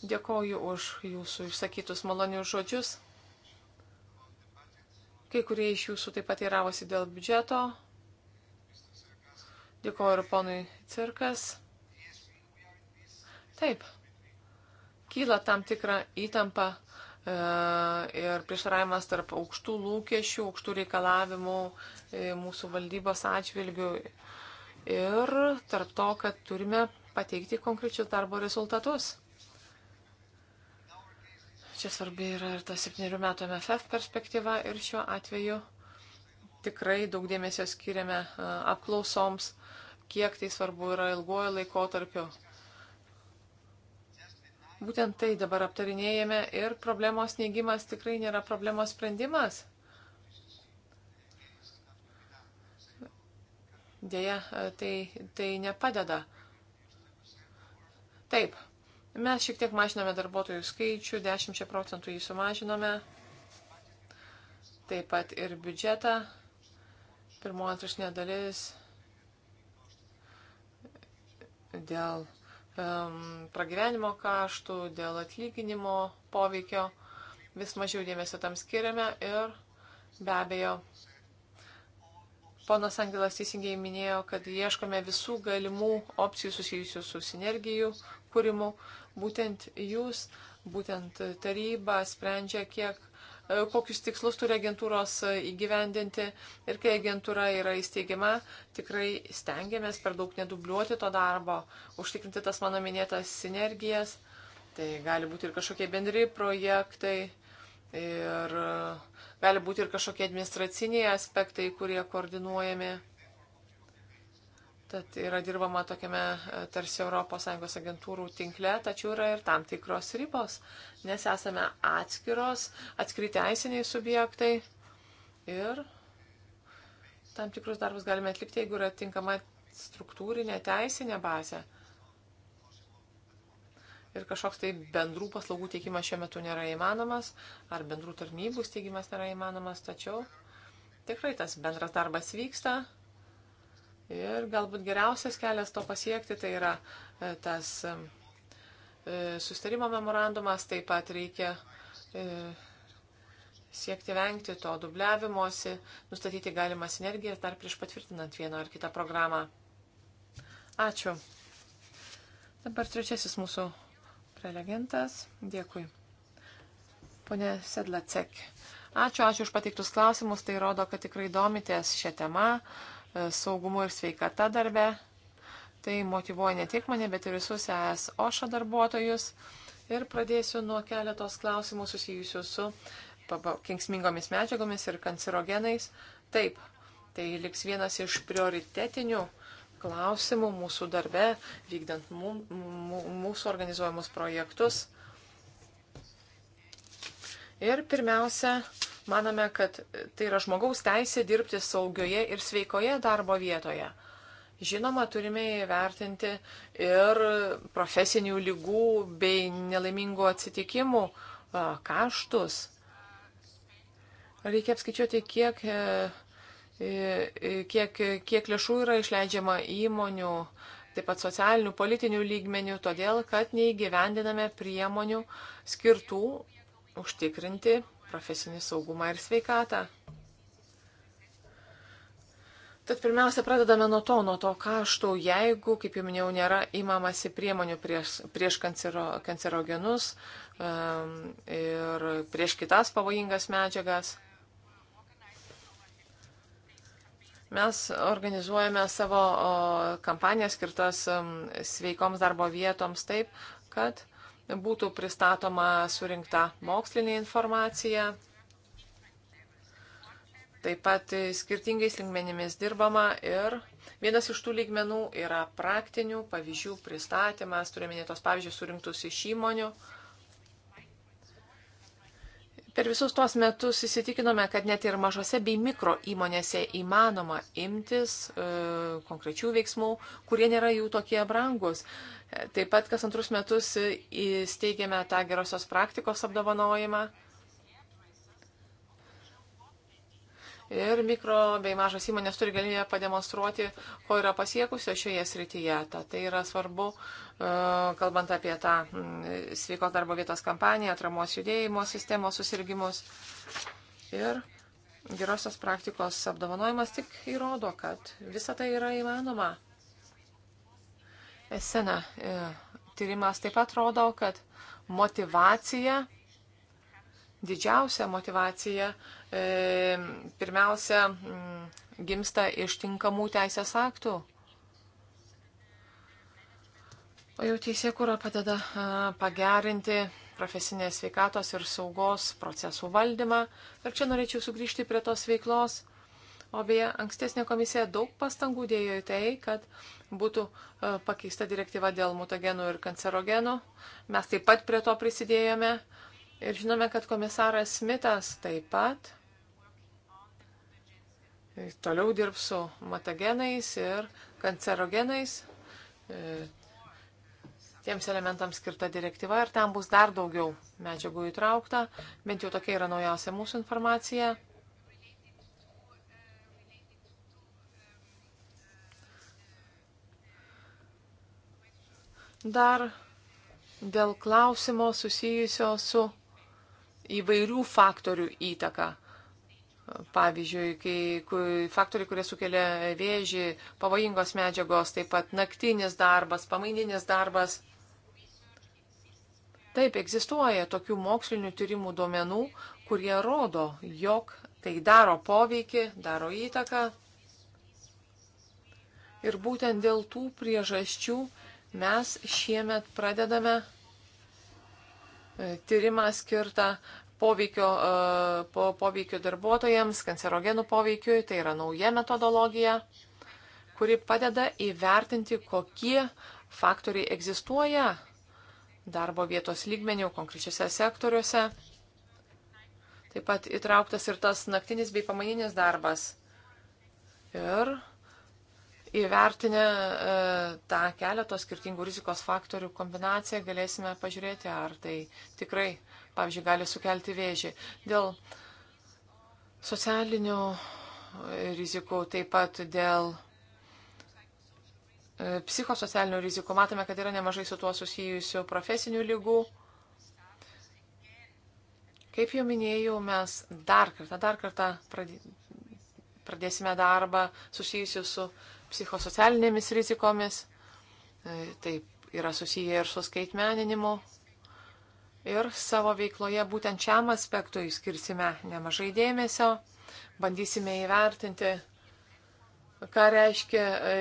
Dėkoju už jūsų išsakytus malonius žodžius. Kai kurie iš jūsų taip pat įravosi dėl biudžeto. Dėkoju ir ponui Cirkas. Taip, kyla tam tikra įtampa e, ir prieštaravimas tarp aukštų lūkesčių, aukštų reikalavimų e, mūsų valdybos atžvilgių ir tarp to, kad turime pateikti konkrečius darbo rezultatus. Čia svarbi yra ir ta septyniarių metų MFF perspektyva ir šiuo atveju tikrai daug dėmesio skiriame apklausoms, kiek tai svarbu yra ilgojo laikotarpio. Būtent tai dabar aptarinėjame ir problemos neigimas tikrai nėra problemos sprendimas. Deja, tai, tai nepadeda. Taip, Mes šiek tiek mažiname darbuotojų skaičių, 10 procentų jį sumažinome, taip pat ir biudžetą, pirmoji antrašinė dalis dėl um, pragyvenimo kaštų, dėl atlyginimo poveikio vis mažiau dėmesio tam skiriame ir be abejo, ponas Angelas teisingai minėjo, kad ieškome visų galimų opcijų susijusių su sinergijų kūrimu. Būtent jūs, būtent taryba sprendžia, kiek e, kokius tikslus turi agentūros e, įgyvendinti ir kai agentūra yra įsteigiama, tikrai stengiamės per daug nedubliuoti to darbo, užtikrinti tas mano minėtas sinergijas. Tai gali būti ir kažkokie bendri projektai, ir e, gali būti ir kažkokie administraciniai aspektai, kurie koordinuojami. Tad yra dirbama tokiame e, tarsi ES agentūrų tinkle, tačiau yra ir tam tikros ribos, nes esame atskiros, atskiri teisiniai subjektai ir tam tikrus darbus galime atlikti, jeigu yra tinkama struktūrinė teisinė bazė. Ir kažkoks tai bendrų paslaugų teikimas šiuo metu nėra įmanomas, ar bendrų tarnybų steigimas nėra įmanomas, tačiau tikrai tas bendras darbas vyksta Ir galbūt geriausias kelias to pasiekti tai yra e, tas e, e, sustarimo memorandumas, taip pat reikia siekti vengti to dubliavimuose, nustatyti galimą sinergiją ir dar prieš patvirtinant vieną ar kitą programą. Ačiū. Dabar trečiasis mūsų prelegentas. Dėkui. Pone Sedlacek. Ačiū, ačiū už pateiktus klausimus. Tai rodo, kad tikrai domitės šią temą. E, saugumu ir sveikata darbe. Tai motivuoja ne tik mane, bet ir visus ES OŠA darbuotojus. Ir pradėsiu nuo keletos klausimų susijusių su kenksmingomis medžiagomis ir kancerogenais. Taip, tai liks vienas iš prioritetinių klausimų mūsų darbe, vykdant mūsų organizuojamus projektus. Ir pirmiausia, Manome, kad tai yra žmogaus teisė dirbti saugioje ir sveikoje darbo vietoje. Žinoma, turime įvertinti ir profesinių lygų bei nelaimingų atsitikimų kaštus. Reikia apskaičiuoti, kiek, e, e, kiek, kiek lėšų yra išleidžiama įmonių, taip pat socialinių, politinių lygmenių, todėl kad neįgyvendiname priemonių skirtų užtikrinti profesinį saugumą ir sveikatą. Tad pirmiausia, pradedame nuo to, nuo to kaštų, jeigu, kaip jau minėjau, nėra įmamasi priemonių prieš, prieš kancero, kancerogenus um, ir prieš kitas pavojingas medžiagas. Mes organizuojame savo kampaniją skirtas um, sveikoms darbo vietoms taip, kad uh, būtų pristatoma surinkta mokslinė informacija. Taip pat skirtingais lygmenimis dirbama ir vienas iš tų lygmenų yra praktinių pavyzdžių pristatymas, turime ne tos pavyzdžius surinktus iš įmonių. Uh, Per visus tuos metus įsitikinome, kad net ir mažose bei mikro įmonėse įmanoma imtis e, konkrečių veiksmų, kurie nėra jų tokie brangus. Taip pat kas antrus metus įsteigėme tą gerosios praktikos apdovanojimą. E, ir mikro bei mažos įmonės turi galimybę pademonstruoti, ko yra pasiekusios šioje srityje. Ta, tai yra svarbu, e, kalbant apie tą mm, sveikos darbo vietos kampaniją, atramos judėjimo sistemos susirgymus. Ir gerosios praktikos apdovanojimas tik įrodo, kad visa tai yra įmanoma. Sena e, tyrimas taip pat rodo, kad motivacija didžiausia motivacija e, pirmiausia m, mm, gimsta iš tinkamų teisės aktų. O jau teisė, kurio padeda a, e, pagerinti profesinės sveikatos ir saugos procesų valdymą. Ir čia norėčiau sugrįžti prie tos veiklos. O beje, ankstesnė komisija daug pastangų dėjo į tai, kad būtų e, pakeista direktyva dėl mutagenų ir kancerogenų. Mes taip pat prie to prisidėjome. Ir žinome, kad komisaras Smithas taip pat toliau dirbs su mutagenais ir kancerogenais. E, tiems elementams skirta direktyva ir tam bus dar daugiau medžiagų įtraukta. Bent jau tokia yra naujausia mūsų informacija. Dar dėl klausimo susijusio su įvairių faktorių įtaką. Pavyzdžiui, kai faktoriai, kurie sukelia vėžį, pavojingos medžiagos, taip pat naktinis darbas, pamaininis darbas. Taip, egzistuoja tokių mokslinių tyrimų duomenų, kurie rodo, jog tai daro poveikį, daro įtaką. Ir būtent dėl tų priežasčių mes šiemet pradedame tyrimą skirtą poveikio, e, po, poveikio darbuotojams, kancerogenų poveikiui. Tai yra nauja metodologija, kuri padeda įvertinti, kokie faktoriai egzistuoja darbo vietos lygmenių konkrečiose sektoriuose. Taip pat įtrauktas ir tas naktinis bei pamaininis darbas. Ir įvertinę e, tą keletą skirtingų rizikos faktorių kombinaciją, galėsime pažiūrėti, ar tai tikrai, pavyzdžiui, gali sukelti vėžį. Dėl socialinių rizikų, taip pat dėl e, psichosocialinių rizikų matome, kad yra nemažai su tuo susijusių profesinių lygų. Kaip jau minėjau, mes dar kartą, dar kartą pradėsime darbą susijusiu su psichosocialinėmis rizikomis, e, taip yra susiję ir su skaitmeninimu. Ir savo veikloje būtent šiam aspektui skirsime nemažai dėmesio, bandysime įvertinti, ką reiškia e,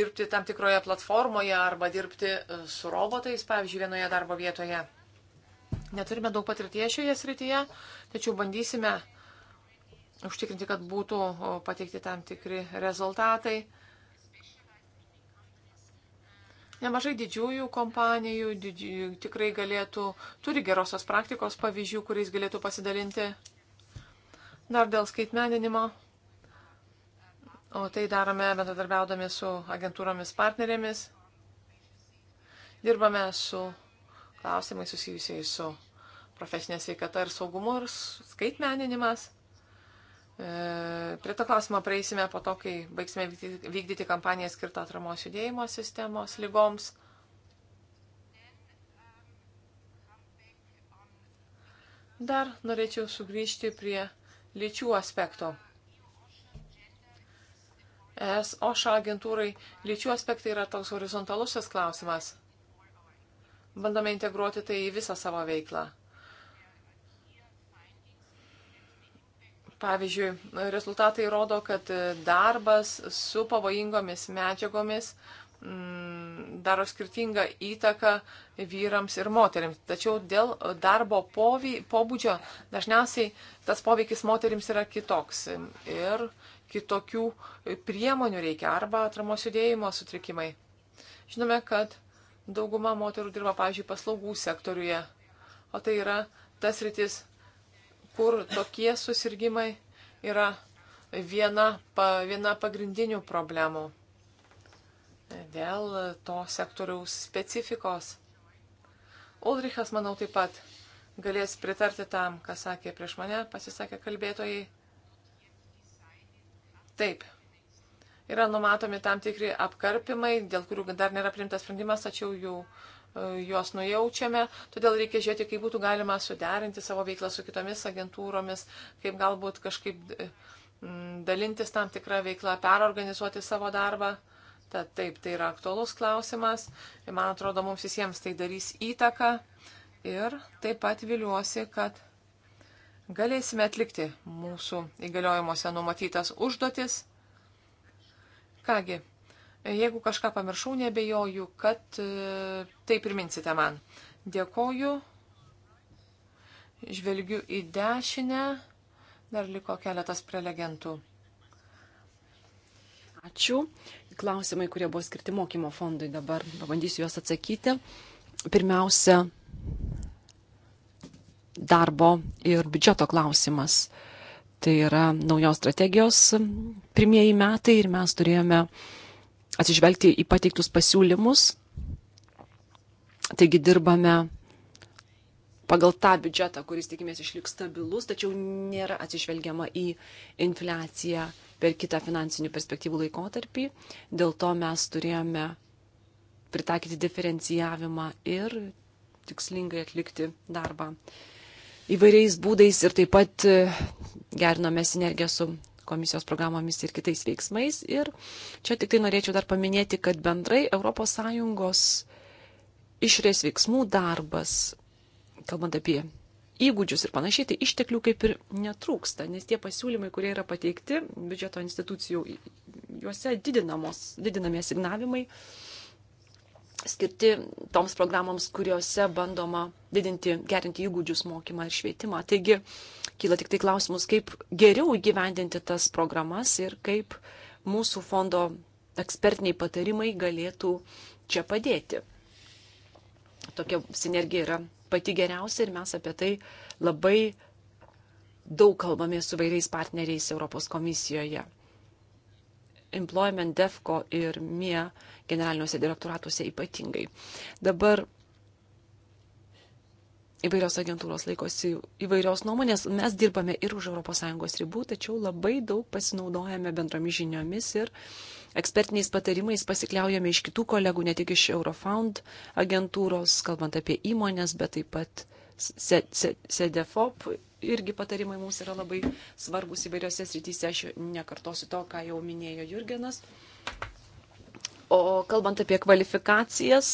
dirbti tam tikroje platformoje arba dirbti e, su robotais, pavyzdžiui, vienoje darbo vietoje. Neturime daug patirties šioje srityje, tačiau bandysime uh, užtikrinti, kad būtų pateikti tam tikri rezultatai. Nemažai didžiųjų kompanijų didžiųjų, tikrai galėtų, turi gerosios praktikos pavyzdžių, kuriais galėtų pasidalinti. Dar dėl skaitmeninimo. O tai darome bendradarbiaudami su agentūromis partnerėmis. Dirbame su klausimai susijusiai su profesinė sveikata ir saugumu ir skaitmeninimas. E, prie to klausimo praeisime po to, kai baigsime vykdyti kampaniją skirtą atramos judėjimo sistemos lygoms. Dar norėčiau sugrįžti prie lyčių aspekto. ES OŠA agentūrai lyčių aspektai yra toks horizontalusis klausimas. Bandome integruoti tai į visą savo veiklą. Pavyzdžiui, rezultatai rodo, kad darbas su pavojingomis medžiagomis mm, daro skirtingą įtaką vyrams ir moteriams. Tačiau dėl darbo povy, pobūdžio dažniausiai tas poveikis moteriams yra kitoks. Ir kitokių priemonių reikia arba atramos judėjimo sutrikimai. Žinome, kad dauguma moterų dirba, pavyzdžiui, paslaugų sektoriuje. O tai yra tas rytis, kur tokie susirgymai yra viena, pa, viena pagrindinių problemų dėl to sektoriaus specifikos. Ulrichas, manau, taip pat galės pritarti tam, ką sakė prieš mane, pasisakė kalbėtojai. Taip. Yra numatomi tam tikri apkarpimai, dėl kurių dar nėra primtas sprendimas, tačiau jų uh, E, juos nujaučiame, todėl reikia žiūrėti, kaip būtų galima suderinti savo veiklą su kitomis agentūromis, kaip galbūt kažkaip e, dalintis tam tikrą veiklą, perorganizuoti savo darbą. Tad taip, tai yra aktuolus klausimas ir man atrodo, mums visiems tai darys įtaką ir taip pat viliuosi, kad galėsime atlikti mūsų įgaliojimuose numatytas užduotis. Kągi, Jeigu kažką pamiršau, nebejoju, kad e, tai priminsite man. Dėkoju. Žvelgiu į dešinę. Dar liko keletas prelegentų. Ačiū. Klausimai, kurie buvo skirti mokymo fondui, dabar pabandysiu juos atsakyti. Pirmiausia, darbo ir biudžeto klausimas. Tai yra naujos strategijos pirmieji metai ir mes turėjome uh, atsižvelgti į pateiktus pasiūlymus. Taigi dirbame pagal tą biudžetą, kuris tikimės išliks stabilus, tačiau nėra atsižvelgiama į infliaciją per kitą finansinių perspektyvų laikotarpį. Dėl to mes turėjome pritaikyti diferencijavimą ir tikslingai atlikti darbą įvairiais būdais ir taip pat gerinome sinergiją su komisijos programomis ir kitais veiksmais. Ir čia tik tai norėčiau dar paminėti, kad bendrai ES išorės veiksmų darbas, kalbant apie įgūdžius ir panašiai, tai išteklių kaip ir netrūksta, nes tie pasiūlymai, kurie yra pateikti biudžeto institucijų, juose didinami asignavimai skirti toms programoms, kuriuose bandoma didinti, gerinti įgūdžius mokymą ir švietimą. Taigi, kyla tik tai klausimus, kaip geriau įgyvendinti tas programas ir kaip mūsų fondo ekspertiniai patarimai galėtų čia padėti. Tokia sinergija yra pati geriausia ir mes apie tai labai daug kalbame su vairiais partneriais Europos komisijoje. Employment, DEFCO ir MIE generaliniuose direktoratuose ypatingai. Dabar įvairios agentūros laikosi įvairios nuomonės. Mes dirbame ir už ES ribų, tačiau labai daug pasinaudojame bendromis žiniomis ir ekspertiniais patarimais pasikliaujame iš kitų kolegų, ne tik iš Eurofound agentūros, kalbant apie įmonės, bet taip pat SEDEFOP irgi patarimai mums yra labai svarbus įvairiose srityse. Aš nekartosiu to, ką jau minėjo Jurgenas. O kalbant apie kvalifikacijas,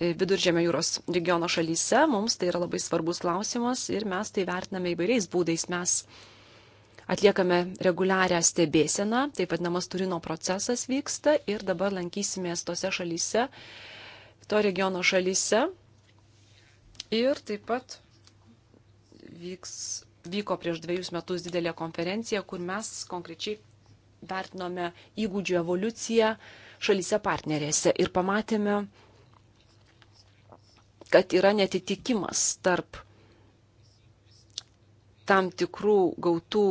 E, viduržėmio jūros regiono šalyse. Mums tai yra labai svarbus klausimas ir mes tai vertiname įvairiais būdais. Mes atliekame reguliarią stebėseną, taip vadinamas Turino procesas vyksta ir dabar lankysimės tose šalyse, to regiono šalyse. Ir taip pat vyks, vyko prieš dviejus metus didelė konferencija, kur mes konkrečiai vertinome įgūdžių evoliuciją šalyse partnerėse ir pamatėme, kad yra netitikimas tarp tam tikrų gautų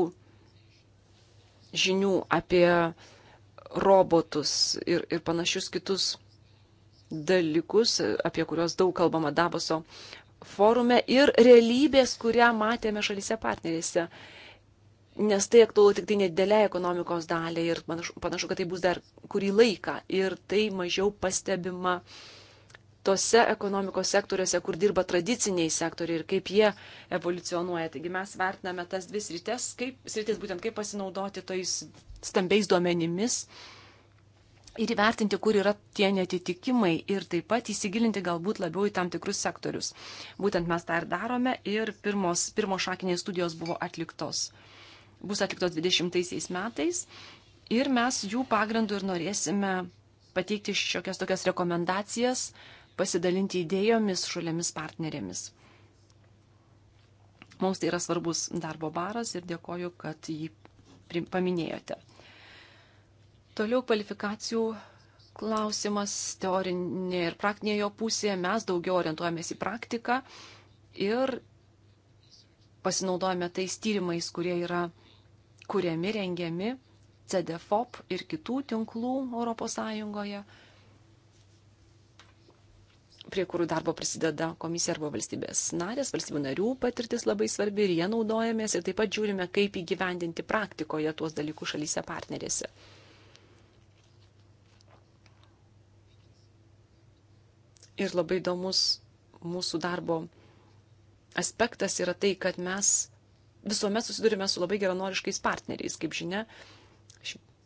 žinių apie robotus ir, ir panašius kitus dalykus, apie kuriuos daug kalbama Davoso forume ir realybės, kurią matėme šalyse partnerėse. Nes tai aktualu tik tai nedėlė ekonomikos daliai ir panašu, panašu, kad tai bus dar kurį laiką ir tai mažiau pastebima uh, tose ekonomikos sektoriuose, kur dirba tradiciniai sektoriai ir kaip jie evoliucionuoja. Taigi mes vertiname tas dvi sritis, kaip, sritis būtent kaip pasinaudoti tais stambiais duomenimis ir įvertinti, kur yra tie netitikimai ir taip pat įsigilinti galbūt labiau į tam tikrus sektorius. Būtent mes tą ir darome ir pirmos, pirmos šakinės studijos buvo atliktos. Bus atliktos 20 metais ir mes jų pagrindų ir norėsime pateikti šiokias tokias rekomendacijas, uh, pasidalinti idėjomis šaliamis partnerėmis. Mums tai yra svarbus darbo baras ir dėkoju, kad jį paminėjote. Toliau kvalifikacijų klausimas, teorinė ir praktinė jo pusė. Mes daugiau orientuojamės į praktiką ir pasinaudojame tais tyrimais, kurie yra kuriami, rengiami CDFOP ir kitų tinklų ES prie kurių darbo prisideda komisija arba valstybės narės, valstybių narių patirtis labai svarbi ir jie naudojamės ir taip pat žiūrime, kaip įgyvendinti praktikoje tuos dalykus šalyse partnerėse. Ir labai įdomus mūsų darbo aspektas yra tai, kad mes visuomet susidurime su labai geranoriškais partneriais, kaip žinia,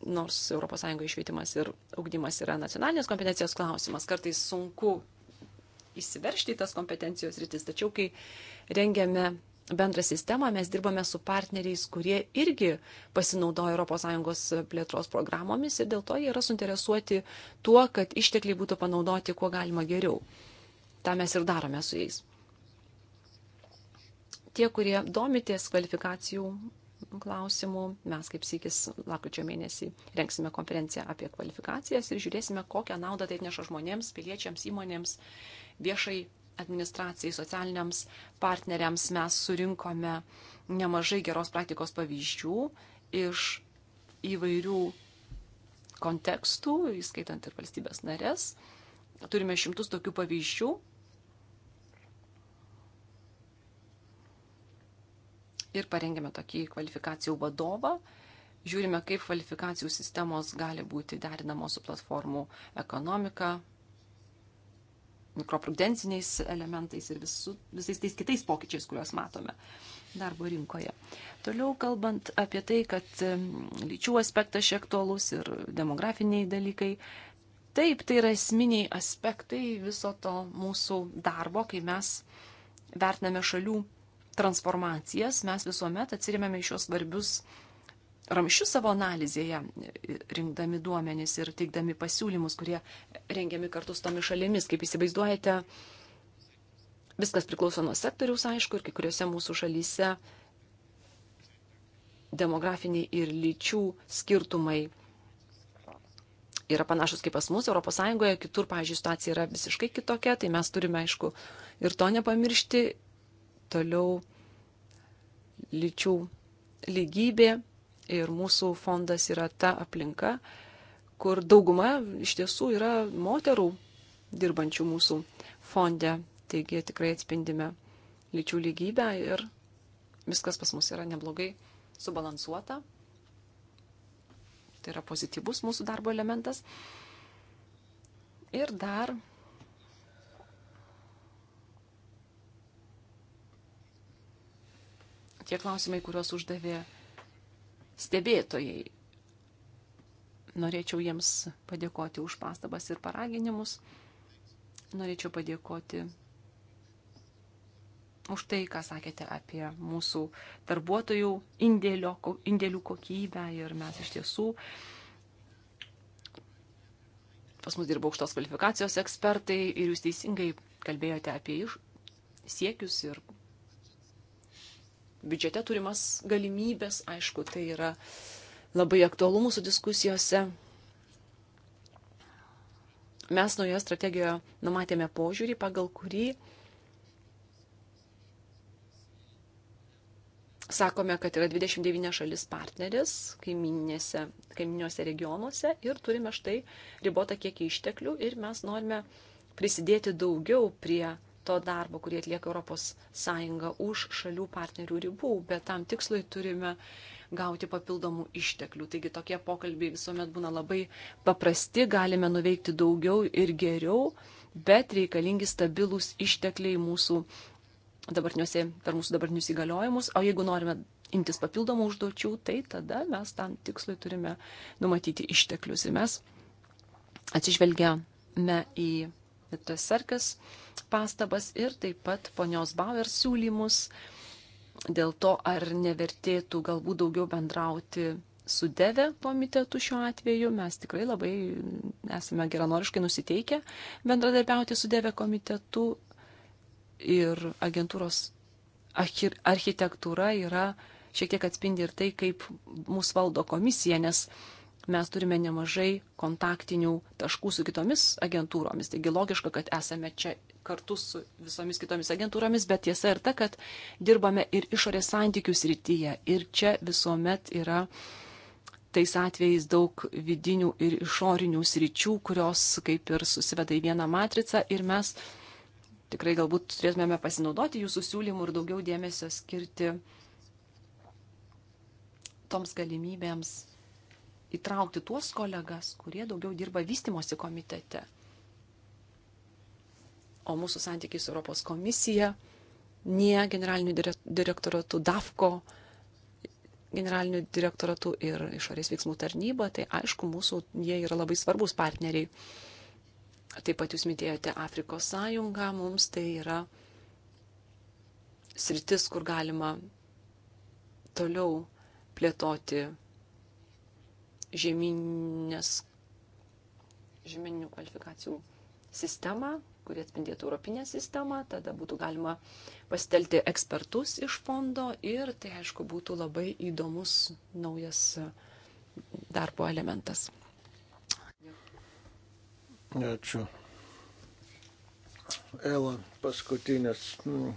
nors ES švietimas ir augdymas yra nacionalinės kompetencijos klausimas, kartais sunku įsiveršti į tas kompetencijos rytis. Tačiau, kai rengėme bendrą sistemą, mes dirbame su partneriais, kurie irgi pasinaudoja ES plėtros programomis ir dėl to jie yra suinteresuoti tuo, kad ištekliai būtų panaudoti kuo galima geriau. Ta mes ir darome su jais. Tie, kurie domitės kvalifikacijų klausimų. Mes kaip sykis lakučio mėnesį renksime konferenciją apie kvalifikacijas ir žiūrėsime, kokią naudą tai neša žmonėms, piliečiams, įmonėms viešai administracijai, socialiniams partneriams mes surinkome nemažai geros praktikos pavyzdžių iš įvairių kontekstų, įskaitant ir valstybės narės. Turime šimtus tokių pavyzdžių. Ir parengėme tokį kvalifikacijų vadovą. Žiūrime, kaip kvalifikacijų sistemos gali būti derinamos su platformų ekonomika, mikroprudenciniais elementais ir visu, visais tais kitais pokyčiais, kuriuos matome darbo rinkoje. Toliau kalbant apie tai, kad lyčių aspektas šiek tolus ir demografiniai dalykai. Taip, tai yra esminiai aspektai viso to mūsų darbo, kai mes vertiname šalių transformacijas, mes visuomet atsiriamėme į šios svarbius aspektus ramščius savo analizėje, rinkdami duomenys ir teikdami pasiūlymus, kurie rengiami kartu su tomis šalimis. Kaip įsivaizduojate, viskas priklauso nuo sektoriaus, aišku, ir kai kuriuose mūsų šalyse demografiniai ir lyčių skirtumai yra panašus kaip pas mus ES, kitur, pavyzdžiui, situacija yra visiškai kitokia, tai mes turime, aišku, ir to nepamiršti. Toliau lyčių lygybė Ir mūsų fondas yra ta aplinka, kur dauguma iš tiesų yra moterų dirbančių mūsų fonde. Taigi tikrai atspindime lyčių lygybę ir viskas pas mus yra neblogai subalansuota. Tai yra pozityvus mūsų darbo elementas. Ir dar tie klausimai, kuriuos uždavė stebėtojai. Norėčiau jiems padėkoti už pastabas ir paraginimus. Norėčiau padėkoti už tai, ką sakėte apie mūsų darbuotojų indėlio, indėlių kokybę ir mes iš tiesų, pas mus dirba aukštos kvalifikacijos ekspertai ir jūs teisingai kalbėjote apie iš, siekius ir biudžete turimas galimybės, aišku, tai yra labai aktualu mūsų diskusijose. Mes naujoje strategijoje numatėme požiūrį, pagal kurį sakome, kad yra 29 šalis partneris kaiminiuose regionuose ir turime štai ribotą kiekį išteklių ir mes norime prisidėti daugiau prie to darbo, kurį atlieka ES už šalių partnerių ribų, bet tam tikslui turime gauti papildomų išteklių. Taigi tokie pokalbiai visuomet būna labai paprasti, galime nuveikti daugiau ir geriau, bet reikalingi stabilūs ištekliai mūsų dabartiniuose, per mūsų dabartinius įgaliojimus. O jeigu norime imtis papildomų užduočių, tai tada mes tam tikslui turime numatyti išteklius. Ir mes atsižvelgiame į Vitas Sarkas pastabas ir taip pat ponios Bauer siūlymus dėl to, ar nevertėtų galbūt daugiau bendrauti su Deve komitetu šiuo atveju. Mes tikrai labai esame geranoriškai nusiteikę bendradarbiauti su Deve komitetu ir agentūros architektūra yra šiek tiek atspindi ir tai, kaip mūsų valdo komisija, nes mes turime nemažai kontaktinių taškų su kitomis agentūromis. Taigi logiška, kad esame čia kartu su visomis kitomis agentūromis, bet tiesa ir ta, kad dirbame ir išorės santykių srityje. Ir čia visuomet yra tais atvejais daug vidinių ir išorinių sričių, kurios kaip ir susiveda į vieną matricą ir mes tikrai galbūt turėtumėme pasinaudoti jūsų siūlymų ir daugiau dėmesio skirti toms galimybėms įtraukti tuos kolegas, kurie daugiau dirba vystimosi komitete. O mūsų santykiai su Europos komisija, NIE generaliniu direktoratu, DAFKO generaliniu direktoratu ir išorės veiksmų tarnyba, tai aišku, mūsų jie yra labai svarbus partneriai. Taip pat jūs mitėjote Afrikos sąjungą, mums tai yra sritis, kur galima toliau plėtoti žemynės, žemyninių kvalifikacijų sistemą, kurie atspindėtų europinę sistemą, tada būtų galima pastelti ekspertus iš fondo ir tai, aišku, būtų labai įdomus naujas darbo elementas. Ačiū. Ela, paskutinės mm,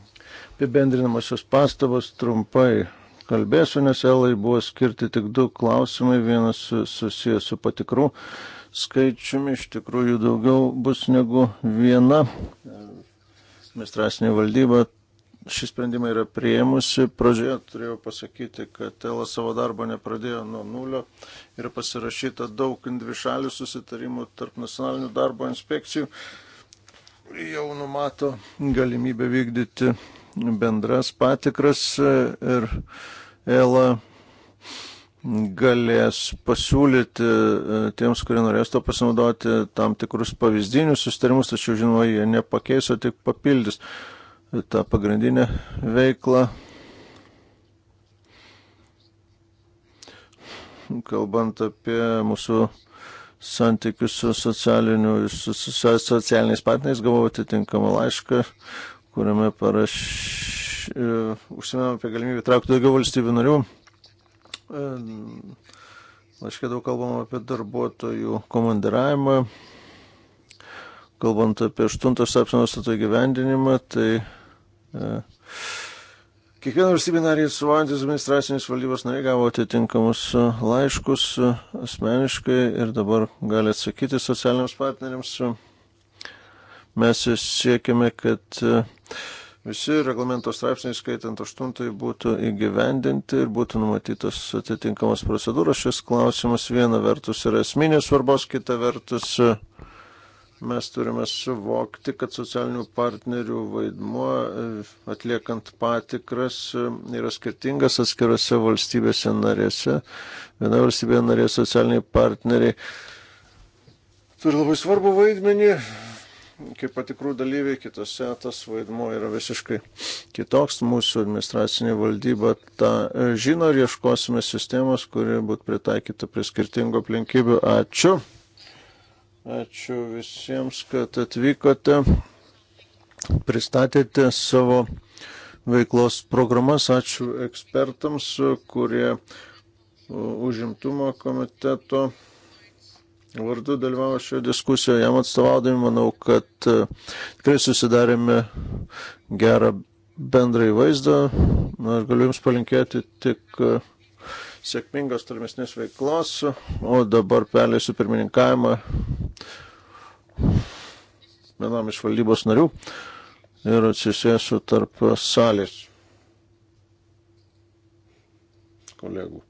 apibendrinamosios pastabos trumpai kalbėsiu, nes Elai buvo skirti tik du klausimai, vienas susijęs su patikrų skaičiumi, iš tikrųjų daugiau bus negu viena. Administracinė valdyba šį sprendimą yra prieimusi. Pradžioje turėjau pasakyti, kad Tela savo darbo nepradėjo nuo nulio ir pasirašyta daug dvišalių susitarimų tarp nacionalinių darbo inspekcijų. Jau numato galimybę vykdyti bendras patikras ir ELA galės pasiūlyti e, tiems, kurie norės to pasinaudoti, tam tikrus pavyzdinius sustarimus, tačiau žinoma, jie nepakeis, o tik papildys tą pagrindinę veiklą. Kalbant apie mūsų santykius su, su socialiniais partneriais, gavau atitinkamą laišką, kuriame parašė E, užsiminėm apie galimybę traukti daugiau valstybių narių. Laiškė e, daug kalbam apie darbuotojų komandiravimą. Kalbant apie 8 straipsnio nustato gyvendinimą, tai e, Kiekviena valstybė narė atstovaujantis administracinės valdybos nariai gavo atitinkamus e, laiškus asmeniškai ir dabar gali atsakyti socialiniams partneriams. Mes siekime, kad visi reglamento straipsniai, skaitant aštuntąjį, būtų įgyvendinti ir būtų numatytos atitinkamos procedūros. Šis klausimas viena vertus yra esminės svarbos, kita vertus mes turime suvokti, kad socialinių partnerių vaidmuo atliekant patikras yra skirtingas atskirose valstybėse narėse. Viena valstybėje narė socialiniai partneriai turi labai svarbu vaidmenį kaip patikrų dalyviai, kitose tas vaidmuo yra visiškai kitoks. Mūsų administracinė valdyba tą e, žino ir ieškosime sistemos, kuri būtų pritaikyta prie skirtingų aplinkybių. Ačiū. Ačiū visiems, kad atvykote, pristatėte savo veiklos programas. Ačiū ekspertams, kurie užimtumo komiteto vardu dalyvavo šioje diskusijoje, jam atstovaudami, manau, kad e, tikrai susidarėme gerą bendrąjį vaizdą. Na, ir galiu Jums palinkėti tik e, sėkmingos tolimesnės veiklos, o dabar perleisiu pirmininkavimą vienam iš valdybos narių ir atsisėsiu tarp salės kolegų.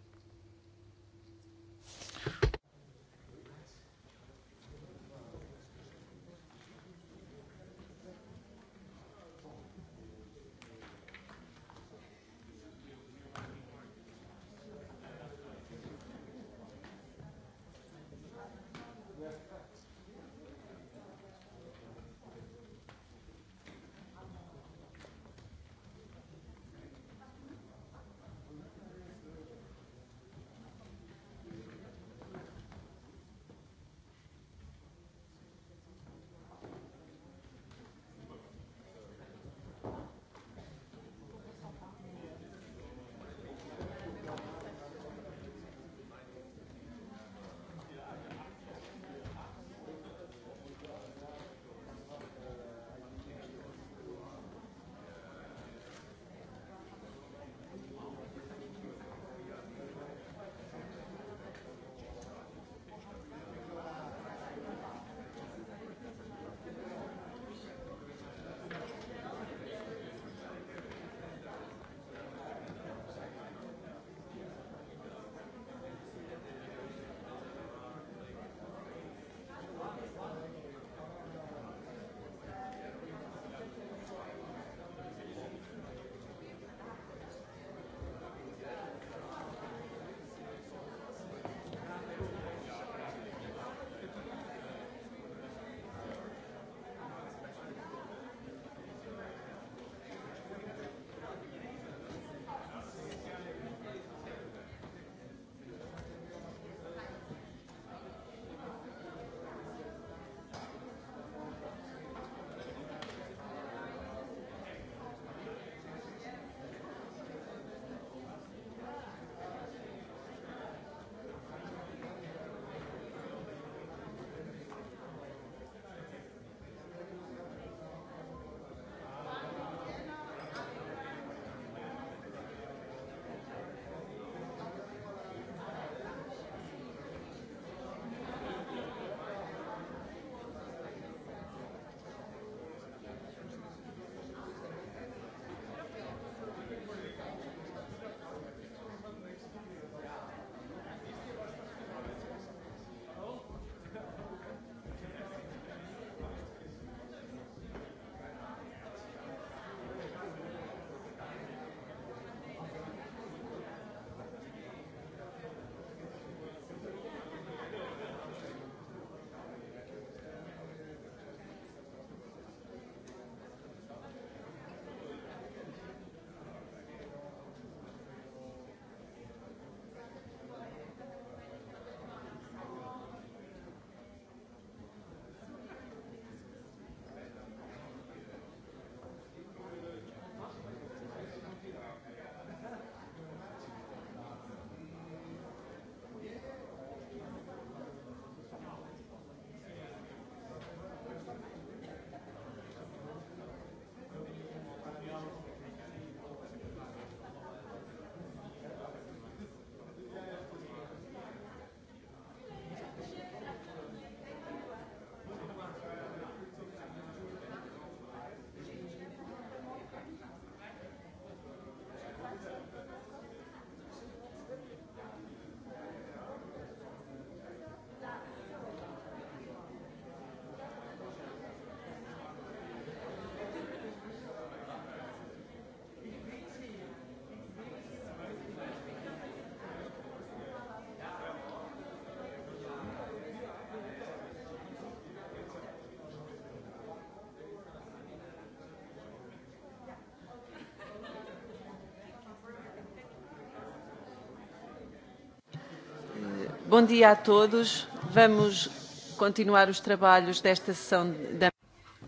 Bom dia a todos. Vamos continuar os trabalhos desta sessão da.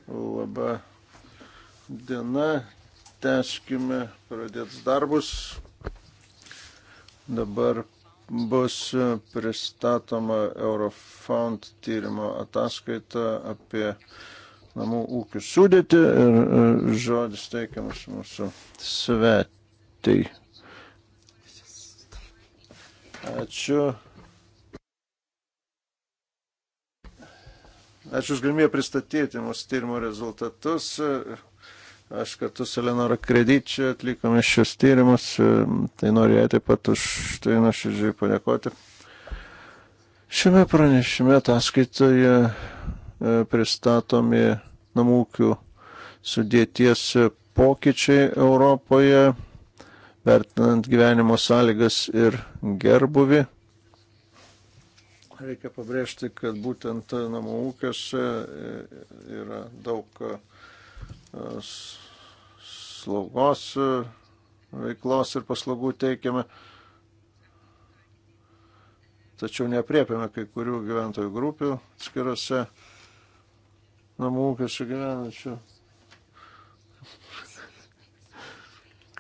Labą dieną. Tęskime pradėtus darbus. Dabar bus pristatoma Eurofound tyrimo ataskaita apie namų ūkių sudėti ir e, žodis teikiamas mūsų svetai. Ačiū. Ačiū už galimybę pristatyti mūsų tyrimo rezultatus. Aš kartu su Lenora Kredičia atlikome šios tyrimus, tai norėjau taip pat už tai nuoširdžiai padėkoti. Šiame pranešime ataskaitoje e, pristatomi namūkių sudėties pokyčiai Europoje, vertinant gyvenimo sąlygas ir gerbuvi reikia pabrėžti, kad būtent namų ūkiuose e, yra daug e, slaugos e, veiklos ir paslaugų teikiame, tačiau nepriepiame kai kurių gyventojų grupių skiriuose namų ūkiuose gyvenančių.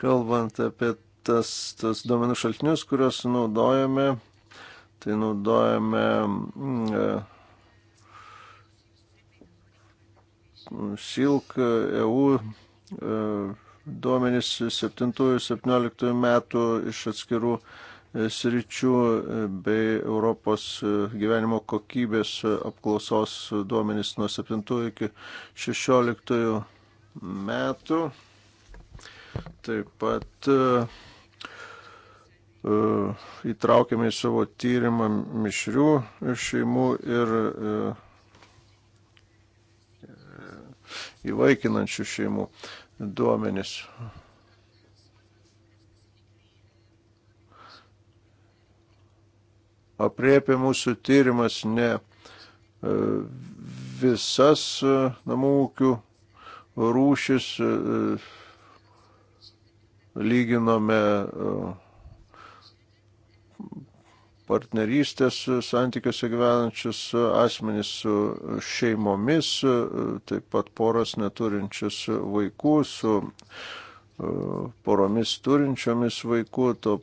Kalbant apie tas, tas duomenų šaltinius, kuriuos naudojame, tai naudojame mm, e, Silk EU e, duomenys 7-17 metų iš atskirų e, sričių bei Europos gyvenimo kokybės apklausos duomenys nuo 7 iki 16 metų. Taip pat uh, E, įtraukėme į savo tyrimą mišrių šeimų ir e, e, įvaikinančių šeimų duomenis. Apriepia mūsų tyrimas ne visas namų ūkių rūšis, lyginome partnerystės santykiuose gyvenančius asmenys su šeimomis, taip pat poras neturinčius vaikų, su e, poromis turinčiomis vaikų, to,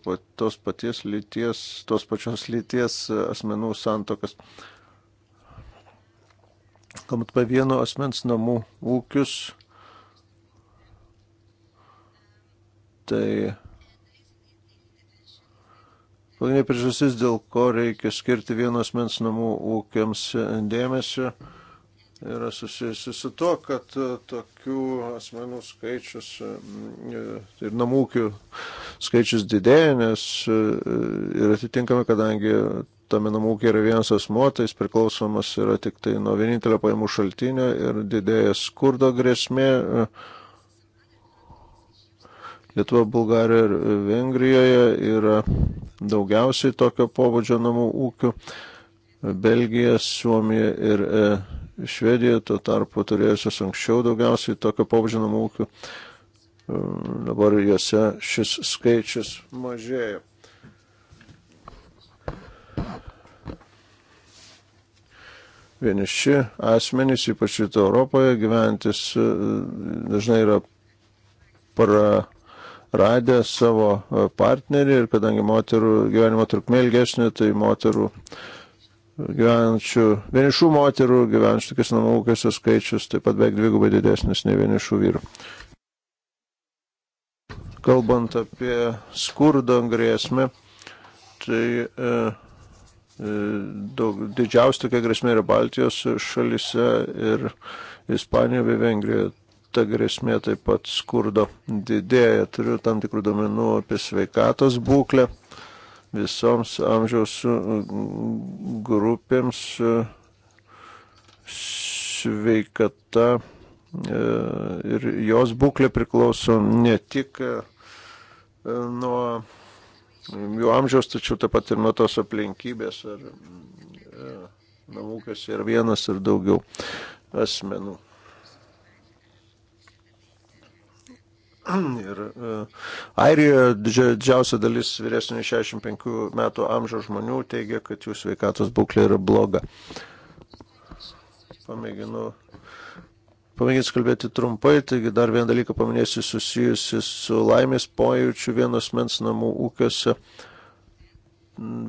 tos paties lyties, tos pačios lyties asmenų santokas. Kalbant apie vieno asmens namų ūkius, tai Pagrindinė priežastis, dėl ko reikia skirti vienos mens namų ūkiams dėmesio, yra susijusi su to, kad e, tokių asmenų skaičius e, e, ir namų ūkių skaičius didėja, nes ir atitinkama, kadangi tame namų ūkiai yra vienas asmo, tai jis priklausomas yra tik tai nuo vienintelio pajamų šaltinio ir didėja skurdo grėsmė. Uh, Lietuva, Bulgarija ir Vengrijoje yra daugiausiai tokio pobūdžio namų ūkių. Belgija, Suomija ir e, Švedija tuo tarpu turėjusios anksčiau daugiausiai tokio pobūdžio namų ūkių. E, dabar juose šis skaičius mažėja. Vieniši asmenys, ypač rytų Europoje, gyventis e, dažnai yra para radę savo e, partnerį ir kadangi moterų gyvenimo trukmė ilgesnė, tai moterų e, gyvenančių, vienišų moterų gyvenančių tokius namų ūkiuose skaičius taip pat beveik dvigubai didesnis nei vienišų vyrų. Kalbant apie skurdo grėsmę, tai e, e daug, didžiausia tokia grėsmė yra Baltijos šalise ir Ispanijoje bei Vengrijoje ta grėsmė taip pat skurdo didėja. Turiu tam tikrų domenų apie sveikatos būklę visoms amžiaus uh, grupėms uh, sveikata uh, ir jos būklė priklauso ne tik nuo jų amžiaus, tačiau taip pat ir nuo tos aplinkybės, ar namų kas yra vienas ar daugiau asmenų. Ir e, Airijoje didžiausia dalis vyresnių 65 metų amžiaus žmonių teigia, kad jų sveikatos būklė yra bloga. Pamėginu Pamėginsiu kalbėti trumpai, taigi dar vieną dalyką paminėsiu susijusi su laimės pojūčiu vienos mens namų ūkiuose,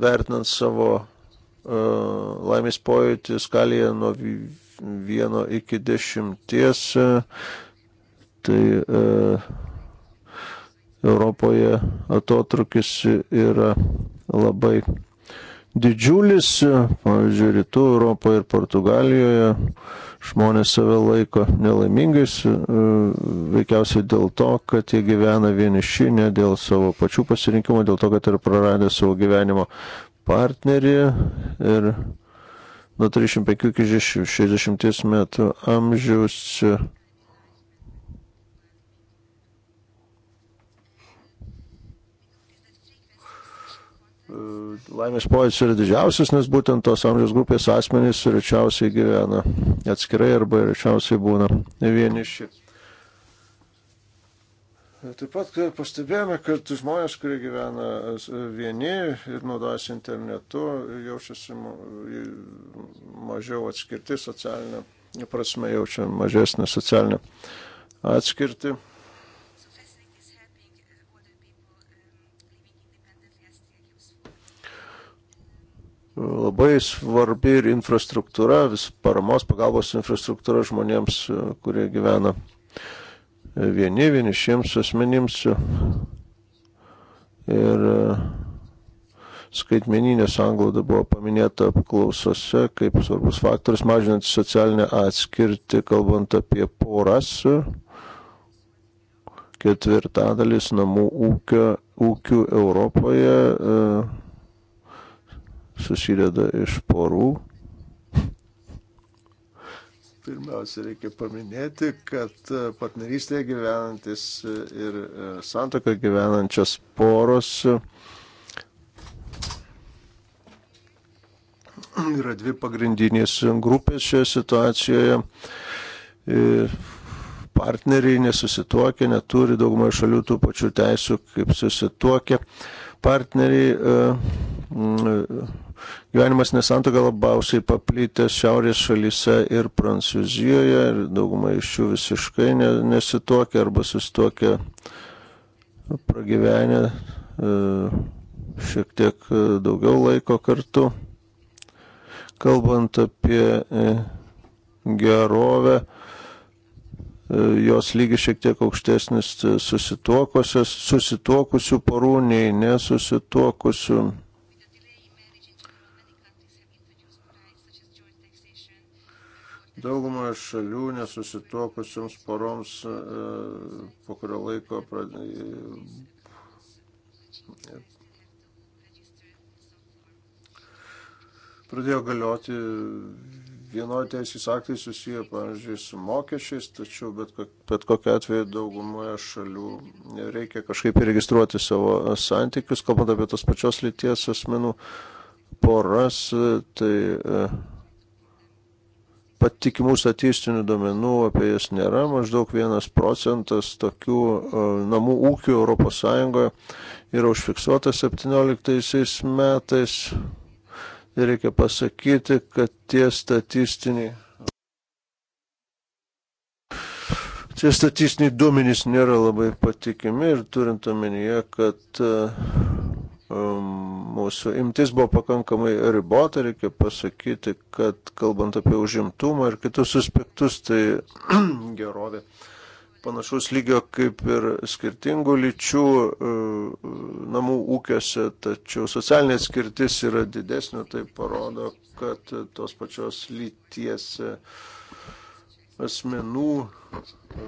vertinant savo uh, laimės pojūtį skalėje nuo vieno iki dešimties. Tai uh, Europoje atotrukis yra labai didžiulis, pavyzdžiui, rytų Europoje ir Portugalijoje žmonės save laiko nelaimingais, e, veikiausiai dėl to, kad jie gyvena vieniši, ne dėl savo pačių pasirinkimo, dėl to, kad yra praradę savo gyvenimo partnerį ir nuo 35 iki 60 metų amžiaus E, laimės pojūtis yra didžiausias, nes būtent tos amžiaus grupės asmenys rečiausiai gyvena atskirai arba rečiausiai būna vieniši. E, taip pat e, pastebėjome, kad žmonės, kurie gyvena vieni ir naudojasi internetu, jaučiasi mažiau atskirti socialinę, prasme jaučia mažesnę socialinę atskirti. labai svarbi ir infrastruktūra, vis paramos pagalbos infrastruktūra žmonėms, kurie gyvena vieni, vienišiems asmenims. Ir skaitmeninė sanglauda buvo paminėta apklausose kaip svarbus faktorius mažinant socialinę atskirtį, kalbant apie poras. Ketvirtadalis namų ūkio, ūkių Europoje e, susideda iš porų. Pirmiausia, reikia paminėti, kad e, partnerystėje gyvenantis e, ir e, santoka gyvenančios poros yra dvi pagrindinės grupės šioje situacijoje. Partneriai nesusituokia, neturi daugumai šalių tų pačių teisų, kaip susituokia. Partneriai Gyvenimas nesantoka labiausiai paplytęs šiaurės šalyse ir Prancūzijoje, ir dauguma iš jų visiškai nesitokia arba susitokia pragyvenę e, šiek tiek e, daugiau laiko kartu. Kalbant apie e, gerovę, jos lygis šiek tiek aukštesnis susituokusių porų nei nesusituokusių Daugumoje šalių nesusituokusioms poroms e, po kurio laiko pradėjo, pradėjo galioti vienodi teisės aktai susiję, pavyzdžiui, su mokesčiais, tačiau bet, kok, bet kokia atveju daugumoje šalių reikia kažkaip įregistruoti savo santykius, kalbant apie tos pačios lyties asmenų poras, tai uh, patikimų statistinių duomenų apie jas nėra. Maždaug vienas procentas tokių e, namų ūkių ES yra užfiksuota 17 metais. Ir reikia pasakyti, kad tie statistiniai. Tie statistiniai duomenys nėra labai patikimi ir turint omenyje, kad uh, mūsų imtis buvo pakankamai ribota, reikia pasakyti, kad kalbant apie užimtumą ir kitus aspektus, tai gerovė panašus lygio kaip ir skirtingų lyčių e, namų ūkiuose, tačiau socialinė skirtis yra didesnė, tai parodo, kad tos pačios lyties e, asmenų e,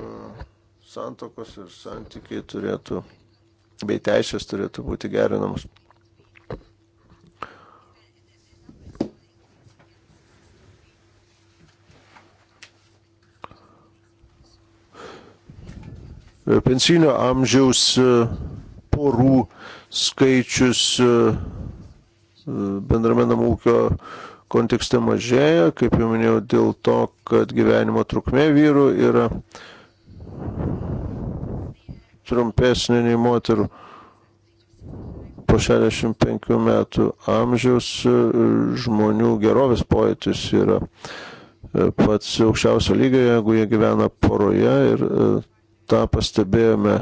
santokos ir santykiai turėtų bei teisės turėtų būti gerinamos. Pensinio amžiaus e, porų skaičius e, e, bendrame namų ūkio kontekste mažėja, kaip jau minėjau, dėl to, kad gyvenimo trukmė vyrų yra trumpesnė nei moterų. Po 65 metų amžiaus e, žmonių gerovės pojūtis yra e, pats aukščiausio lygio, jeigu jie gyvena poroje ir e, tą pastebėjome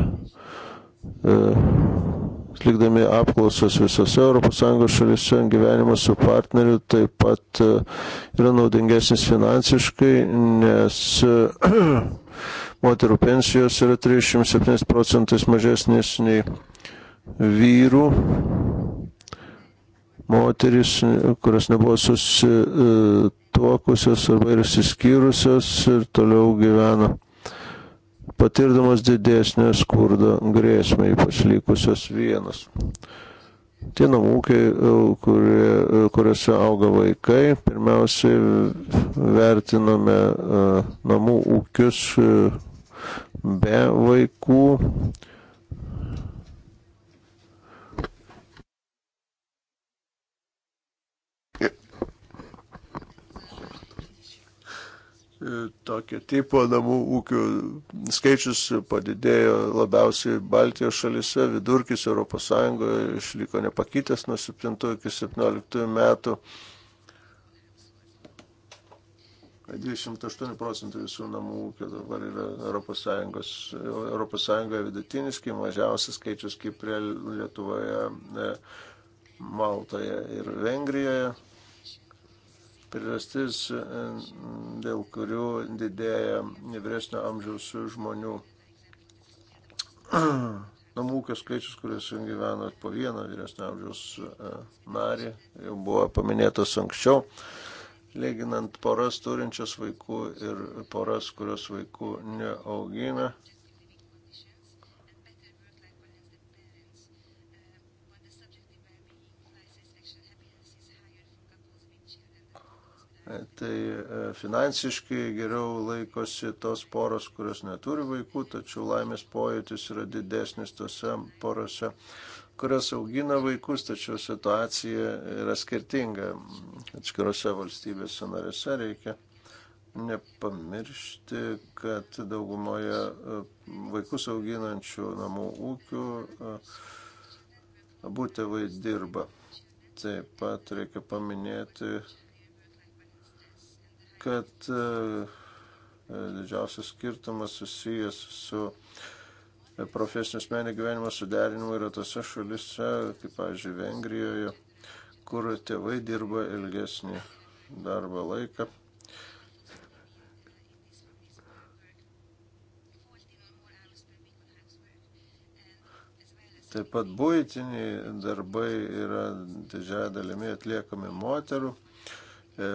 atlikdami apklausas visose ES šalise gyvenimas su partneriu taip pat yra naudingesnis finansiškai, nes moterų pensijos yra 37 procentais mažesnės nei vyrų. Moteris, kurios nebuvo susituokusios arba ir įsiskyrusios ir toliau gyvena patirdamas didesnę skurdą grėsmę, ypač likusios vienas. Tie namūkiai, kurie, kuriuose auga vaikai, pirmiausiai vertiname e, namų ūkius, be vaikų. Tokio tipo namų ūkių skaičius padidėjo labiausiai Baltijos šalise, vidurkis ES išliko nepakitęs nuo 7 iki 17 metų. 28 procentai visų namų ūkio dabar yra Europos, Sąjungos, Europos Sąjungoje vidutiniškai, mažiausias skaičius Kiprė, Lietuvoje, e, Maltoje ir Vengrijoje. Priežastis, e, dėl kurių didėja vyresnio amžiaus žmonių namų ūkio skaičius, kuris gyvena po vieną vyresnio amžiaus e, narį, jau buvo paminėtas anksčiau lyginant poras turinčias vaikų ir poras, kurios vaikų neaugina. Tai e, finansiškai geriau laikosi tos poros, kurios neturi vaikų, tačiau laimės pojūtis yra didesnis tose porose, kurios augina vaikus, tačiau situacija yra skirtinga. Atskirose valstybėse narėse reikia nepamiršti, kad daugumoje e, vaikus auginančių namų ūkių e, abu tėvai dirba. Taip pat reikia paminėti, kad e, didžiausias skirtumas susijęs su uh, profesinio asmenio gyvenimo suderinimo yra tose šalise, kaip, pavyzdžiui, Vengrijoje, kur tėvai dirba ilgesnį darbo laiką. Taip pat būtiniai darbai yra didžiąją dalimi atliekami moterų. E,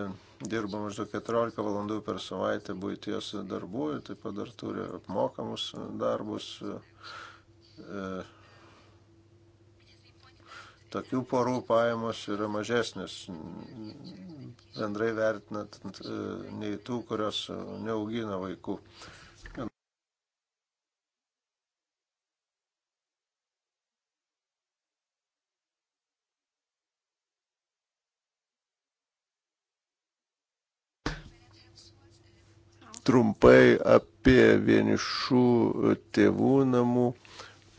dirba maždaug 14 valandų per savaitę būties darbų, taip pat dar turi apmokamus darbus. E, tokių porų pajamos yra mažesnės, bendrai vertinant, e, nei tų, kurios neaugina vaikų. trumpai apie vienišų tėvų namų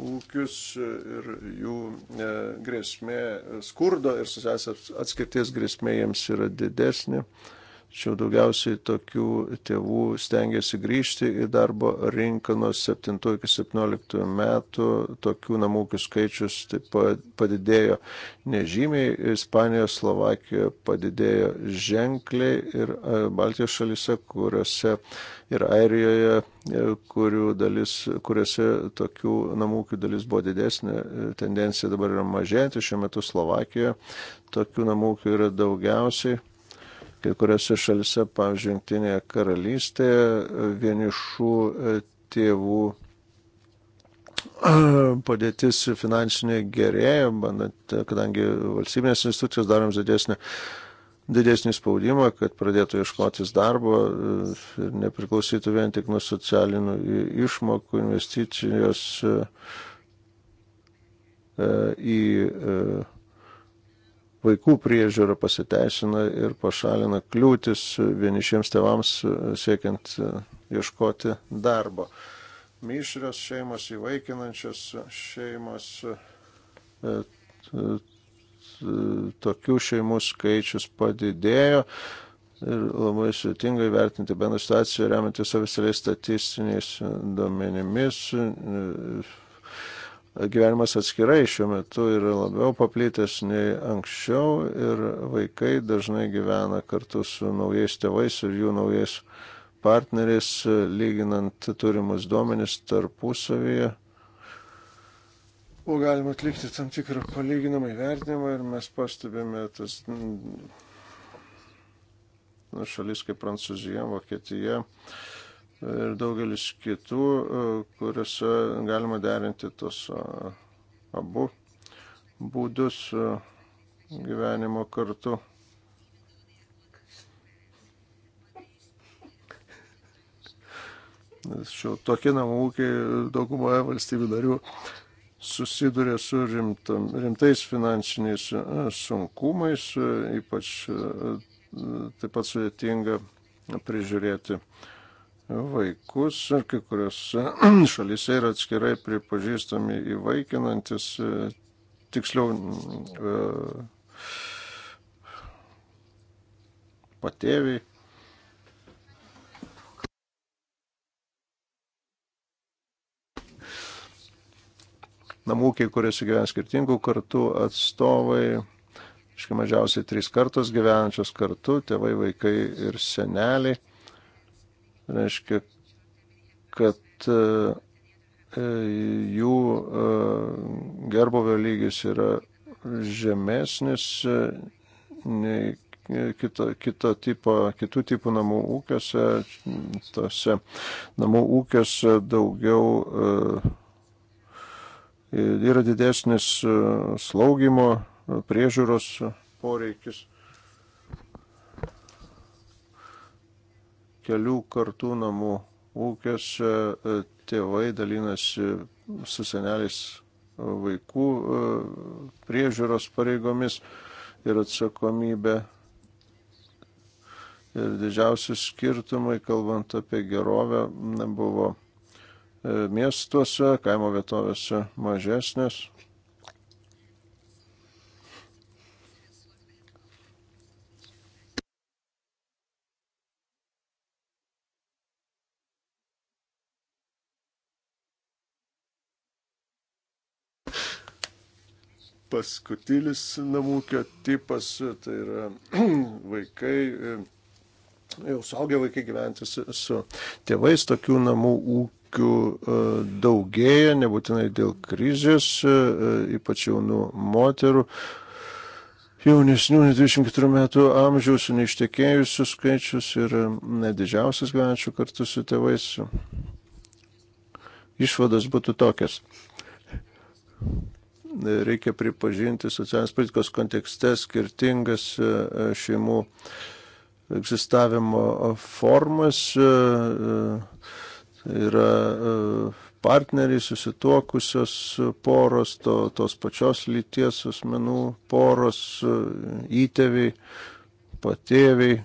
ūkius ir jų e, grėsmė skurdo ir socialinės atskirties grėsmė jiems yra didesnė. Tačiau daugiausiai tokių tėvų stengiasi grįžti į darbo rinką nuo 7 iki 17 metų. Tokių namų ūkių skaičius taip pat padidėjo nežymiai. Ispanijoje, Slovakijoje padidėjo ženkliai ir e, Baltijos šalise, kuriuose ir Airijoje, e, dalis, kuriuose tokių namų ūkių dalis buvo didesnė, e, tendencija dabar yra mažėti. Šiuo metu Slovakijoje tokių namų ūkių yra daugiausiai Kai kuriuose šalise, pavyzdžiui, Junktinėje karalystėje vienišų e, tėvų e, padėtis finansinė gerėja, bandant, e, kadangi valstybinės institucijos darom didesnį, didesnį spaudimą, kad pradėtų ieškotis darbo ir nepriklausytų vien tik nuo socialinių išmokų, investicijos į vaikų priežiūra pasiteisina ir pašalina kliūtis vienišiems tėvams e, siekiant e, ieškoti darbo. Mišrios šeimos, įvaikinančios šeimos, e, tokių šeimų skaičius padidėjo ir labai sudėtingai vertinti bendrą situaciją, remiantis oficialiais statistiniais duomenimis gyvenimas atskirai šiuo metu yra labiau paplitęs nei anksčiau ir vaikai dažnai gyvena kartu su naujais tėvais ir jų naujais partneriais, lyginant turimus duomenis tarpusavyje. Buvo galima atlikti tam tikrą palyginamą įvertinimą ir mes pastebėme tas mm, nu, šalis kaip Prancūzija, Vokietija, uh, ir daugelis kitų, e, kuriuose galima derinti tos e, abu būdus e, gyvenimo kartu. Tačiau tokie namų ūkiai daugumoje valstybių narių susiduria su rimtam, rimtais finansiniais sunkumais, ypač taip pat sudėtinga prižiūrėti uh, vaikus ir kai kuriuose šalyse yra atskirai pripažįstami įvaikinantis, e, tiksliau e, patėviai. Namūkiai, kuriuose gyvena skirtingų kartų atstovai, iškai mažiausiai trys kartos gyvenančios kartu, tėvai, vaikai ir seneliai reiškia, kad e, e, jų e, gerbovio lygis yra žemesnis nei kito, kito tipo, kitų tipų namų ūkiuose. Tose namų ūkiuose daugiau yra didesnis slaugimo priežiūros poreikis. kelių kartų namų ūkiuose e, tėvai dalinasi su seneliais e, vaikų e, priežiūros pareigomis ir atsakomybė. Ir didžiausi skirtumai, kalbant apie gerovę, buvo miestuose, kaimo vietovėse mažesnės. paskutinis namūkio tipas, tai yra vaikai, e, jau saugia vaikai gyventi su, su tėvais, tokių namų ūkių e, daugėja, nebūtinai dėl krizės, e, ypač jaunų moterų. Jaunesnių 24 metų amžiaus neištekėjusių skaičius yra nedidžiausias gyvenančių kartu su tėvais. Išvadas būtų tokias reikia pripažinti socialinės politikos kontekste skirtingas e, e, šeimų egzistavimo formas. E, yra partneriai susituokusios poros, to, tos pačios lyties asmenų poros, įtėviai, patėviai.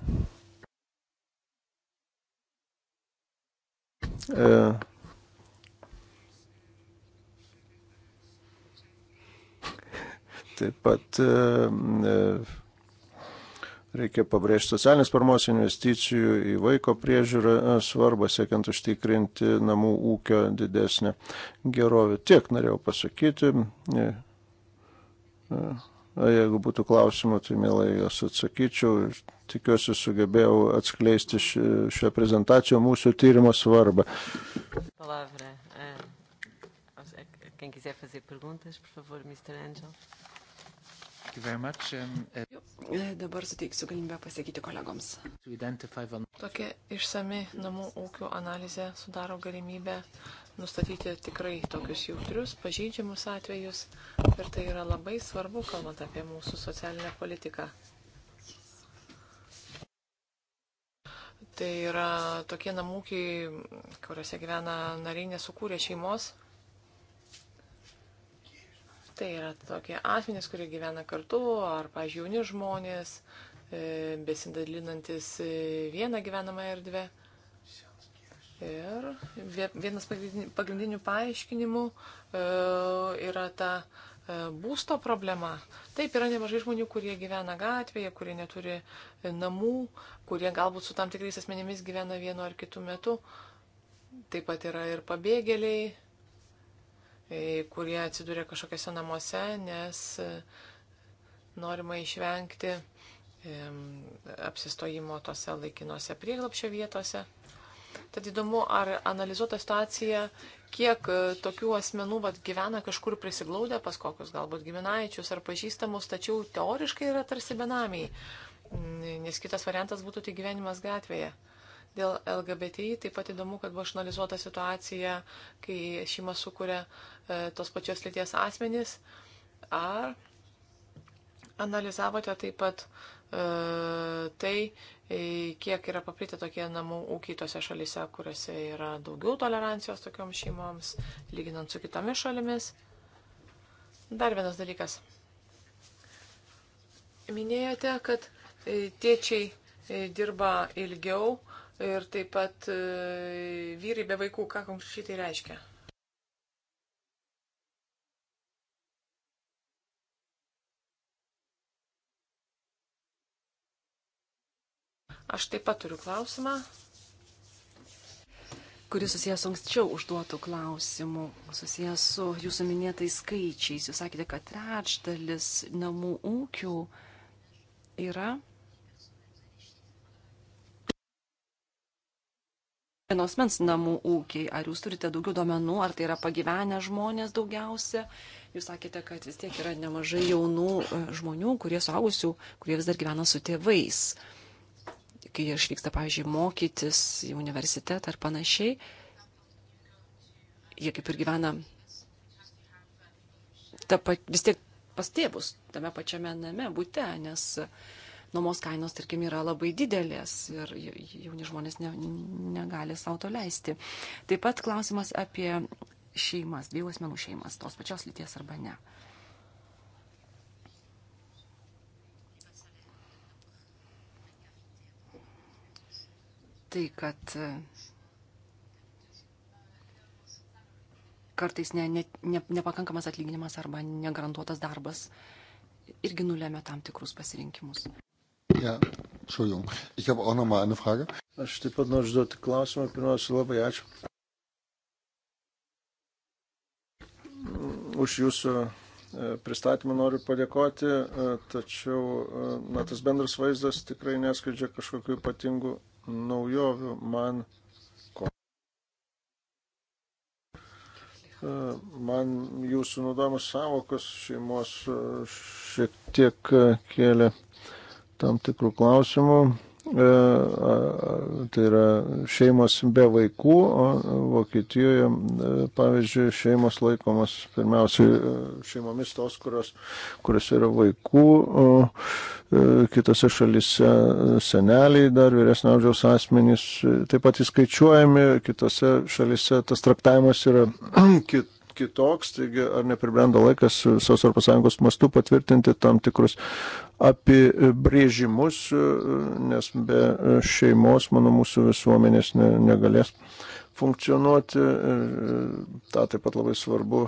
E, Taip pat e, e, reikia pabrėžti socialinės paramos investicijų į vaiko priežiūrą e, svarbą, siekiant užtikrinti namų ūkio didesnę gerovę. Tiek norėjau pasakyti. Jeigu būtų klausimų, tai mielai jos atsakyčiau. Tikiuosi sugebėjau atskleisti šią prezentaciją mūsų tyrimo svarbą. Palavra. Eh, quem quiser fazer perguntas, por favor, Mr. Angel. Um, uh, e, dabar suteiksiu galimybę pasakyti kolegoms. Tokia išsami namų ūkių analizė sudaro galimybę nustatyti tikrai tokius jautrius, pažeidžiamus atvejus ir tai yra labai svarbu, kalbant apie mūsų socialinę politiką. Tai yra tokie namūkiai, kuriuose gyvena nariai nesukūrė šeimos Tai yra tokie asmenys, kurie gyvena kartu, ar, pažiūrėjau, jauni žmonės, e, besidalinantis e, vieną gyvenamą erdvę. Ir vienas pagrindinių paaiškinimų e, yra ta būsto problema. Taip, yra nemažai žmonių, kurie gyvena gatvėje, kurie neturi namų, kurie galbūt su tam tikrais asmenimis gyvena vienu ar kitu metu. Taip pat yra ir pabėgėliai, E, kurie atsiduria kažkokiuose namuose, nes e, norima išvengti e, apsistojimo tose laikinuose prieglapšio vietose. Tad įdomu, ar analizuota situacija, kiek tokių asmenų vat, gyvena kažkur prisiglaudę pas kokius galbūt giminaičius ar pažįstamus, tačiau teoriškai yra tarsi benamiai, nes kitas variantas būtų tai gyvenimas gatvėje. Dėl LGBTI taip pat įdomu, kad buvo išanalizuota situacija, kai šeimą sukuria e, tos pačios lyties asmenys. Ar analizavote taip pat e, tai, e, kiek yra paplitę tokie namų ūkiai tose šalise, kuriuose yra daugiau tolerancijos tokioms šeimoms, lyginant su kitomis šalimis? Dar vienas dalykas. Minėjote, kad e, tėčiai e, dirba ilgiau ir taip pat e, vyrai be vaikų, ką konkrečiai tai reiškia? Aš taip pat turiu klausimą, kuris susijęs anksčiau užduotų klausimų, susijęs su jūsų minėtais skaičiais. Jūs sakėte, kad trečdalis namų ūkių yra vienos mens namų ūkiai. Ar jūs turite daugiau duomenų, ar tai yra pagyvenę žmonės daugiausia? Jūs sakėte, kad vis tiek yra nemažai jaunų e, žmonių, kurie suaugusių, kurie vis dar gyvena su tėvais. Kai jie išvyksta, pavyzdžiui, mokytis į universitetą ar panašiai, jie kaip ir gyvena ta, vis tiek pas tėvus tame pačiame name, būte, nes uh, nuomos kainos, tarkim, yra labai didelės ir jauni žmonės ne, negali savo to leisti. Taip pat klausimas apie šeimas, dviejų asmenų šeimas, tos pačios lyties arba ne. Tai, kad kartais ne, ne, ne, nepakankamas atlyginimas arba negarantuotas darbas irgi nulėmė tam tikrus pasirinkimus. Ja, Entschuldigung. Ich habe auch nochmal eine Frage. Aš taip pat noriu užduoti klausimą. Pirmiausia, labai ačiū. Už jūsų e, pristatymą noriu padėkoti, e, tačiau e, na, tas bendras vaizdas tikrai neskleidžia kažkokių ypatingų naujovių. Man man jūsų naudojamos savokos šeimos šiek tiek kėlė tam tikrų klausimų. E, tai yra šeimos be vaikų, o Vokietijoje, e, pavyzdžiui, šeimos laikomas pirmiausiai e, šeimomis tos, kurios, kurios yra vaikų, o kitose šalise seneliai, dar vyresnio amžiaus asmenys, taip pat įskaičiuojami, kitose šalise tas traktavimas yra kit, kitoks, taigi ar nepribrendo laikas visos Europos Sąjungos mastu patvirtinti tam tikrus apibrėžimus, nes be šeimos, manau, mūsų visuomenės ne, negalės funkcionuoti. Ta taip pat labai svarbu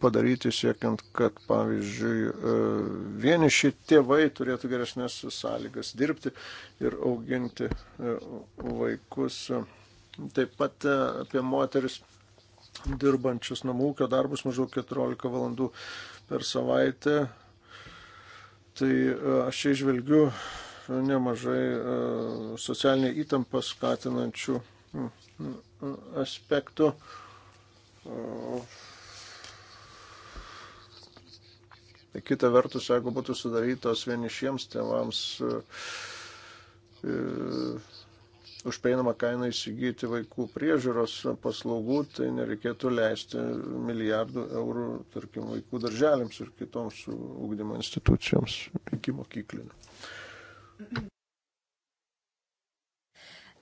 padaryti, siekiant, kad, pavyzdžiui, vieniši tėvai turėtų geresnės sąlygas dirbti ir auginti vaikus. Taip pat apie moteris dirbančius namų ūkio darbus maždaug 14 valandų per savaitę. Tai e, aš čia išvelgiu e, nemažai e, socialinę įtampą skatinančių aspektų. Kita vertus, jeigu būtų sudarytos vienišiems tėvams už prieinamą kainą įsigyti vaikų priežiūros paslaugų, tai nereikėtų leisti milijardų eurų, tarkim, vaikų darželiams ir kitoms ūkdymo institucijoms iki mokyklinio.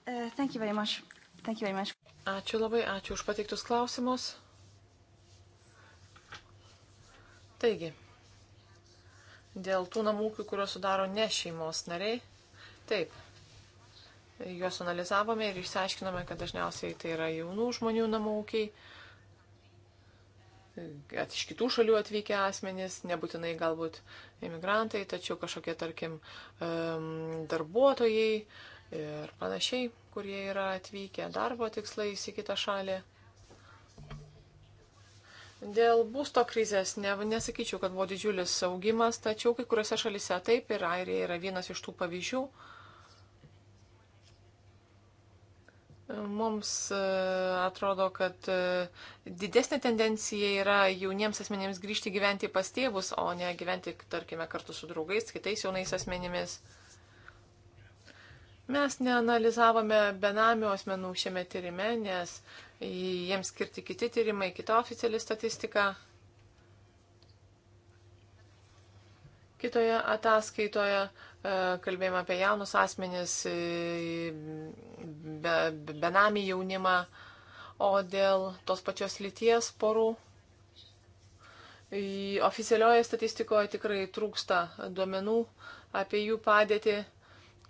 Uh, ačiū labai, ačiū už pateiktus klausimus. Taigi, dėl tų namų, kuriuos sudaro ne šeimos nariai, taip, Juos analizavome ir išsiaiškinome, kad dažniausiai tai yra jaunų žmonių namų ūkiai, kad iš kitų šalių atvykę asmenys, nebūtinai galbūt imigrantai, tačiau kažkokie, tarkim, darbuotojai ir panašiai, kurie yra atvykę darbo tikslais į kitą šalį. Dėl būsto krizės ne, nesakyčiau, kad buvo didžiulis augimas, tačiau kai kuriuose šalise taip ir Airija yra vienas iš tų pavyzdžių. Mums e, atrodo, kad e, didesnė tendencija yra jauniems asmenėms grįžti gyventi pas tėvus, o ne gyventi, tarkime, kartu su draugais, kitais jaunais asmenimis. Mes neanalizavome benamių asmenų šiame tyrime, nes jiems skirti kiti tyrimai, kita oficiali statistika. Kitoje ataskaitoje e, kalbėjome apie jaunus asmenis, e, be, benami jaunimą, o dėl tos pačios lyties porų. Oficialioje statistikoje tikrai trūksta duomenų apie jų padėtį.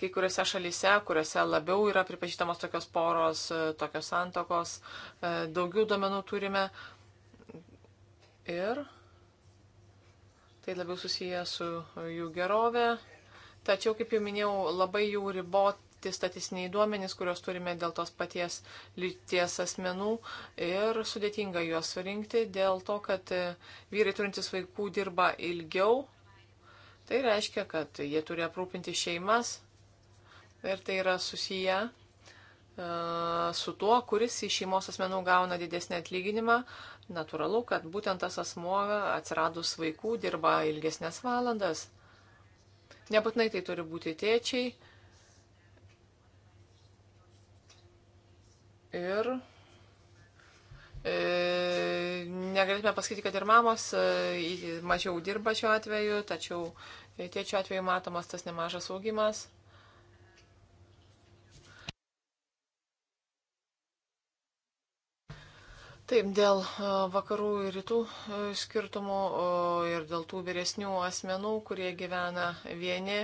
Kai kuriuose šalyse, kuriuose labiau yra pripažįstamos tokios poros, e, tokios santokos, daugiau duomenų turime. Ir tai labiau susiję su e, jų gerove. Tačiau, kaip jau minėjau, labai jau riboti statistiniai duomenys, kuriuos turime dėl tos paties lyties asmenų ir sudėtinga juos surinkti dėl to, kad e, vyrai turintys vaikų dirba ilgiau. Tai reiškia, kad jie turi aprūpinti šeimas ir tai yra susiję E, su tuo, kuris iš šeimos asmenų gauna didesnį atlyginimą, natūralu, kad būtent tas asmuo atsiradus vaikų dirba ilgesnės valandas. Nebūtinai tai turi būti tėčiai. Ir e, negalėtume pasakyti, kad ir mamos e, mažiau dirba šiuo atveju, tačiau tėčio atveju matomas tas nemažas augimas. Taip, dėl e, vakarų ir rytų e, skirtumų ir dėl tų vyresnių asmenų, kurie gyvena vieni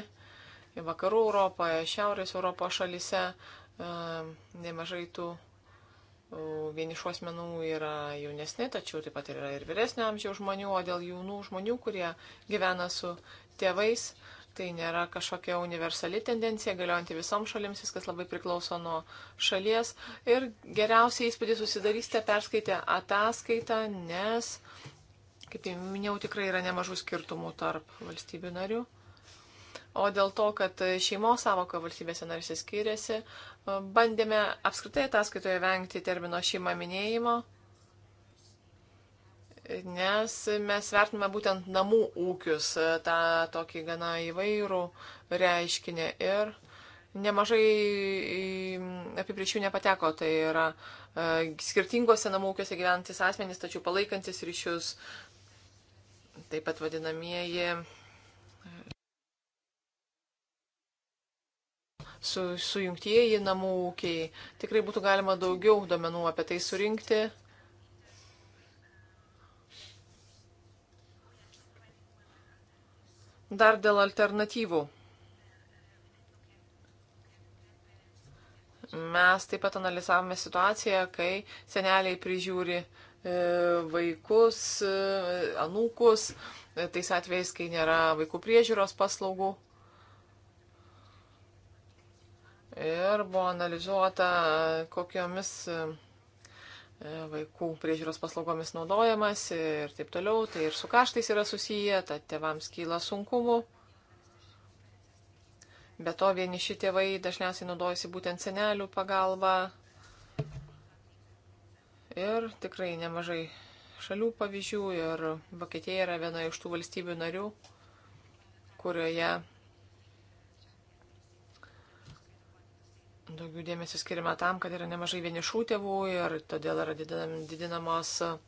vakarų Europoje, Šiaurės Europos šalise, e, nemažai tų vienišų asmenų yra jaunesni, tačiau taip pat yra ir vyresnio amžiaus žmonių, o dėl jaunų žmonių, kurie gyvena su tėvais, Tai nėra kažkokia universali tendencija, galiojanti visoms šalims, viskas labai priklauso nuo šalies. Ir geriausiai įspūdį susidarysite perskaitę ataskaitą, nes, kaip jau minėjau, tikrai yra nemažų skirtumų tarp valstybių narių. O dėl to, kad šeimos savoka valstybėse narėse skiriasi, bandėme apskritai ataskaitoje vengti termino šeima minėjimo nes mes vertiname būtent namų ūkius, e, tą tokį gana įvairų reiškinį ir nemažai apibriešių nepateko. Tai yra e, skirtingose namų ūkiuose gyvenantis asmenys, tačiau palaikantis ryšius, taip pat vadinamieji su, sujungtieji namų ūkiai. Tikrai būtų galima daugiau domenų apie tai surinkti. Dar dėl alternatyvų. Mes taip pat analizavome situaciją, kai seneliai prižiūri e, vaikus, e, anūkus, e, tais atvejais, kai nėra vaikų priežiūros paslaugų. Ir buvo analizuota, kokiomis E, vaikų priežiūros paslaugomis naudojamas ir taip toliau, tai ir su kaštais yra susiję, tad tėvams kyla sunkumų. Be to vieni šitie tėvai dažniausiai naudojasi būtent senelių pagalba. Ir tikrai nemažai šalių pavyzdžių ir Vokietija yra viena iš tų valstybių narių, kurioje daugiau dėmesio skiriama tam, kad yra nemažai vienišų tėvų ir todėl yra didinamos